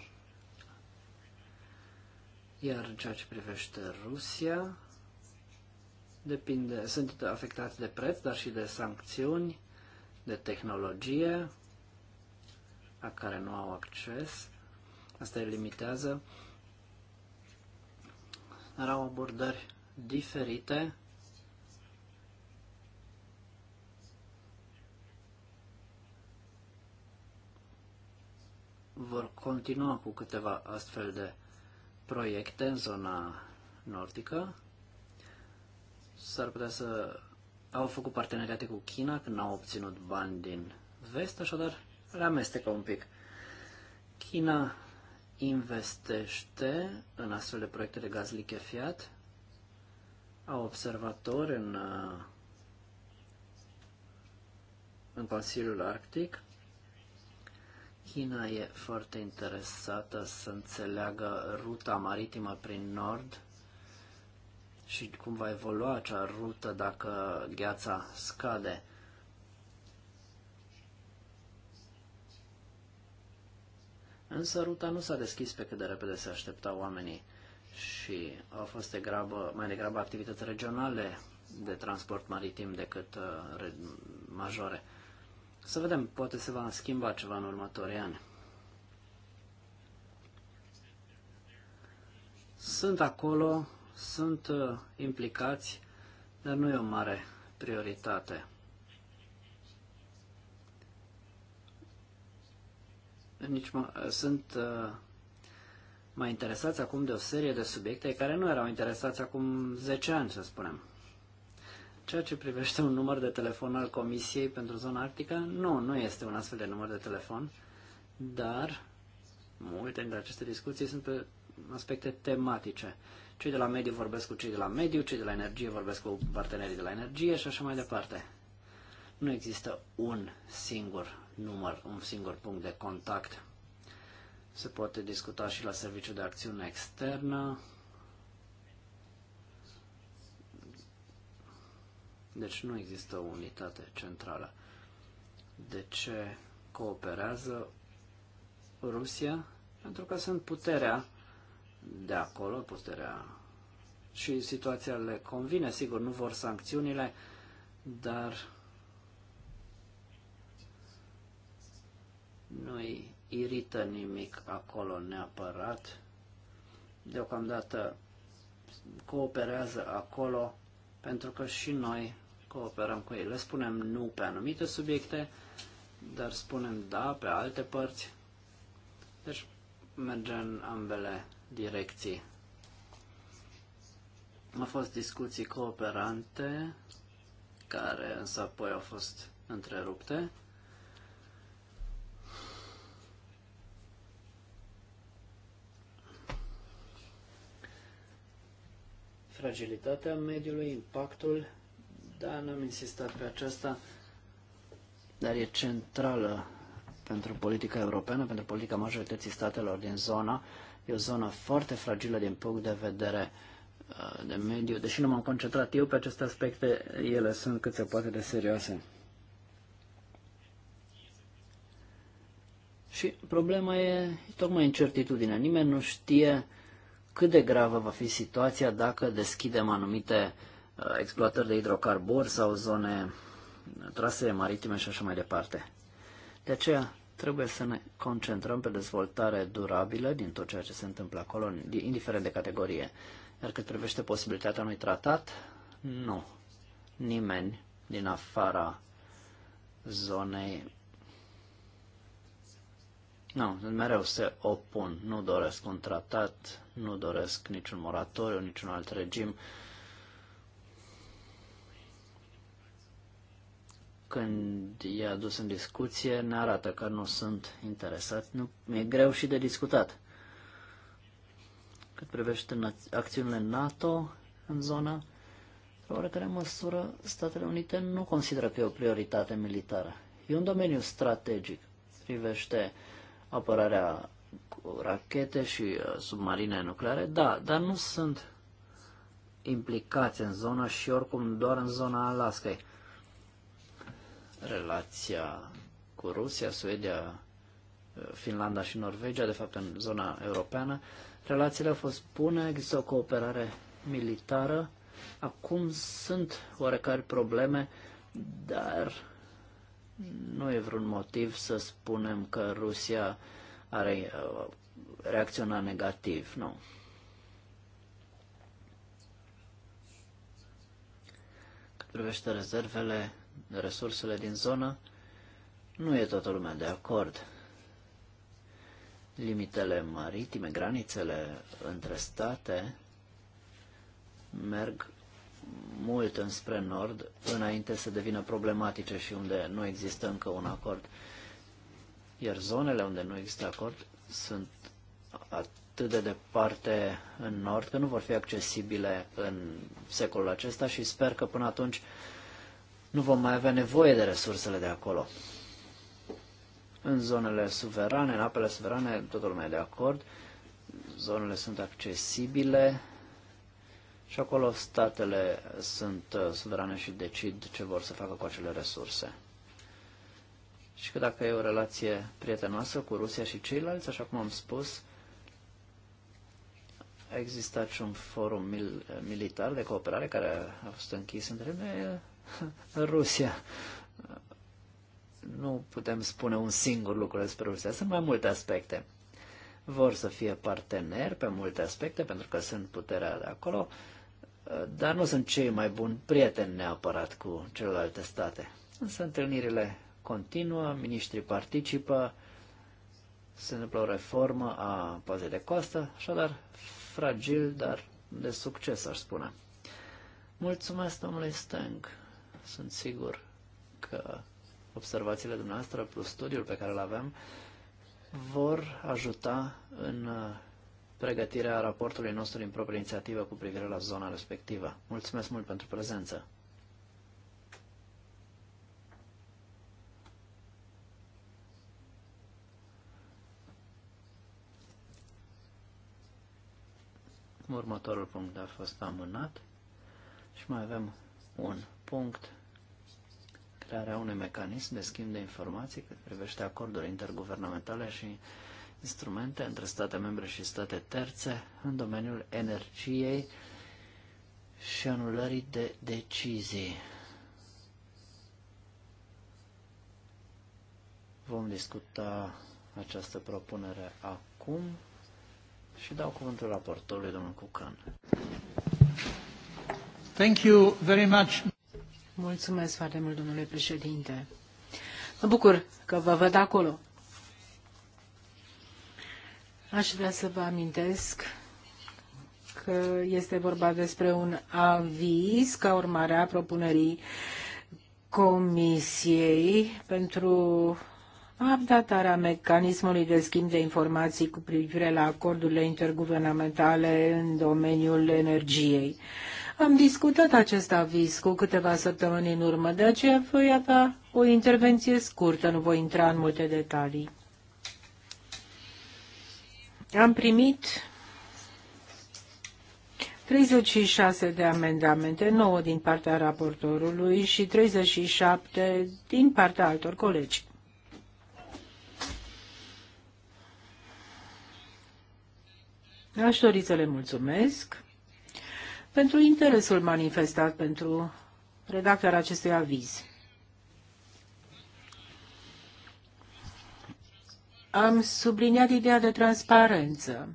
Iar în ceea ce privește Rusia, depinde, sunt afectați de preț, dar și de sancțiuni, de tehnologie, la care nu au acces. Asta îi limitează. Dar au abordări diferite. Vor continua cu câteva astfel de proiecte în zona nordică. S-ar putea să au făcut parteneriate cu China când au obținut bani din vest, așadar le amestecă un pic. China investește în astfel de proiecte de gaz lichefiat, au observatori în, uh, în Consiliul Arctic. China e foarte interesată să înțeleagă ruta maritimă prin nord și cum va evolua acea rută dacă gheața scade. Însă ruta nu s-a deschis pe cât de repede se așteptau oamenii și au fost grabă, mai degrabă activități regionale de transport maritim decât uh, majore. Să vedem, poate se va schimba ceva în următorii ani. Sunt acolo, sunt uh, implicați, dar nu e o mare prioritate. nici mă, sunt uh, mai interesați acum de o serie de subiecte care nu erau interesați acum 10 ani, să spunem. Ceea ce privește un număr de telefon al Comisiei pentru zona arctică, nu, nu este un astfel de număr de telefon, dar multe dintre aceste discuții sunt pe aspecte tematice. Cei de la mediu vorbesc cu cei de la mediu, cei de la energie vorbesc cu partenerii de la energie și așa mai departe. Nu există un singur număr, un singur punct de contact. Se poate discuta și la serviciul de acțiune externă. Deci nu există o unitate centrală. De ce cooperează Rusia? Pentru că sunt puterea de acolo, puterea și situația le convine, sigur, nu vor sancțiunile, dar nu-i irită nimic acolo neapărat. Deocamdată cooperează acolo pentru că și noi cooperăm cu ei. Le spunem nu pe anumite subiecte, dar spunem da pe alte părți. Deci merge în ambele direcții. Au fost discuții cooperante, care însă apoi au fost întrerupte. fragilitatea mediului, impactul, da, n-am insistat pe aceasta, dar e centrală pentru politica europeană, pentru politica majorității statelor din zona. E o zonă foarte fragilă din punct de vedere uh, de mediu. Deși nu m-am concentrat eu pe aceste aspecte, ele sunt cât se poate de serioase. Și problema e, e tocmai incertitudinea. Nimeni nu știe cât de gravă va fi situația dacă deschidem anumite uh, exploatări de hidrocarburi sau zone trasee maritime și așa mai departe. De aceea trebuie să ne concentrăm pe dezvoltare durabilă din tot ceea ce se întâmplă acolo, indiferent de categorie. Iar cât privește posibilitatea unui tratat, nu. Nimeni din afara zonei nu, mereu se opun. Nu doresc un tratat, nu doresc niciun moratoriu, niciun alt regim. Când e adus în discuție, ne arată că nu sunt interesat. Nu, e greu și de discutat. Cât privește acțiunile NATO în zona, la oarecare măsură, Statele Unite nu consideră că e o prioritate militară. E un domeniu strategic. Privește uh, apărarea cu rachete și uh, submarine nucleare, da, dar nu sunt implicați în zona și oricum doar în zona Alaskai. Relația cu Rusia, Suedia, uh, Finlanda și Norvegia, de fapt în zona europeană, relațiile au fost bune, există o cooperare militară, acum sunt oarecare probleme, dar nu e vreun motiv să spunem că Rusia are uh, reacționa negativ, nu. Cât privește rezervele, resursele din zonă, nu e toată lumea de acord. Limitele maritime, granițele între state merg mult înspre nord înainte să devină problematice și unde nu există încă un acord. Iar zonele unde nu există acord sunt atât de departe în nord că nu vor fi accesibile în secolul acesta și sper că până atunci nu vom mai avea nevoie de resursele de acolo. În zonele suverane, în apele suverane, totul mai de acord zonele sunt accesibile, și acolo statele sunt uh, suverane și decid ce vor să facă cu acele resurse. Și că dacă e o relație prietenoasă cu Rusia și ceilalți, așa cum am spus, a existat și un forum mil, militar de cooperare care a fost închis între noi, în uh, Rusia. Nu putem spune un singur lucru despre Rusia, sunt mai multe aspecte. Vor să fie parteneri pe multe aspecte, pentru că sunt puterea de acolo, dar nu sunt cei mai buni prieteni neapărat cu celelalte state. Însă întâlnirile continuă, ministrii participă, se întâmplă o reformă a pazei de costă, așadar fragil, dar de succes, aș spune. Mulțumesc, domnule Steng. Sunt sigur că observațiile dumneavoastră plus studiul pe care îl avem vor ajuta în pregătirea raportului nostru din proprie inițiativă cu privire la zona respectivă. Mulțumesc mult pentru prezență! Următorul punct a fost amânat și mai avem un punct crearea unui mecanism de schimb de informații cât privește acorduri interguvernamentale și instrumente între state membre și state terțe în domeniul energiei și anulării de decizii. Vom discuta această propunere acum și dau cuvântul raportorului domnul Cucan. Thank you very much. Mulțumesc foarte mult, domnule președinte. Mă bucur că vă văd acolo. Aș vrea să vă amintesc că este vorba despre un aviz ca urmare a propunerii Comisiei pentru updatarea mecanismului de schimb de informații cu privire la acordurile interguvernamentale în domeniul energiei. Am discutat acest aviz cu câteva săptămâni în urmă, de aceea voi avea o intervenție scurtă, nu voi intra în multe detalii. Am primit 36 de amendamente, 9 din partea raportorului și 37 din partea altor colegi. Aș dori să le mulțumesc pentru interesul manifestat pentru redactarea acestui aviz. am subliniat ideea de transparență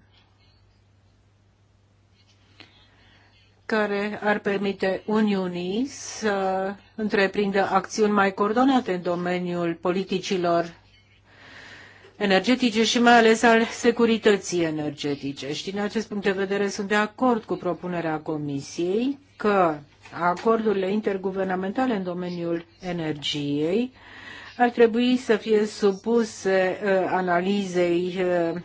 care ar permite Uniunii să întreprindă acțiuni mai coordonate în domeniul politicilor energetice și mai ales al securității energetice. Și din acest punct de vedere sunt de acord cu propunerea Comisiei că acordurile interguvernamentale în domeniul energiei ar trebui să fie supuse uh, analizei uh,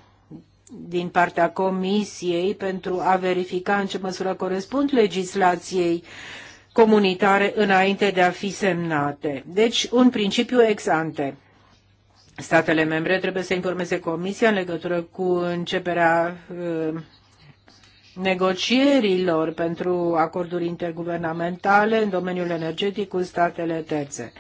din partea Comisiei pentru a verifica în ce măsură corespund legislației comunitare înainte de a fi semnate. Deci, un principiu ex ante. Statele membre trebuie să informeze Comisia în legătură cu începerea uh, negocierilor pentru acorduri interguvernamentale în domeniul energetic cu statele terțe.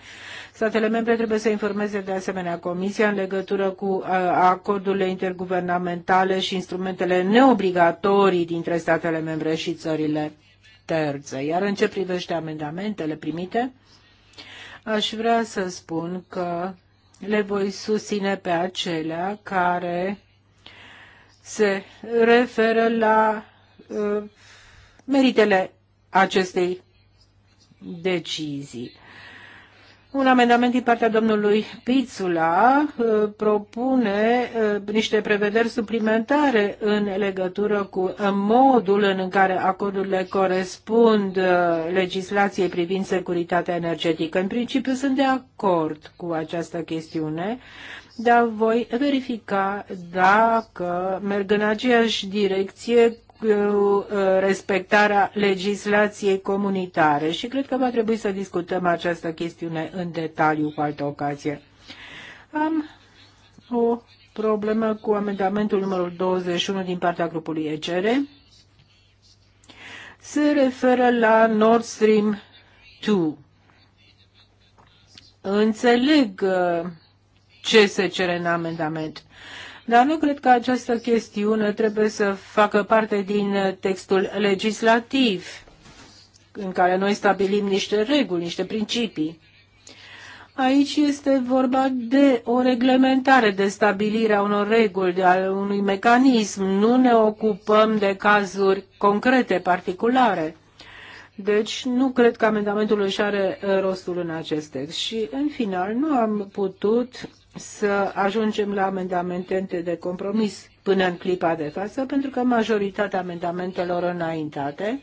Statele membre trebuie să informeze de asemenea Comisia în legătură cu uh, acordurile interguvernamentale și instrumentele neobligatorii dintre statele membre și țările terțe. Iar în ce privește amendamentele primite, aș vrea să spun că le voi susține pe acelea care se referă la uh, meritele acestei decizii. Un amendament din partea domnului Pițula uh, propune uh, niște prevederi suplimentare în legătură cu modul în care acordurile corespund uh, legislației privind securitatea energetică. În principiu sunt de acord cu această chestiune, dar voi verifica dacă merg în aceeași direcție Uh, respectarea legislației comunitare și cred că va trebui să discutăm această chestiune în detaliu cu altă ocazie. Am o problemă cu amendamentul numărul 21 din partea grupului ECR. Se referă la Nord Stream 2. Înțeleg uh, ce se cere în amendament. Dar nu cred că această chestiune trebuie să facă parte din textul legislativ în care noi stabilim niște reguli, niște principii. Aici este vorba de o reglementare, de stabilirea unor reguli, de al unui mecanism. Nu ne ocupăm de cazuri concrete, particulare. Deci nu cred că amendamentul își are uh, rostul în acest text. Și în final nu am putut să ajungem la amendamente de compromis până în clipa de față, pentru că majoritatea amendamentelor înaintate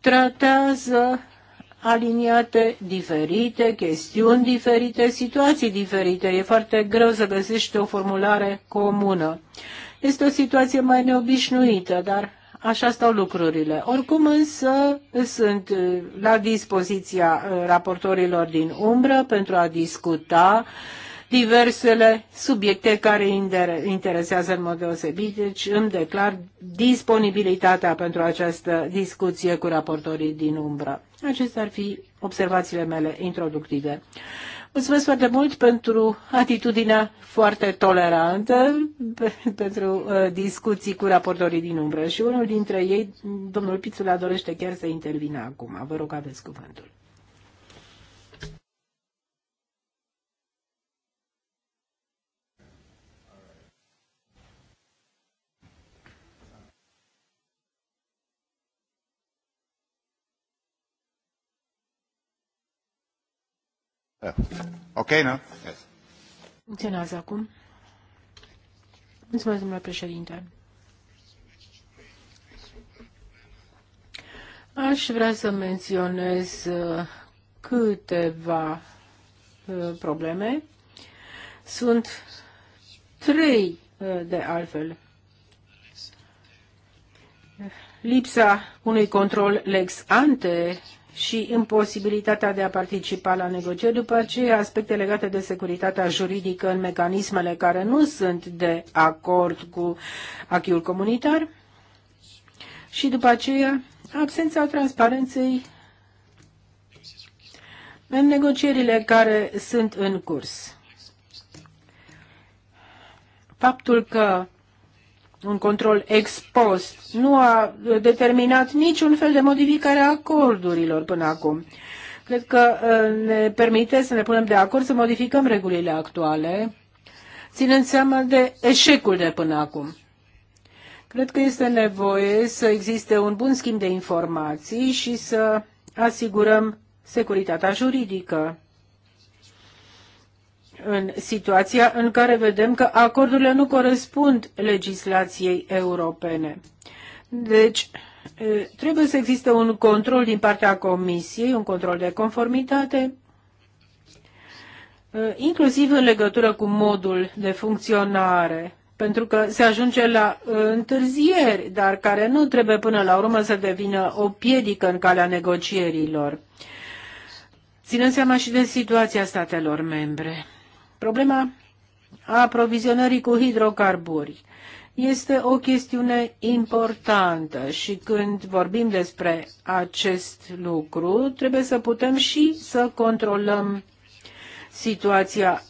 tratează aliniate diferite, chestiuni diferite, situații diferite. E foarte greu să găsești o formulare comună. Este o situație mai neobișnuită, dar așa stau lucrurile. Oricum însă sunt la dispoziția uh, raportorilor din umbră pentru a discuta uh, diversele subiecte care interesează în mod deosebit. Deci îmi declar disponibilitatea pentru această discuție cu raportorii din umbră. Acestea ar fi observațiile mele introductive. Mulțumesc foarte mult pentru atitudinea foarte tolerantă, pentru uh, discuții cu raportorii din umbră. Și unul dintre ei, domnul Pițula, dorește chiar să intervină acum. Vă rog, aveți cuvântul. Ok, nu? No? Yes. Funcționează acum. Mulțumesc, domnule președinte. Aș vrea să menționez uh, câteva uh, probleme. Sunt trei, uh, de altfel. Lipsa unui control lex ante și imposibilitatea de a participa la negocieri, după aceea aspecte legate de securitatea juridică în mecanismele care nu sunt de acord cu achiul comunitar și după aceea absența transparenței în negocierile care sunt în curs. Faptul că un control ex post nu a determinat niciun fel de modificare a acordurilor până acum. Cred că uh, ne permite să ne punem de acord să modificăm regulile actuale, ținând seama de eșecul de până acum. Cred că este nevoie să existe un bun schimb de informații și să asigurăm securitatea juridică în situația în care vedem că acordurile nu corespund legislației europene. Deci, trebuie să existe un control din partea Comisiei, un control de conformitate, inclusiv în legătură cu modul de funcționare, pentru că se ajunge la întârzieri, dar care nu trebuie până la urmă să devină o piedică în calea negocierilor. Ținând seama și de situația statelor membre. Problema aprovizionării cu hidrocarburi este o chestiune importantă și când vorbim despre acest lucru, trebuie să putem și să controlăm situația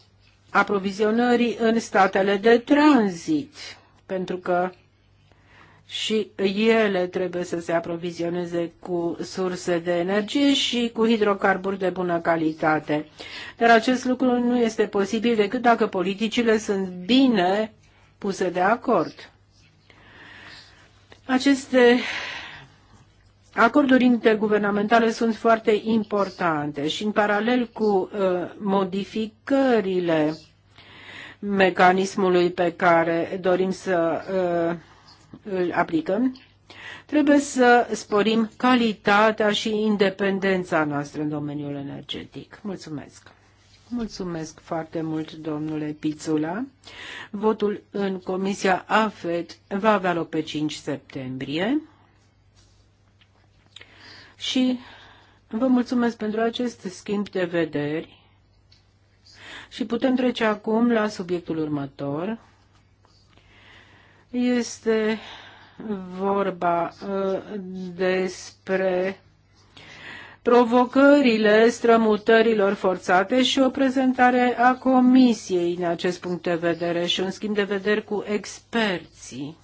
aprovizionării în statele de tranzit, pentru că și ele trebuie să se aprovizioneze cu surse de energie și cu hidrocarburi de bună calitate. Dar acest lucru nu este posibil decât dacă politicile sunt bine puse de acord. Aceste Acorduri interguvernamentale sunt foarte importante și în paralel cu uh, modificările mecanismului pe care dorim să uh, îl aplicăm, trebuie să sporim calitatea și independența noastră în domeniul energetic. Mulțumesc! Mulțumesc foarte mult, domnule Pițula. Votul în Comisia AFET va avea loc pe 5 septembrie. Și vă mulțumesc pentru acest schimb de vederi. Și putem trece acum la subiectul următor. Este vorba uh, despre provocările strămutărilor forțate și o prezentare a Comisiei în acest punct de vedere și un schimb de vedere cu experții.